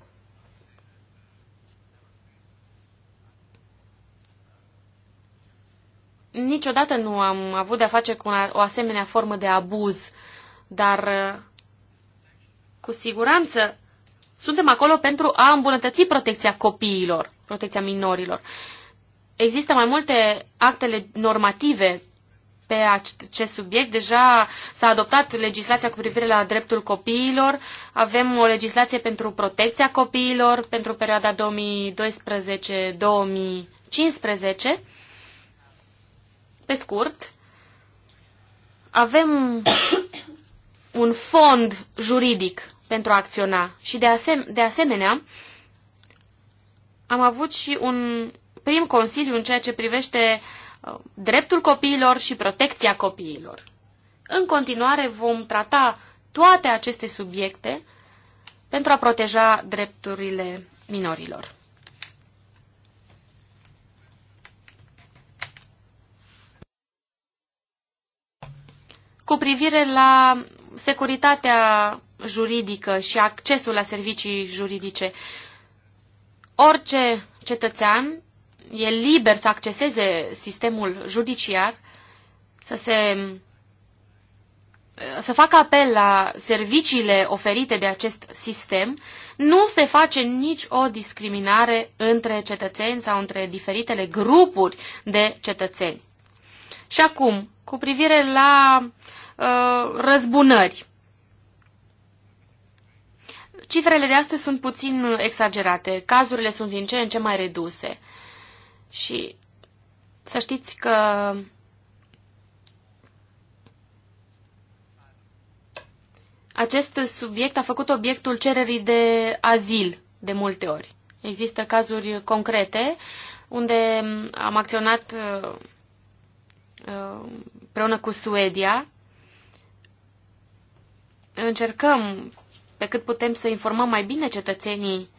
niciodată nu am avut de-a face cu o asemenea formă de abuz, dar cu siguranță suntem acolo pentru a îmbunătăți protecția copiilor, protecția minorilor. Există mai multe actele normative pe acest subiect. Deja s-a adoptat legislația cu privire la dreptul copiilor, avem o legislație pentru protecția copiilor pentru perioada 2012-2015. Pe scurt, avem un fond juridic pentru a acționa și de, asem- de asemenea am avut și un prim consiliu în ceea ce privește dreptul copiilor și protecția copiilor. În continuare vom trata toate aceste subiecte pentru a proteja drepturile minorilor. Cu privire la securitatea juridică și accesul la servicii juridice, orice cetățean e liber să acceseze sistemul judiciar, să se să facă apel la serviciile oferite de acest sistem, nu se face nici o discriminare între cetățeni sau între diferitele grupuri de cetățeni. Și acum, cu privire la uh, răzbunări. Cifrele de astăzi sunt puțin exagerate, cazurile sunt din ce în ce mai reduse. Și să știți că acest subiect a făcut obiectul cererii de azil de multe ori. Există cazuri concrete unde am acționat uh, uh, împreună cu Suedia. Încercăm pe cât putem să informăm mai bine cetățenii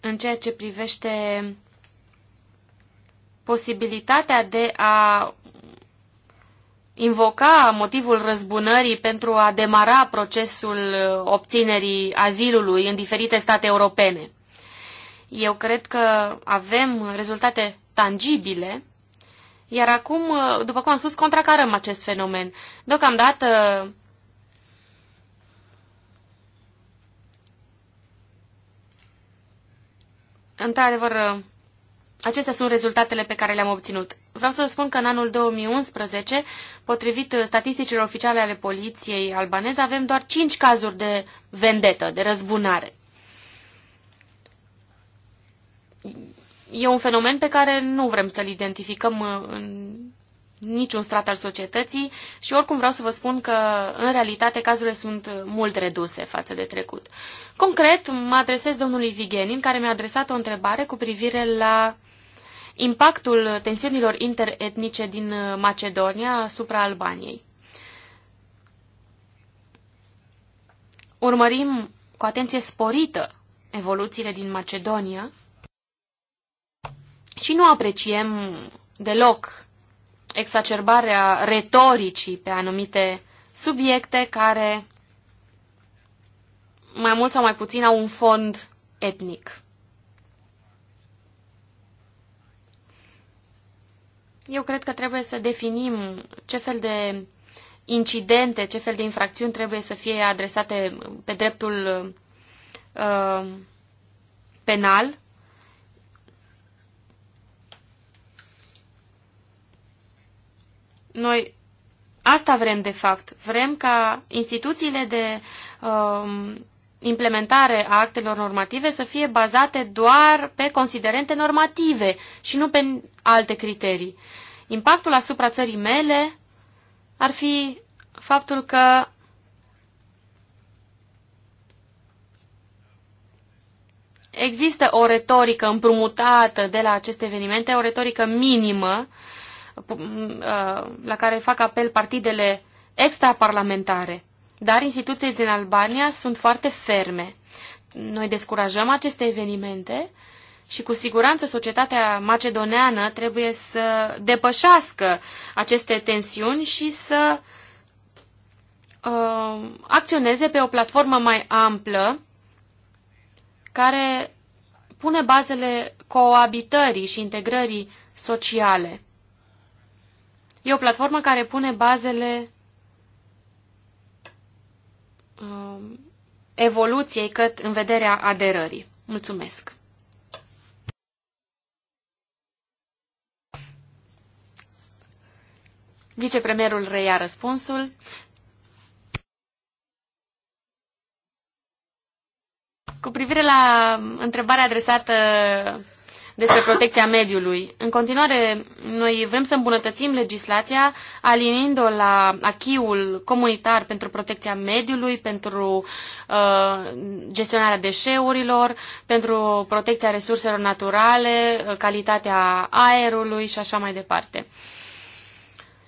în ceea ce privește posibilitatea de a invoca motivul răzbunării pentru a demara procesul obținerii azilului în diferite state europene. Eu cred că avem rezultate tangibile, iar acum, după cum am spus, contracarăm acest fenomen. Deocamdată într-adevăr Acestea sunt rezultatele pe care le-am obținut. Vreau să vă spun că în anul 2011, potrivit uh, statisticilor oficiale ale poliției albaneze, avem doar 5 cazuri de vendetă, de răzbunare. E un fenomen pe care nu vrem să-l identificăm uh, în niciun strat al societății și oricum vreau să vă spun că în realitate cazurile sunt uh, mult reduse față de trecut. Concret, mă adresez domnului Vigenin care mi-a adresat o întrebare cu privire la impactul tensiunilor interetnice din uh, Macedonia asupra Albaniei. Urmărim cu atenție sporită evoluțiile din Macedonia și nu apreciem deloc exacerbarea retoricii pe anumite subiecte care mai mult sau mai puțin au un fond etnic. Eu cred că trebuie să definim ce fel de incidente, ce fel de infracțiuni trebuie să fie adresate pe dreptul uh, penal. Noi asta vrem, de fapt. Vrem ca instituțiile de uh, implementare a actelor normative să fie bazate doar pe considerente normative și nu pe alte criterii. Impactul asupra țării mele ar fi faptul că există o retorică împrumutată de la aceste evenimente, o retorică minimă uh, la care fac apel partidele extraparlamentare dar instituțiile din Albania sunt foarte ferme. Noi descurajăm aceste evenimente și cu siguranță societatea macedoneană trebuie să depășească aceste tensiuni și să uh, acționeze pe o platformă mai amplă care pune bazele coabitării și integrării sociale. E o platformă care pune bazele Um, evoluției cât în vederea aderării. Mulțumesc! Vicepremierul reia răspunsul. Cu privire la întrebarea adresată despre protecția mediului. În continuare, noi vrem să îmbunătățim legislația alinind-o la achiul comunitar pentru protecția mediului, pentru uh, gestionarea deșeurilor, pentru protecția resurselor naturale, uh, calitatea aerului și așa mai departe.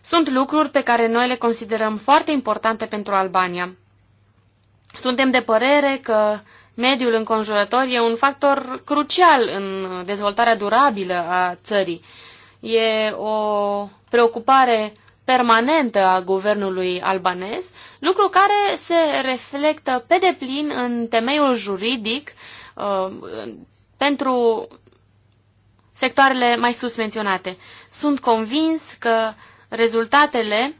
Sunt lucruri pe care noi le considerăm foarte importante pentru Albania. Suntem de părere că Mediul înconjurător e un factor crucial în dezvoltarea durabilă a țării. E o preocupare permanentă a guvernului albanez, lucru care se reflectă pe deplin în temeiul juridic uh, pentru sectoarele mai sus menționate. Sunt convins că rezultatele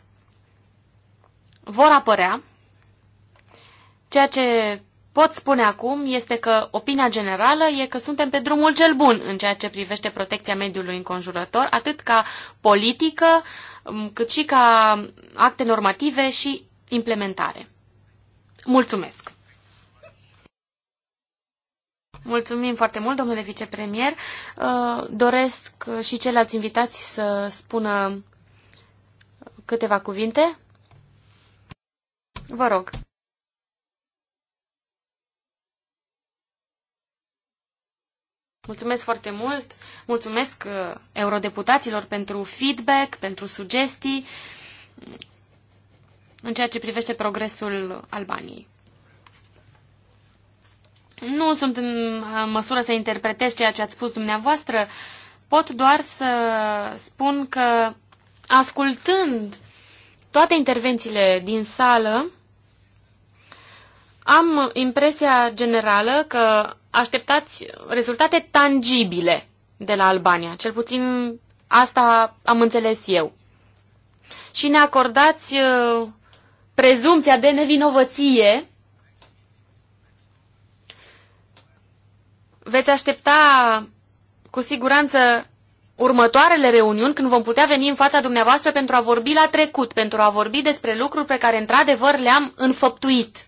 vor apărea, ceea ce pot spune acum este că opinia generală e că suntem pe drumul cel bun în ceea ce privește protecția mediului înconjurător, atât ca politică, cât și ca acte normative și implementare. Mulțumesc! Mulțumim foarte mult, domnule vicepremier. Uh, doresc și ceilalți invitați să spună câteva cuvinte. Vă rog. Mulțumesc foarte mult, mulțumesc uh, eurodeputaților pentru feedback, pentru sugestii mm, în ceea ce privește progresul Albaniei. Nu sunt în uh, măsură să interpretez ceea ce ați spus dumneavoastră, pot doar să spun că ascultând toate intervențiile din sală, am impresia generală că așteptați rezultate tangibile de la Albania. Cel puțin asta am înțeles eu. Și ne acordați uh, prezumția de nevinovăție. Veți aștepta cu siguranță următoarele reuniuni când vom putea veni în fața dumneavoastră pentru a vorbi la trecut, pentru a vorbi despre lucruri pe care într-adevăr le-am înfăptuit.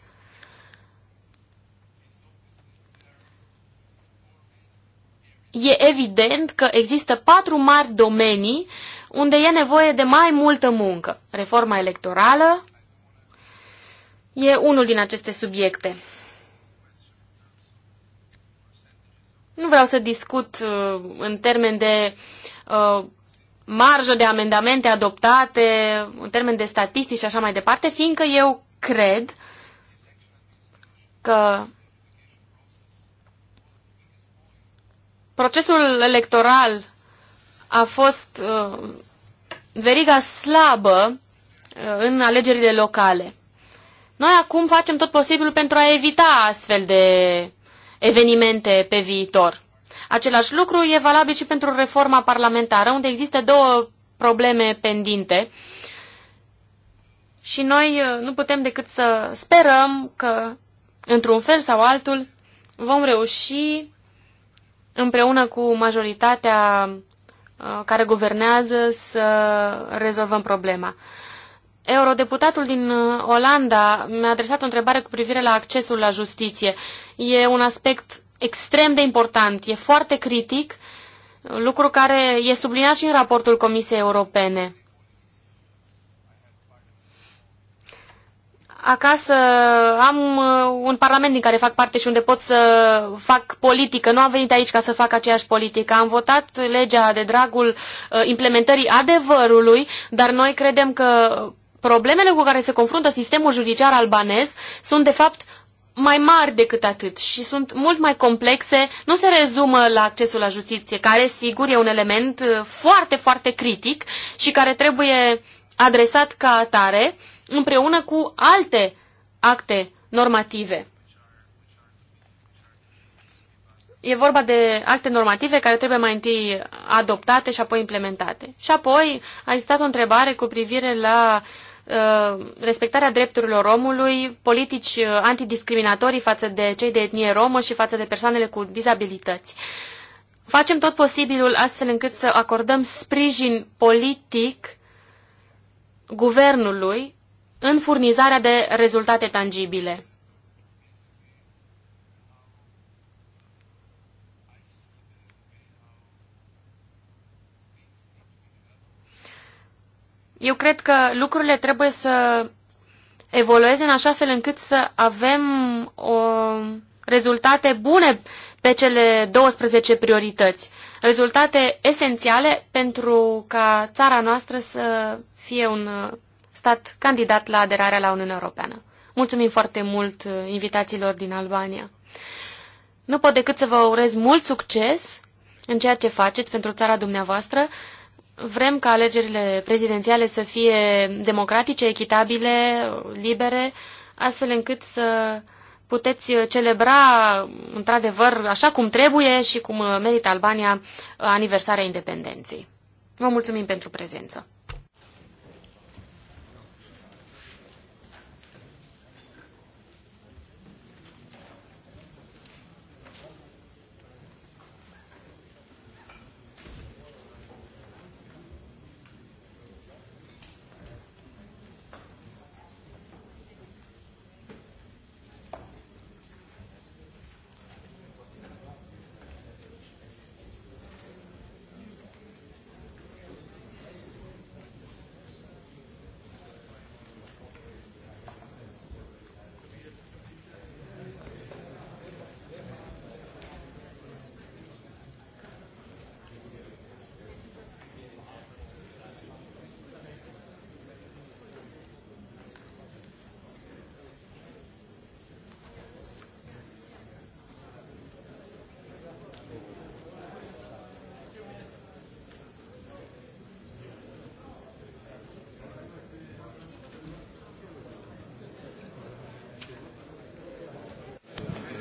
e evident că există patru mari domenii unde e nevoie de mai multă muncă. Reforma electorală e unul din aceste subiecte. Nu vreau să discut uh, în termen de uh, marjă de amendamente adoptate, în termen de statistici și așa mai departe, fiindcă eu cred că procesul electoral a fost uh, veriga slabă uh, în alegerile locale. Noi acum facem tot posibilul pentru a evita astfel de evenimente pe viitor. Același lucru e valabil și pentru reforma parlamentară, unde există două probleme pendinte. Și noi uh, nu putem decât să sperăm că, într-un fel sau altul, vom reuși împreună cu majoritatea uh, care guvernează să rezolvăm problema. Eurodeputatul din uh, Olanda mi-a adresat o întrebare cu privire la accesul la justiție. E un aspect extrem de important, e foarte critic, lucru care e subliniat și în raportul Comisiei Europene. acasă am uh, un parlament din care fac parte și unde pot să fac politică. Nu am venit aici ca să fac aceeași politică. Am votat legea de dragul uh, implementării adevărului, dar noi credem că problemele cu care se confruntă sistemul judiciar albanez sunt de fapt mai mari decât atât și sunt mult mai complexe, nu se rezumă la accesul la justiție, care sigur e un element uh, foarte, foarte critic și care trebuie adresat ca atare împreună cu alte acte normative. E vorba de acte normative care trebuie mai întâi adoptate și apoi implementate. Și apoi a existat o întrebare cu privire la uh, respectarea drepturilor omului, politici uh, antidiscriminatorii față de cei de etnie romă și față de persoanele cu dizabilități. Facem tot posibilul astfel încât să acordăm sprijin politic guvernului în furnizarea de rezultate tangibile. Eu cred că lucrurile trebuie să evolueze în așa fel încât să avem o, rezultate bune pe cele 12 priorități. Rezultate esențiale pentru ca țara noastră să fie un stat candidat la aderarea la Uniunea Europeană. Mulțumim foarte mult uh, invitațiilor din Albania. Nu pot decât să vă urez mult succes în ceea ce faceți pentru țara dumneavoastră. Vrem ca alegerile prezidențiale să fie democratice, echitabile, libere, astfel încât să puteți uh, celebra, într-adevăr, așa cum trebuie și cum uh, merită Albania, aniversarea independenței. Vă mulțumim pentru prezență.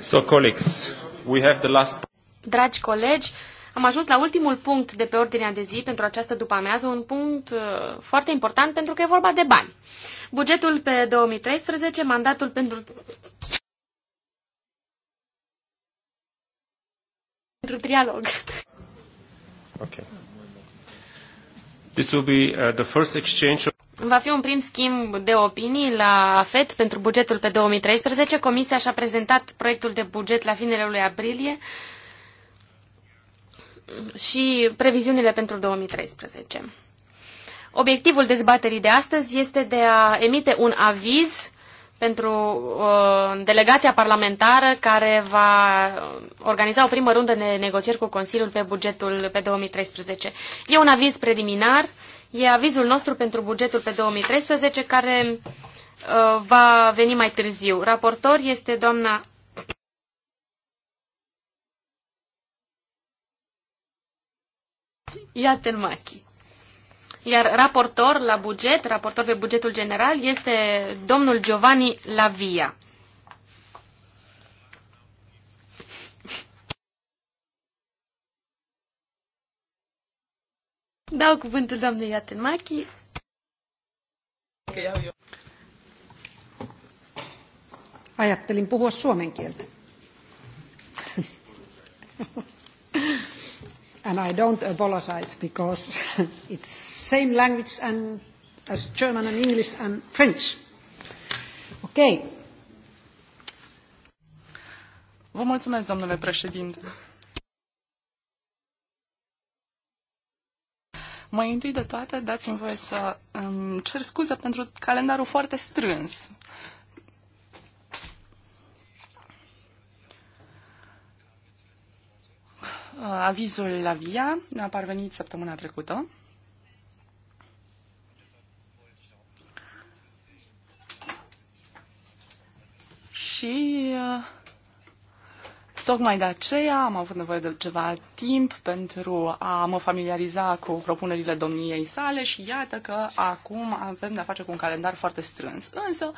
So, colleagues, we have the last... Dragi colegi, am ajuns la ultimul punct de pe ordinea de zi pentru această după-amiază, un punct uh, foarte important pentru că e vorba de bani. Bugetul pe 2013, mandatul pentru... pentru trialog. Okay. This will be uh, the first exchange Va fi un prim schimb de opinii la FED pentru bugetul pe 2013. Comisia și-a prezentat proiectul de buget la finele lui aprilie și previziunile pentru 2013. Obiectivul dezbaterii de astăzi este de a emite un aviz pentru uh, delegația parlamentară care va organiza o primă rundă de negocieri cu Consiliul pe bugetul pe 2013. E un aviz preliminar uh, E avizul nostru pentru bugetul pe 2013, care uh, va veni mai târziu. Raportor este doamna machi. Iar raportor la buget, raportor pe bugetul general, este domnul Giovanni Lavia. Dau cuvântul doamnei Iatenmachi. Ajattelin puhua suomen kieltä. and I don't apologize because it's same language and as German and English and French. Okay. Vă mulțumesc, domnule președinte. Mai întâi de toate, dați-mi voie să um, cer scuze pentru calendarul foarte strâns. Avizul la VIA ne-a parvenit săptămâna trecută. Și uh, Tocmai de aceea am avut nevoie de ceva timp pentru a mă familiariza cu propunerile domniei sale și iată că acum avem de-a face cu un calendar foarte strâns. Însă,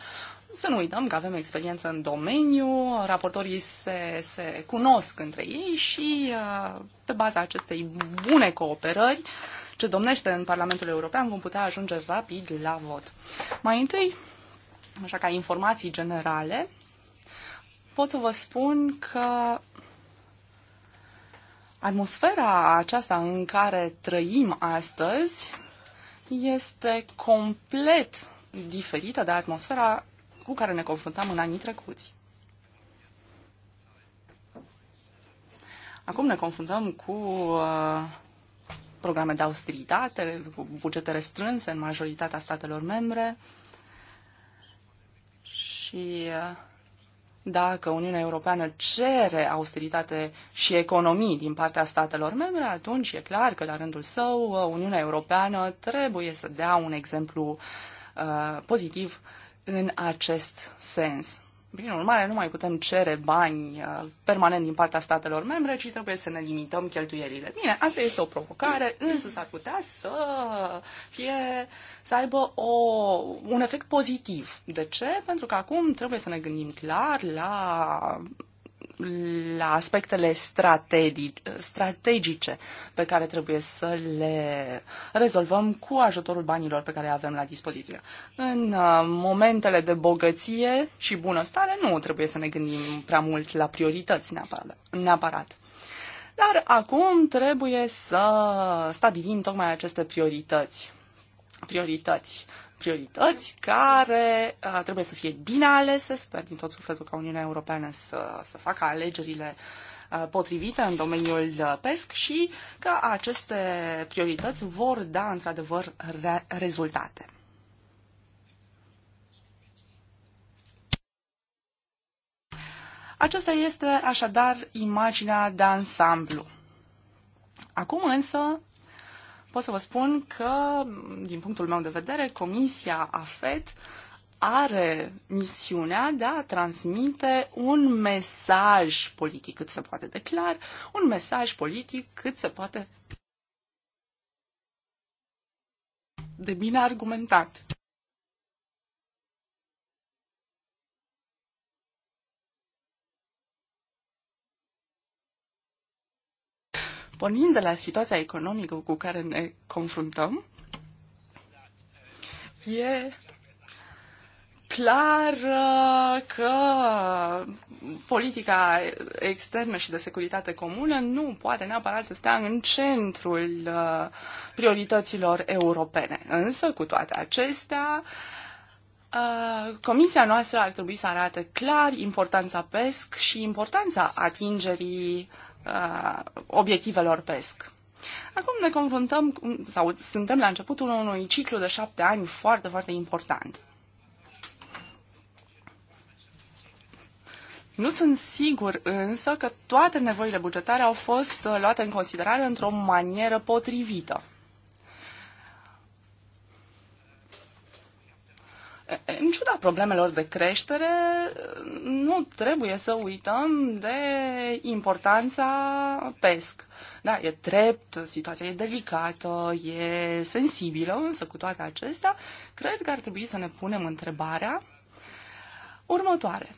să nu uităm că avem experiență în domeniu, raportorii se, se cunosc între ei și uh, pe baza acestei bune cooperări ce domnește în Parlamentul European vom putea ajunge rapid la vot. Mai întâi, așa ca informații generale, pot să vă spun că atmosfera aceasta în care trăim astăzi este complet diferită de atmosfera cu care ne confruntam în anii trecuți. Acum ne confruntăm cu uh, programe de austeritate, cu bugete restrânse în majoritatea statelor membre și uh, dacă Uniunea Europeană cere austeritate și economii din partea statelor membre, atunci e clar că, la rândul său, Uniunea Europeană trebuie să dea un exemplu uh, pozitiv în acest sens. Prin urmare, nu mai putem cere bani uh, permanent din partea statelor membre, ci trebuie să ne limităm cheltuielile. Bine, asta este o provocare, însă s-ar putea să fie, să aibă o, un efect pozitiv. De ce? Pentru că acum trebuie să ne gândim clar la la aspectele strategice pe care trebuie să le rezolvăm cu ajutorul banilor pe care le avem la dispoziție. În uh, momentele de bogăție și bunăstare nu trebuie să ne gândim prea mult la priorități neapărat. Dar acum trebuie să stabilim tocmai aceste priorități. Priorități priorități care uh, trebuie să fie bine alese. Sper din tot sufletul ca Uniunea Europeană să, să facă alegerile potrivită uh, potrivite în domeniul uh, PESC și că aceste priorități vor da într-adevăr re- rezultate. Aceasta este așadar imaginea de ansamblu. Acum însă pot să vă spun că, din punctul meu de vedere, Comisia AFET are misiunea de a transmite un mesaj politic cât se poate de clar, un mesaj politic cât se poate de bine argumentat. Pornind de la situația economică cu care ne confruntăm, e clar uh, că politica externă și de securitate comună nu poate neapărat să stea în centrul uh, priorităților europene. Însă, cu toate acestea, uh, Comisia noastră ar trebui să arate clar importanța PESC și importanța atingerii uh, Uh, obiectivelor PESC. Acum ne confruntăm, sau suntem la începutul unui ciclu de șapte ani foarte, foarte important. Nu sunt sigur însă că toate nevoile bugetare au fost uh, luate în considerare într-o manieră potrivită. În ciuda problemelor de creștere, nu trebuie să uităm de importanța PESC. Da, e drept, situația e delicată, e sensibilă, însă cu toate acestea, cred că ar trebui să ne punem întrebarea următoare.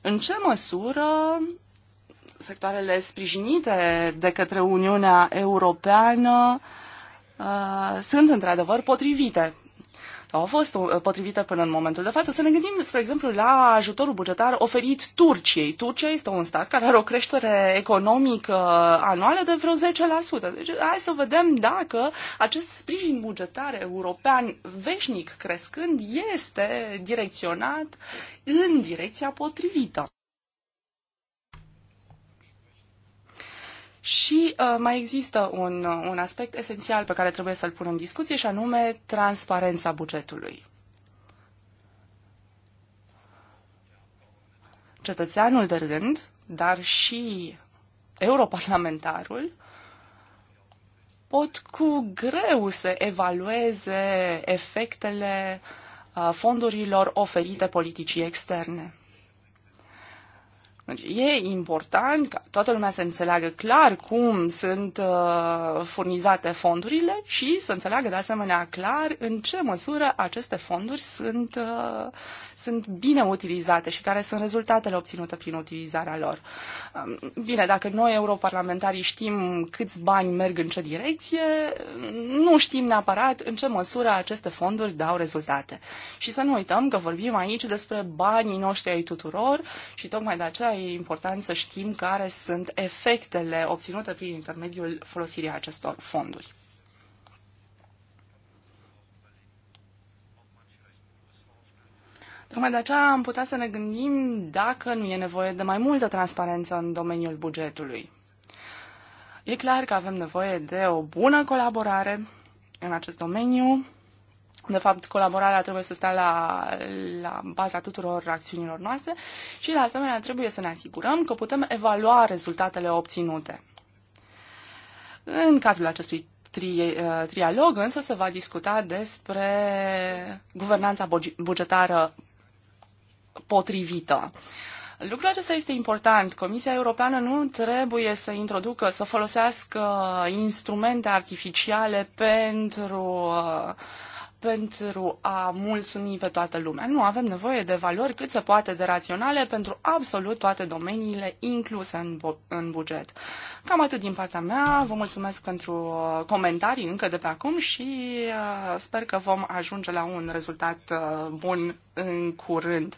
În ce măsură sectoarele sprijinite de către Uniunea Europeană uh, sunt într-adevăr potrivite au fost uh, potrivite până în momentul de față. Să ne gândim, spre exemplu, la ajutorul bugetar oferit Turciei. Turcia este un stat care are o creștere economică uh, anuală de vreo 10%. Deci hai să vedem dacă acest sprijin bugetar european veșnic crescând este direcționat în direcția potrivită. Și uh, mai există un, uh, un aspect esențial pe care trebuie să-l pun în discuție și anume transparența bugetului. Cetățeanul de rând, dar și europarlamentarul, pot cu greu să evalueze efectele uh, fondurilor oferite politicii externe. Deci e important ca toată lumea să înțeleagă clar cum sunt uh, furnizate fondurile și să înțeleagă de asemenea clar în ce măsură aceste fonduri sunt uh, sunt bine utilizate și care sunt rezultatele obținute prin utilizarea lor. Um, bine, dacă noi, europarlamentarii, știm câți bani merg în ce direcție, nu știm neapărat în ce măsură aceste fonduri dau rezultate. Și să nu uităm că vorbim aici despre banii noștri ai tuturor și tocmai de aceea e important să știm care sunt efectele obținute prin intermediul folosirii acestor fonduri. Tocmai de aceea am putea să ne gândim dacă nu e nevoie de mai multă transparență în domeniul bugetului. E clar că avem nevoie de o bună colaborare în acest domeniu. De fapt, colaborarea trebuie să stea la, la baza tuturor acțiunilor noastre și, de asemenea, trebuie să ne asigurăm că putem evalua rezultatele obținute. În cadrul acestui tri, eh, trialog, însă, se va discuta despre guvernanța bugetară potrivită. Lucrul acesta este important. Comisia Europeană nu trebuie să introducă, să folosească instrumente artificiale pentru uh, pentru a mulțumi pe toată lumea. Nu avem nevoie de valori cât se poate de raționale pentru absolut toate domeniile incluse în, în buget. Cam atât din partea mea. Vă mulțumesc pentru uh, comentarii încă de pe acum și uh, sper că vom ajunge la un rezultat uh, bun în curând.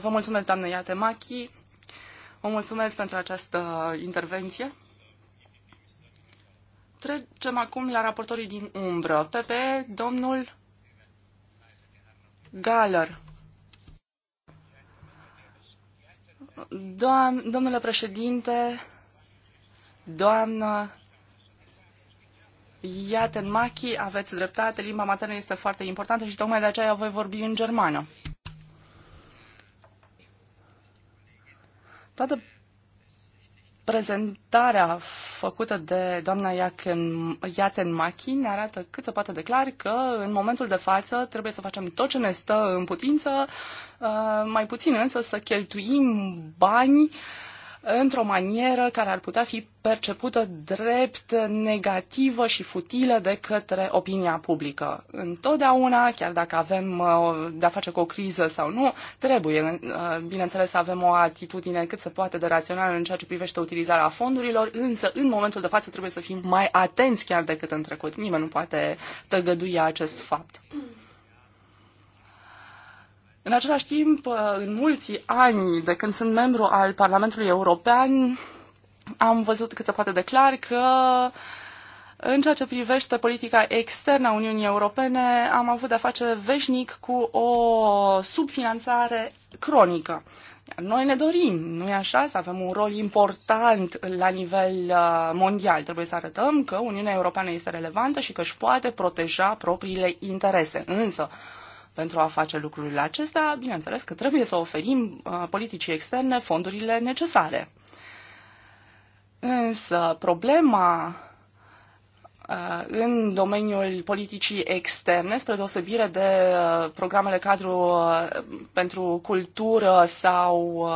vă mulțumesc, doamnă Iatemachi. Vă mulțumesc pentru această intervenție. Trecem acum la raportorii din umbră. PP, domnul Galer. Doam, domnule președinte, doamnă Iaten Machi, aveți dreptate, limba maternă este foarte importantă și tocmai de aceea voi vorbi în germană. Toată prezentarea făcută de doamna Machi ne arată cât se poate de clar că în momentul de față trebuie să facem tot ce ne stă în putință, uh, mai puțin însă să cheltuim bani uh, într-o manieră care ar putea fi percepută drept negativă și futilă de către opinia publică. Întotdeauna, chiar dacă avem uh, de-a face cu o criză sau nu, trebuie, uh, bineînțeles, să avem o atitudine cât se poate de rațională în ceea ce privește utilizarea fondurilor, însă, în momentul de față, trebuie să fim mai atenți chiar decât în trecut. Nimeni nu poate tăgădui acest fapt. În același timp, uh, în mulți ani de când sunt membru al Parlamentului European, am văzut cât se poate de clar că în ceea ce privește politica externă a Uniunii Europene, am avut de-a face veșnic cu o subfinanțare cronică. Noi ne dorim, nu e așa, să avem un rol important la nivel uh, mondial. Trebuie să arătăm că Uniunea Europeană este relevantă și că își poate proteja propriile interese. Însă, pentru a face lucrurile acestea, bineînțeles că trebuie să oferim uh, politicii externe fondurile necesare. Însă problema Uh, în domeniul politicii externe, spre deosebire de uh, programele cadru uh, pentru cultură sau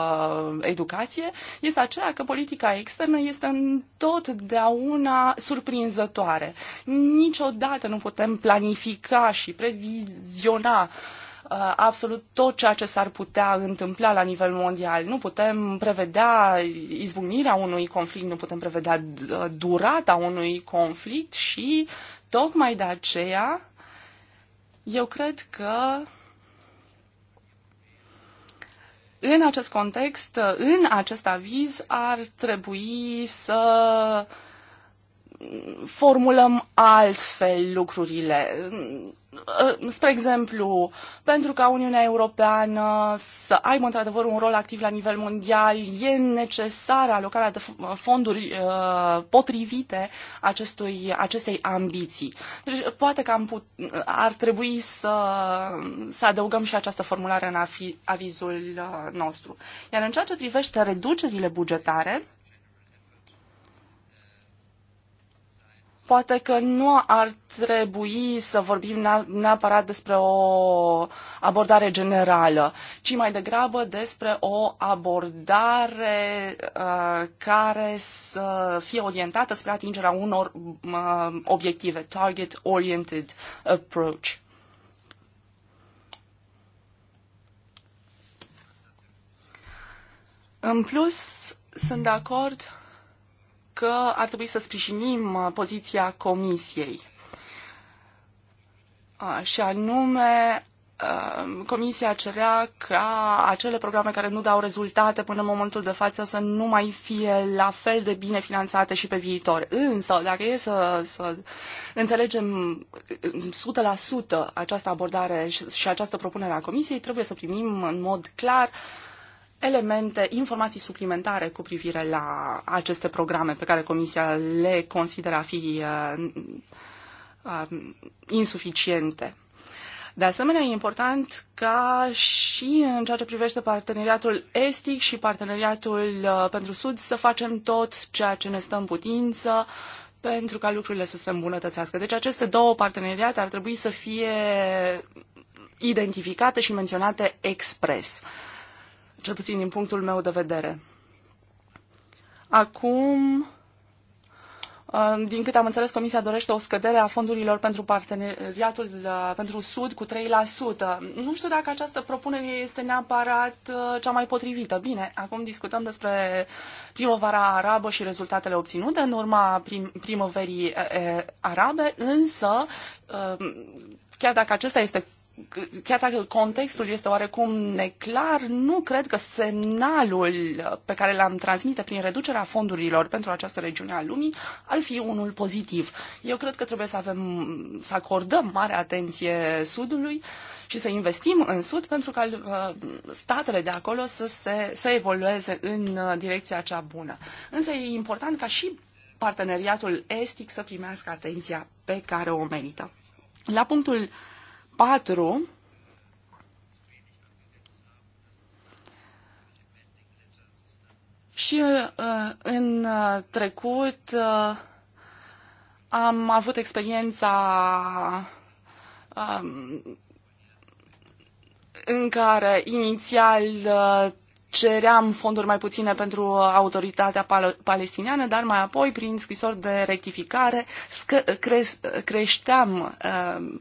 educație, este aceea că politica externă este întotdeauna surprinzătoare. Niciodată nu putem planifica și previziona uh, Uh, absolut tot ceea ce s-ar putea întâmpla la nivel mondial. Nu putem prevedea izbucnirea unui conflict, nu putem prevedea uh, durata unui conflict și tocmai de aceea eu cred că în acest context, în acest aviz, ar trebui să uh, formulăm altfel lucrurile. Spre exemplu, pentru ca Uniunea Europeană să aibă într-adevăr un rol activ la nivel mondial, e necesară alocarea de fonduri uh, potrivite acestui, acestei ambiții. Deci, poate că am put, ar trebui să, să adăugăm și această formulare în avizul uh, nostru. Iar în ceea ce privește reducerile bugetare, Poate că nu ar trebui să vorbim neapărat despre o abordare generală, ci mai degrabă despre o abordare uh, care să fie orientată spre atingerea unor uh, obiective, target-oriented approach. În plus, sunt de acord că ar trebui să sprijinim uh, poziția Comisiei. Uh, și anume, uh, Comisia cerea ca acele programe care nu dau rezultate până în momentul de față să nu mai fie la fel de bine finanțate și pe viitor. Însă, dacă e să, să înțelegem 100% această abordare și această propunere a Comisiei, trebuie să primim în mod clar uh, elemente, informații suplimentare cu privire la aceste programe pe care Comisia le consideră a fi uh, uh, insuficiente. De asemenea, e important ca și în ceea ce privește parteneriatul estic și parteneriatul uh, pentru sud să facem tot ceea ce ne stă în putință pentru ca lucrurile să se îmbunătățească. Deci aceste două parteneriate ar trebui să fie identificate și menționate expres. Uh, cel puțin din punctul meu de vedere. Acum, din câte am înțeles, Comisia dorește o scădere a fondurilor pentru parteneriatul uh, pentru Sud cu 3%. Nu știu dacă această propunere este neapărat uh, cea mai potrivită. Bine, acum discutăm despre primăvara arabă și rezultatele obținute în urma prim- primăverii uh, arabe, însă chiar dacă acesta este chiar dacă contextul este oarecum neclar, nu cred că semnalul pe care l-am transmite prin reducerea fondurilor pentru această regiune a lumii ar fi unul pozitiv. Eu cred că trebuie să avem, să acordăm mare atenție Sudului și să investim în Sud pentru ca uh, statele de acolo să, se, să evolueze în uh, direcția cea bună. Însă e important ca și parteneriatul estic să primească atenția pe care o merită. La punctul uh, 4 și uh, în uh, trecut uh, am avut experiența um, în care inițial ceream fonduri mai puține pentru autoritatea pal palestiniană, dar mai apoi, prin scrisori de rectificare, cre creșteam uh,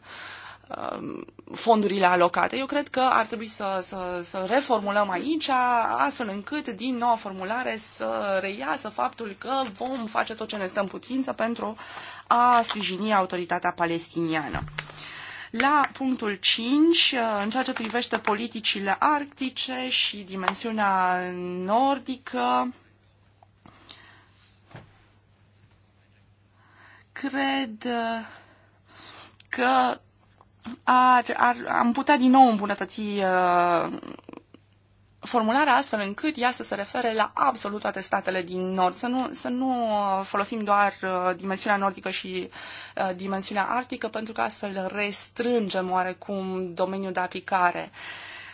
Um, fondurile alocate. Eu cred că ar trebui să, să, să reformulăm aici, astfel încât din noua formulare să reiasă faptul că vom face tot ce ne stă în putință pentru a sprijini autoritatea palestiniană. La punctul 5, uh, în ceea ce privește politicile arctice și dimensiunea nordică, cred uh, că ar, ar, am putea din nou îmbunătăți uh, formularea astfel încât ea să se refere la absolut toate statele din nord, să nu, să nu uh, folosim doar uh, dimensiunea nordică și uh, dimensiunea arctică, pentru că astfel restrângem oarecum domeniul de aplicare.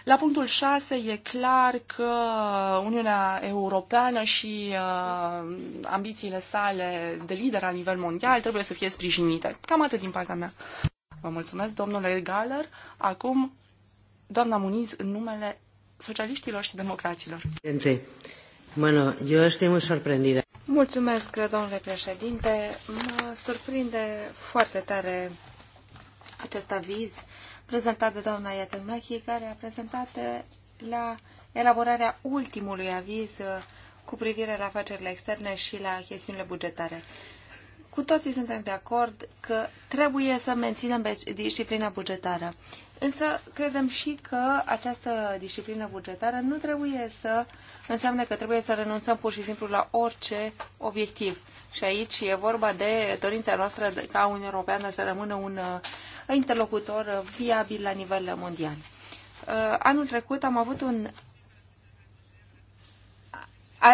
La punctul 6 e clar că Uniunea Europeană și uh, ambițiile sale de lider la nivel mondial trebuie să fie sprijinite. Cam atât din partea mea. Vă mulțumesc, domnule Galer. Acum, doamna Muniz, în numele socialiștilor și democraților. Bueno, yo estoy muy sorprendida. Mulțumesc, domnule președinte. Mă surprinde foarte tare acest aviz prezentat de doamna Iatelmechi, care a prezentat la elaborarea ultimului aviz cu privire la afacerile externe și la chestiunile bugetare. Cu toții suntem de acord că trebuie să menținem disciplina bugetară. Însă credem și că această disciplină bugetară nu trebuie să înseamnă că trebuie să renunțăm pur și simplu la orice obiectiv. Și aici e vorba de dorința noastră ca Uniunea Europeană să rămână un uh, interlocutor uh, viabil la nivel mondial. Uh, anul trecut am avut un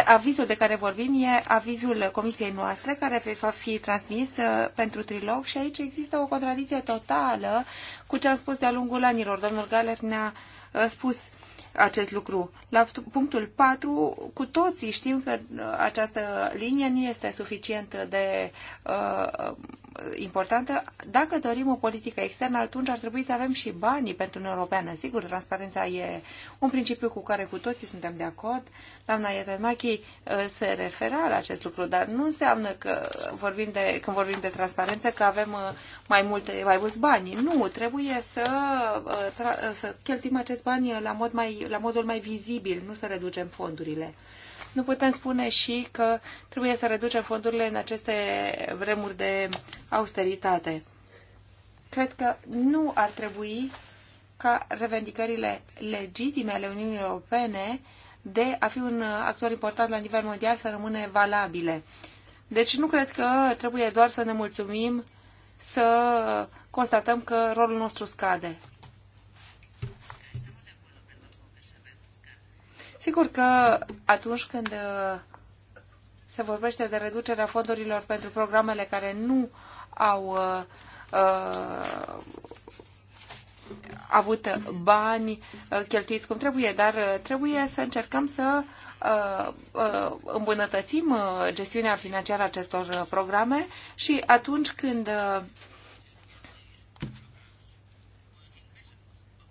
avizul de care vorbim e avizul comisiei noastre care va fi transmis uh, pentru trilog și aici există o contradicție totală cu ce am spus de-a lungul anilor. Domnul Galer ne-a uh, spus acest lucru. La punctul 4, cu toții știm că uh, această linie nu este suficient de uh, importantă. Dacă dorim o politică externă, atunci ar trebui să avem și banii pentru Uniunea Europeană. Sigur, transparența e un principiu cu care cu toții suntem de acord. Doamna Ietemachi uh, se refera la acest lucru, dar nu înseamnă că vorbim de, când vorbim de transparență că avem uh, mai, multe, mai mulți bani. Nu, trebuie să, uh, să cheltuim acești bani la, mod mai, la modul mai vizibil, nu să reducem fondurile nu putem spune și că trebuie să reducem fondurile în aceste vremuri de austeritate. Cred că nu ar trebui ca revendicările legitime ale Uniunii Europene de a fi un actor important la nivel mondial să rămâne valabile. Deci nu cred că trebuie doar să ne mulțumim să constatăm că rolul nostru scade. Sigur că atunci când uh, se vorbește de reducerea fondurilor pentru programele care nu au uh, uh avut bani uh, cheltuiți cum trebuie, dar trebuie să încercăm să îmbunătățim gestiunea financiară a acestor programe și atunci când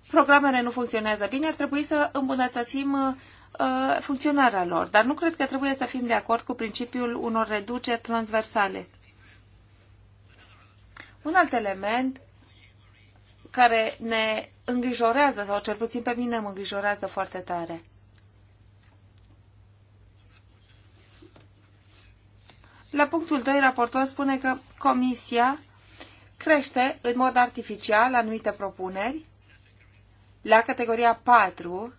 programele nu funcționează bine, ar trebui să îmbunătățim Uh, funcționarea lor, dar nu cred că trebuie să fim de acord cu principiul unor reduceri transversale. Un alt element care ne îngrijorează, sau cel puțin pe mine mă îngrijorează foarte tare. La punctul 2, raportor spune că Comisia crește în mod artificial anumite propuneri la categoria 4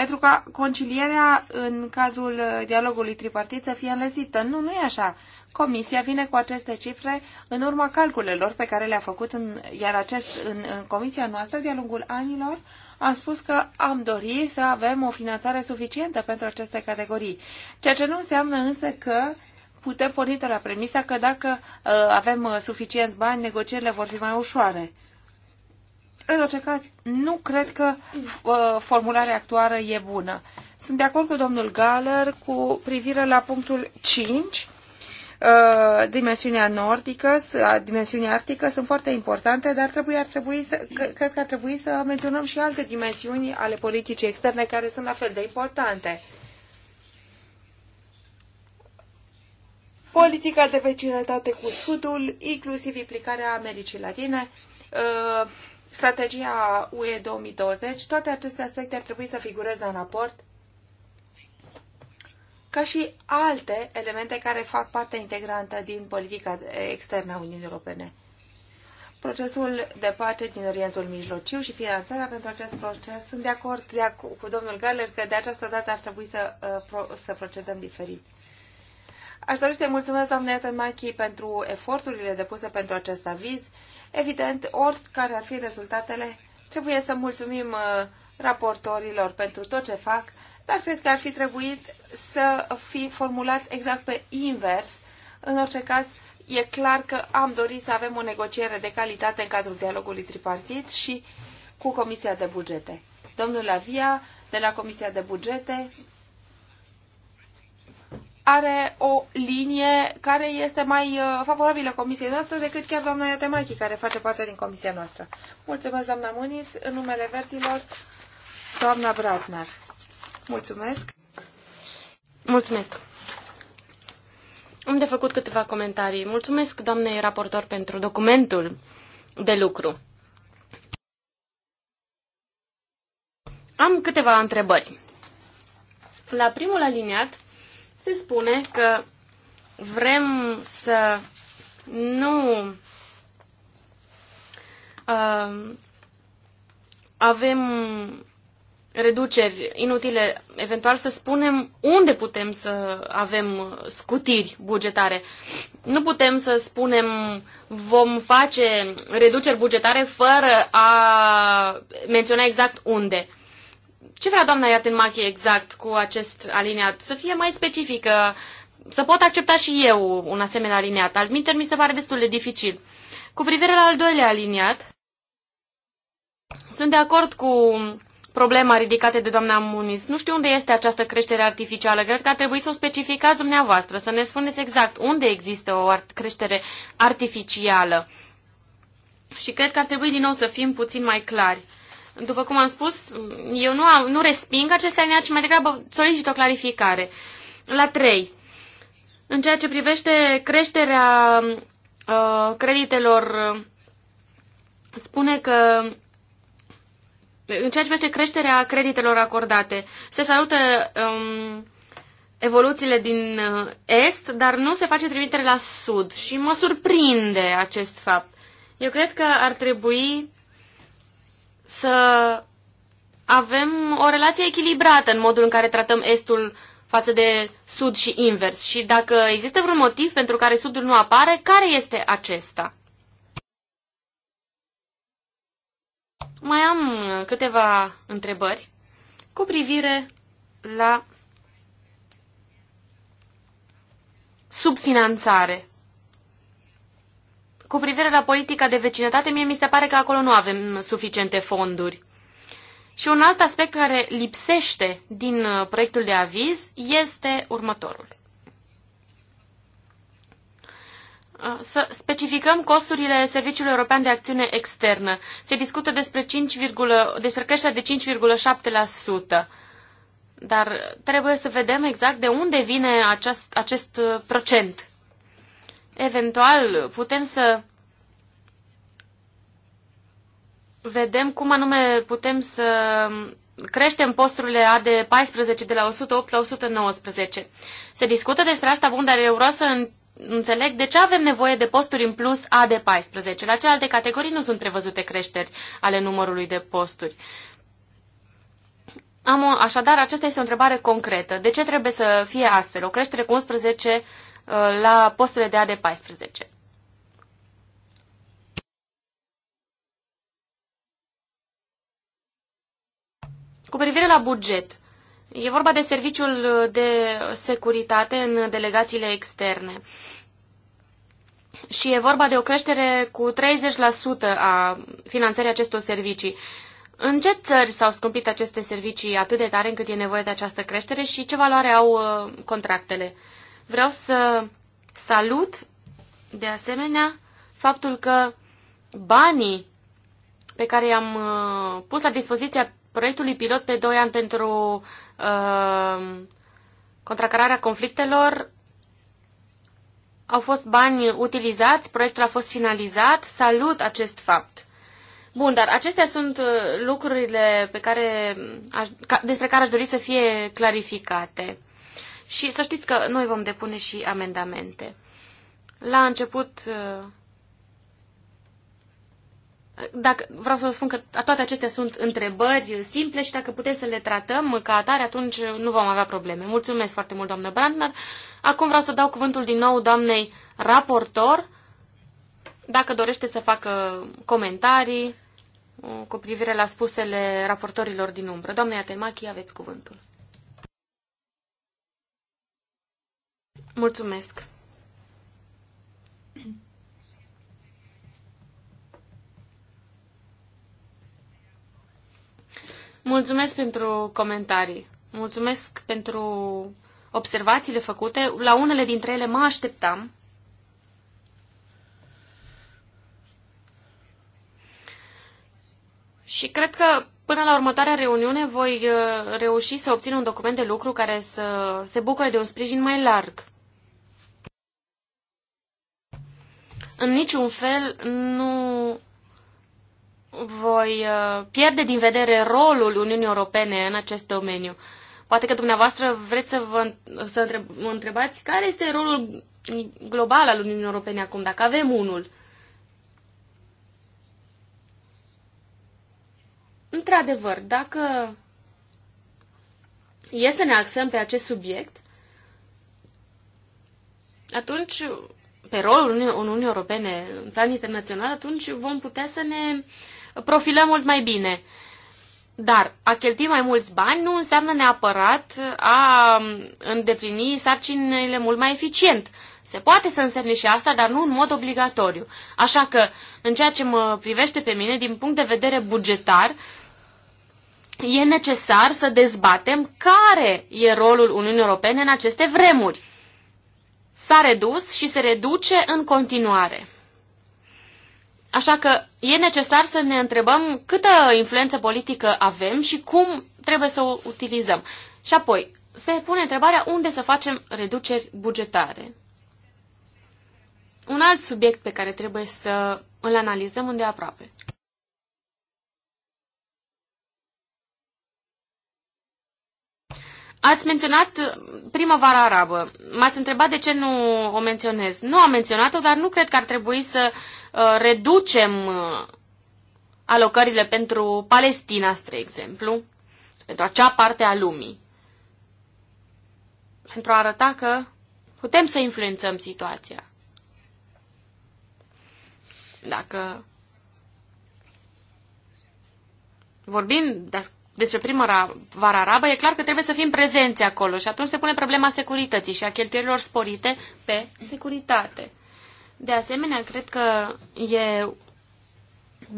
pentru ca concilierea în cadrul dialogului tripartit să fie înlesită. Nu, nu e așa. Comisia vine cu aceste cifre în urma calculelor pe care le-a făcut, în, iar acest, în, în comisia noastră, de-a lungul anilor, am spus că am dorit să avem o finanțare suficientă pentru aceste categorii. Ceea ce nu înseamnă însă că putem porni de la premisa că dacă uh, avem uh, suficienți bani, negocierile vor fi mai ușoare. În orice caz, nu cred că uh, formularea actuală e bună. Sunt de acord cu domnul Galler cu privire la punctul 5. Uh, dimensiunea nordică, dimensiunea arctică sunt foarte importante, dar trebuie, ar trebui să, cred că ar trebui să menționăm și alte dimensiuni ale politicii externe care sunt la fel de importante. Politica de vecinătate cu Sudul, inclusiv implicarea Americii Latine, uh, strategia UE 2020, toate aceste aspecte ar trebui să figureze în raport, ca și alte elemente care fac parte integrantă din politica externă a Uniunii Europene. Procesul de pace din Orientul Mijlociu și finanțarea pentru acest proces sunt de acord de ac- cu domnul Galler că de această dată ar trebui să, uh, pro- să procedăm diferit. Aș dori să-i mulțumesc doamne pentru eforturile depuse pentru acest aviz Evident, oricare ar fi rezultatele, trebuie să mulțumim uh, raportorilor pentru tot ce fac, dar cred că ar fi trebuit să fi formulat exact pe invers. În orice caz, e clar că am dorit să avem o negociere de calitate în cadrul dialogului tripartit și cu Comisia de Bugete. Domnul Avia, de la Comisia de Bugete, are o linie care este mai uh, favorabilă comisiei noastre decât chiar doamna Iatemachi, care face parte din comisia noastră. Mulțumesc, doamna Muniț, în numele verzilor, doamna Bratner. Mulțumesc. Mulțumesc. Am de făcut câteva comentarii. Mulțumesc, doamnei raportor, pentru documentul de lucru. Am câteva întrebări. La primul aliniat, se spune că vrem să nu uh, avem reduceri inutile, eventual să spunem unde putem să avem scutiri bugetare. Nu putem să spunem vom face reduceri bugetare fără a menționa exact unde. Ce vrea doamna Iatenmachi exact cu acest aliniat? Să fie mai specifică, să pot accepta și eu un asemenea aliniat. Alminter mi se pare destul de dificil. Cu privire la al doilea aliniat, sunt de acord cu problema ridicată de doamna Muniz. Nu știu unde este această creștere artificială. Cred că ar trebui să o specificați dumneavoastră, să ne spuneți exact unde există o art creștere artificială. Și cred că ar trebui din nou să fim puțin mai clari. După cum am spus, eu nu, am, nu resping aceste alineat, ci mai degrabă solicit o clarificare. La 3. În ceea ce privește creșterea uh, creditelor, spune că în ceea ce privește creșterea creditelor acordate, se salută um, evoluțiile din uh, Est, dar nu se face trimitere la Sud și mă surprinde acest fapt. Eu cred că ar trebui să avem o relație echilibrată în modul în care tratăm estul față de sud și invers. Și dacă există vreun motiv pentru care sudul nu apare, care este acesta? Mai am câteva întrebări cu privire la subfinanțare. Cu privire la politica de vecinătate, mie mi se pare că acolo nu avem suficiente fonduri. Și un alt aspect care lipsește din uh, proiectul de aviz este următorul. Uh, să specificăm costurile Serviciului European de Acțiune Externă. Se discută despre, 5, despre creșterea de 5,7%. Dar trebuie să vedem exact de unde vine acest, acest uh, procent. Eventual, putem să vedem cum anume putem să creștem posturile A de 14 de la 108 la 119. Se discută despre asta, bun, dar eu vreau să înțeleg de ce avem nevoie de posturi în plus A de 14. La celelalte categorii nu sunt prevăzute creșteri ale numărului de posturi. Am o, așadar, aceasta este o întrebare concretă. De ce trebuie să fie astfel? O creștere cu 11 Uh, la posturile de AD14. Cu privire la buget, e vorba de serviciul de securitate în delegațiile externe. Și e vorba de o creștere cu 30% a finanțării acestor servicii. În ce țări s-au scumpit aceste servicii atât de tare încât e nevoie de această creștere și ce valoare au uh, contractele? Vreau să salut, de asemenea, faptul că banii pe care i-am uh, pus la dispoziția proiectului pilot pe 2 ani pentru uh, contracararea conflictelor au fost bani utilizați, proiectul a fost finalizat, salut acest fapt. Bun, dar acestea sunt uh, lucrurile pe care aș, ca, despre care aș dori să fie clarificate. Și să știți că noi vom depune și amendamente. La început, uh, dacă, vreau să vă spun că toate acestea sunt întrebări simple și dacă puteți să le tratăm ca atare, atunci nu vom avea probleme. Mulțumesc foarte mult, doamnă Brandner. Acum vreau să dau cuvântul din nou doamnei raportor, dacă dorește să facă comentarii uh, cu privire la spusele raportorilor din umbră. Doamne Iatemachi, aveți cuvântul. Mulțumesc! Mulțumesc pentru comentarii. Mulțumesc pentru observațiile făcute. La unele dintre ele mă așteptam. Și cred că până la următoarea reuniune voi uh, reuși să obțin un document de lucru care să se bucure de un sprijin mai larg. în niciun fel nu voi uh, pierde din vedere rolul Uniunii Europene în acest domeniu. Poate că dumneavoastră vreți să vă, să întreb, întrebați care este rolul global al Uniunii Europene acum, dacă avem unul. Într-adevăr, dacă e să ne axăm pe acest subiect, atunci pe rolul Uniunii Europene în plan internațional, atunci vom putea să ne profilăm mult mai bine. Dar a cheltui mai mulți bani nu înseamnă neapărat a îndeplini sarcinile mult mai eficient. Se poate să însemne și asta, dar nu în mod obligatoriu. Așa că, în ceea ce mă privește pe mine, din punct de vedere bugetar, e necesar să dezbatem care e rolul Uniunii Europene în aceste vremuri s-a redus și se reduce în continuare. Așa că e necesar să ne întrebăm câtă influență politică avem și cum trebuie să o utilizăm. Și apoi, se pune întrebarea unde să facem reduceri bugetare. Un alt subiect pe care trebuie să îl analizăm unde aproape. Ați menționat uh, primăvara arabă. M-ați întrebat de ce nu o menționez. Nu am menționat-o, dar nu cred că ar trebui să uh, reducem uh, alocările pentru Palestina, spre exemplu, pentru acea parte a lumii. Pentru a arăta că putem să influențăm situația. Dacă vorbim despre vara arabă, e clar că trebuie să fim prezenți acolo și atunci se pune problema securității și a cheltuielilor sporite pe securitate. De asemenea, cred că e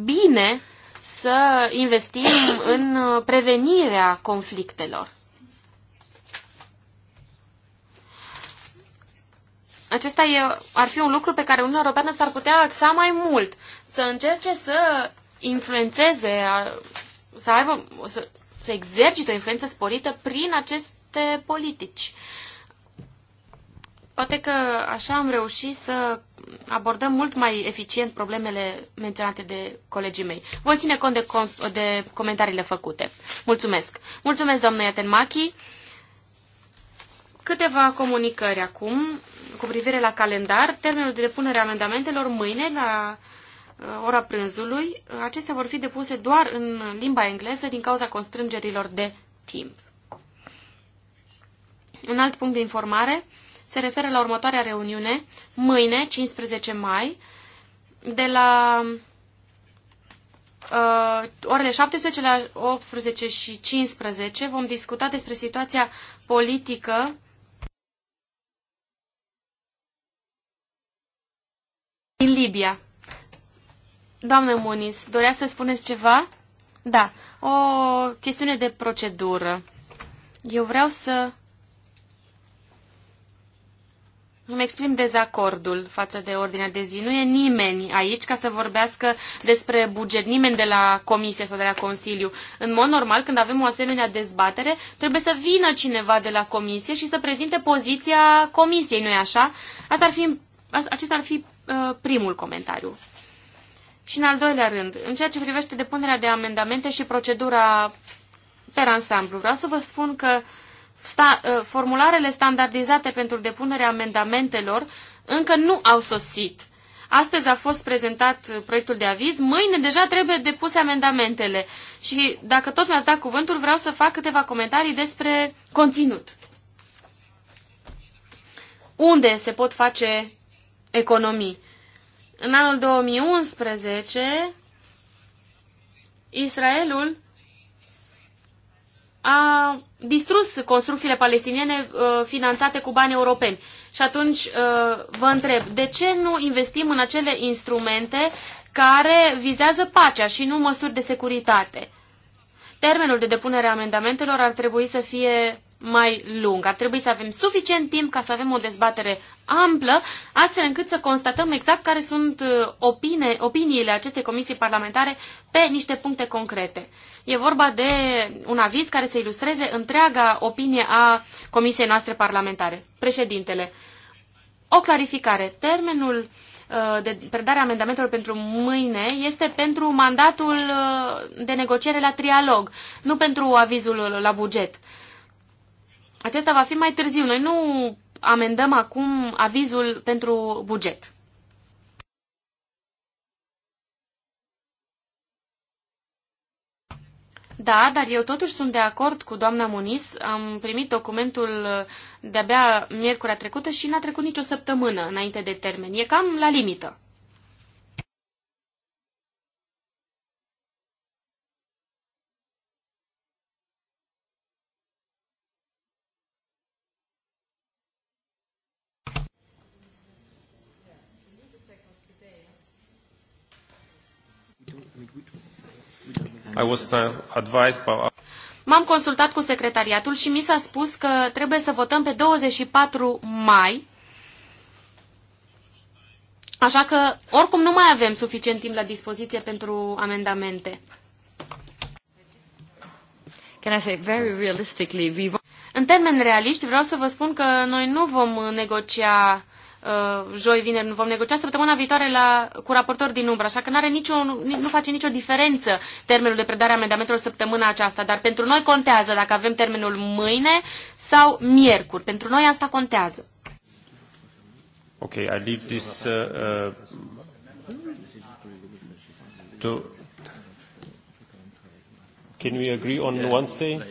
bine să investim în prevenirea conflictelor. Acesta e, ar fi un lucru pe care Uniunea Europeană s-ar putea axa mai mult, să încerce să influențeze să aibă, să, să exercite o influență sporită prin aceste politici. Poate că așa am reușit să abordăm mult mai eficient problemele menționate de colegii mei. Voi ține cont de, com- de comentariile făcute. Mulțumesc. Mulțumesc, doamnă Iatenmachi. Câteva comunicări acum cu privire la calendar. Termenul de depunere a amendamentelor mâine la Uh, ora prânzului, uh, acestea vor fi depuse doar în limba engleză din cauza constrângerilor de timp. Un alt punct de informare se referă la următoarea reuniune, mâine, 15 mai, de la uh, orele 17 la 18 și 15 vom discuta despre situația politică din Libia. Doamnă Muniz, dorea să spuneți ceva? Da, o chestiune de procedură. Eu vreau să îmi exprim dezacordul față de ordinea de zi. Nu e nimeni aici ca să vorbească despre buget, nimeni de la Comisie sau de la Consiliu. În mod normal, când avem o asemenea dezbatere, trebuie să vină cineva de la Comisie și să prezinte poziția Comisiei, nu-i așa? Asta ar fi, acesta ar fi uh, primul comentariu. Și în al doilea rând, în ceea ce privește depunerea de amendamente și procedura per ansamblu, vreau să vă spun că sta, ă, formularele standardizate pentru depunerea amendamentelor încă nu au sosit. Astăzi a fost prezentat proiectul de aviz, mâine deja trebuie depuse amendamentele. Și dacă tot mi-ați dat cuvântul, vreau să fac câteva comentarii despre conținut. Unde se pot face economii? În anul 2011, Israelul a distrus construcțiile palestiniene uh, finanțate cu bani europeni. Și atunci uh, vă întreb, de ce nu investim în acele instrumente care vizează pacea și nu măsuri de securitate? Termenul de depunere a amendamentelor ar trebui să fie mai lung. Ar trebui să avem suficient timp ca să avem o dezbatere amplă, astfel încât să constatăm exact care sunt uh, opine, opiniile acestei comisii parlamentare pe niște puncte concrete. E vorba de un aviz care să ilustreze întreaga opinie a comisiei noastre parlamentare. Președintele, o clarificare. Termenul uh, de predare a amendamentelor pentru mâine este pentru mandatul uh, de negociere la trialog, nu pentru avizul la buget. Acesta va fi mai târziu. Noi nu amendăm acum avizul pentru buget. Da, dar eu totuși sunt de acord cu doamna Muniz. Am primit documentul de-abia miercurea trecută și n-a trecut nicio săptămână înainte de termen. E cam la limită. I was advised by... M-am consultat cu secretariatul și mi s-a spus că trebuie să votăm pe 24 mai. Așa că, oricum, nu mai avem suficient timp la dispoziție pentru amendamente. Can I say very realistically, we... În termeni realiști, vreau să vă spun că noi nu vom negocia Uh, joi, vineri, vom negocia săptămâna viitoare la, cu raportor din umbră, așa că are nicio, nu face nicio diferență termenul de predare a amendamentelor săptămâna aceasta, dar pentru noi contează dacă avem termenul mâine sau miercuri. Pentru noi asta contează. Ok, I leave this uh, uh, to... Can we agree on Wednesday?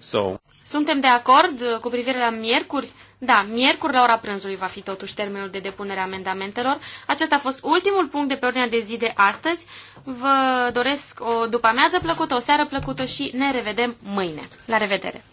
So. Suntem de acord uh, cu privire la miercuri? Da, miercuri la ora prânzului va fi totuși termenul de depunere a amendamentelor. Acesta a fost ultimul punct de pe ordinea de zi de astăzi. Vă doresc o după amiază plăcută, o seară plăcută și ne revedem mâine. La revedere!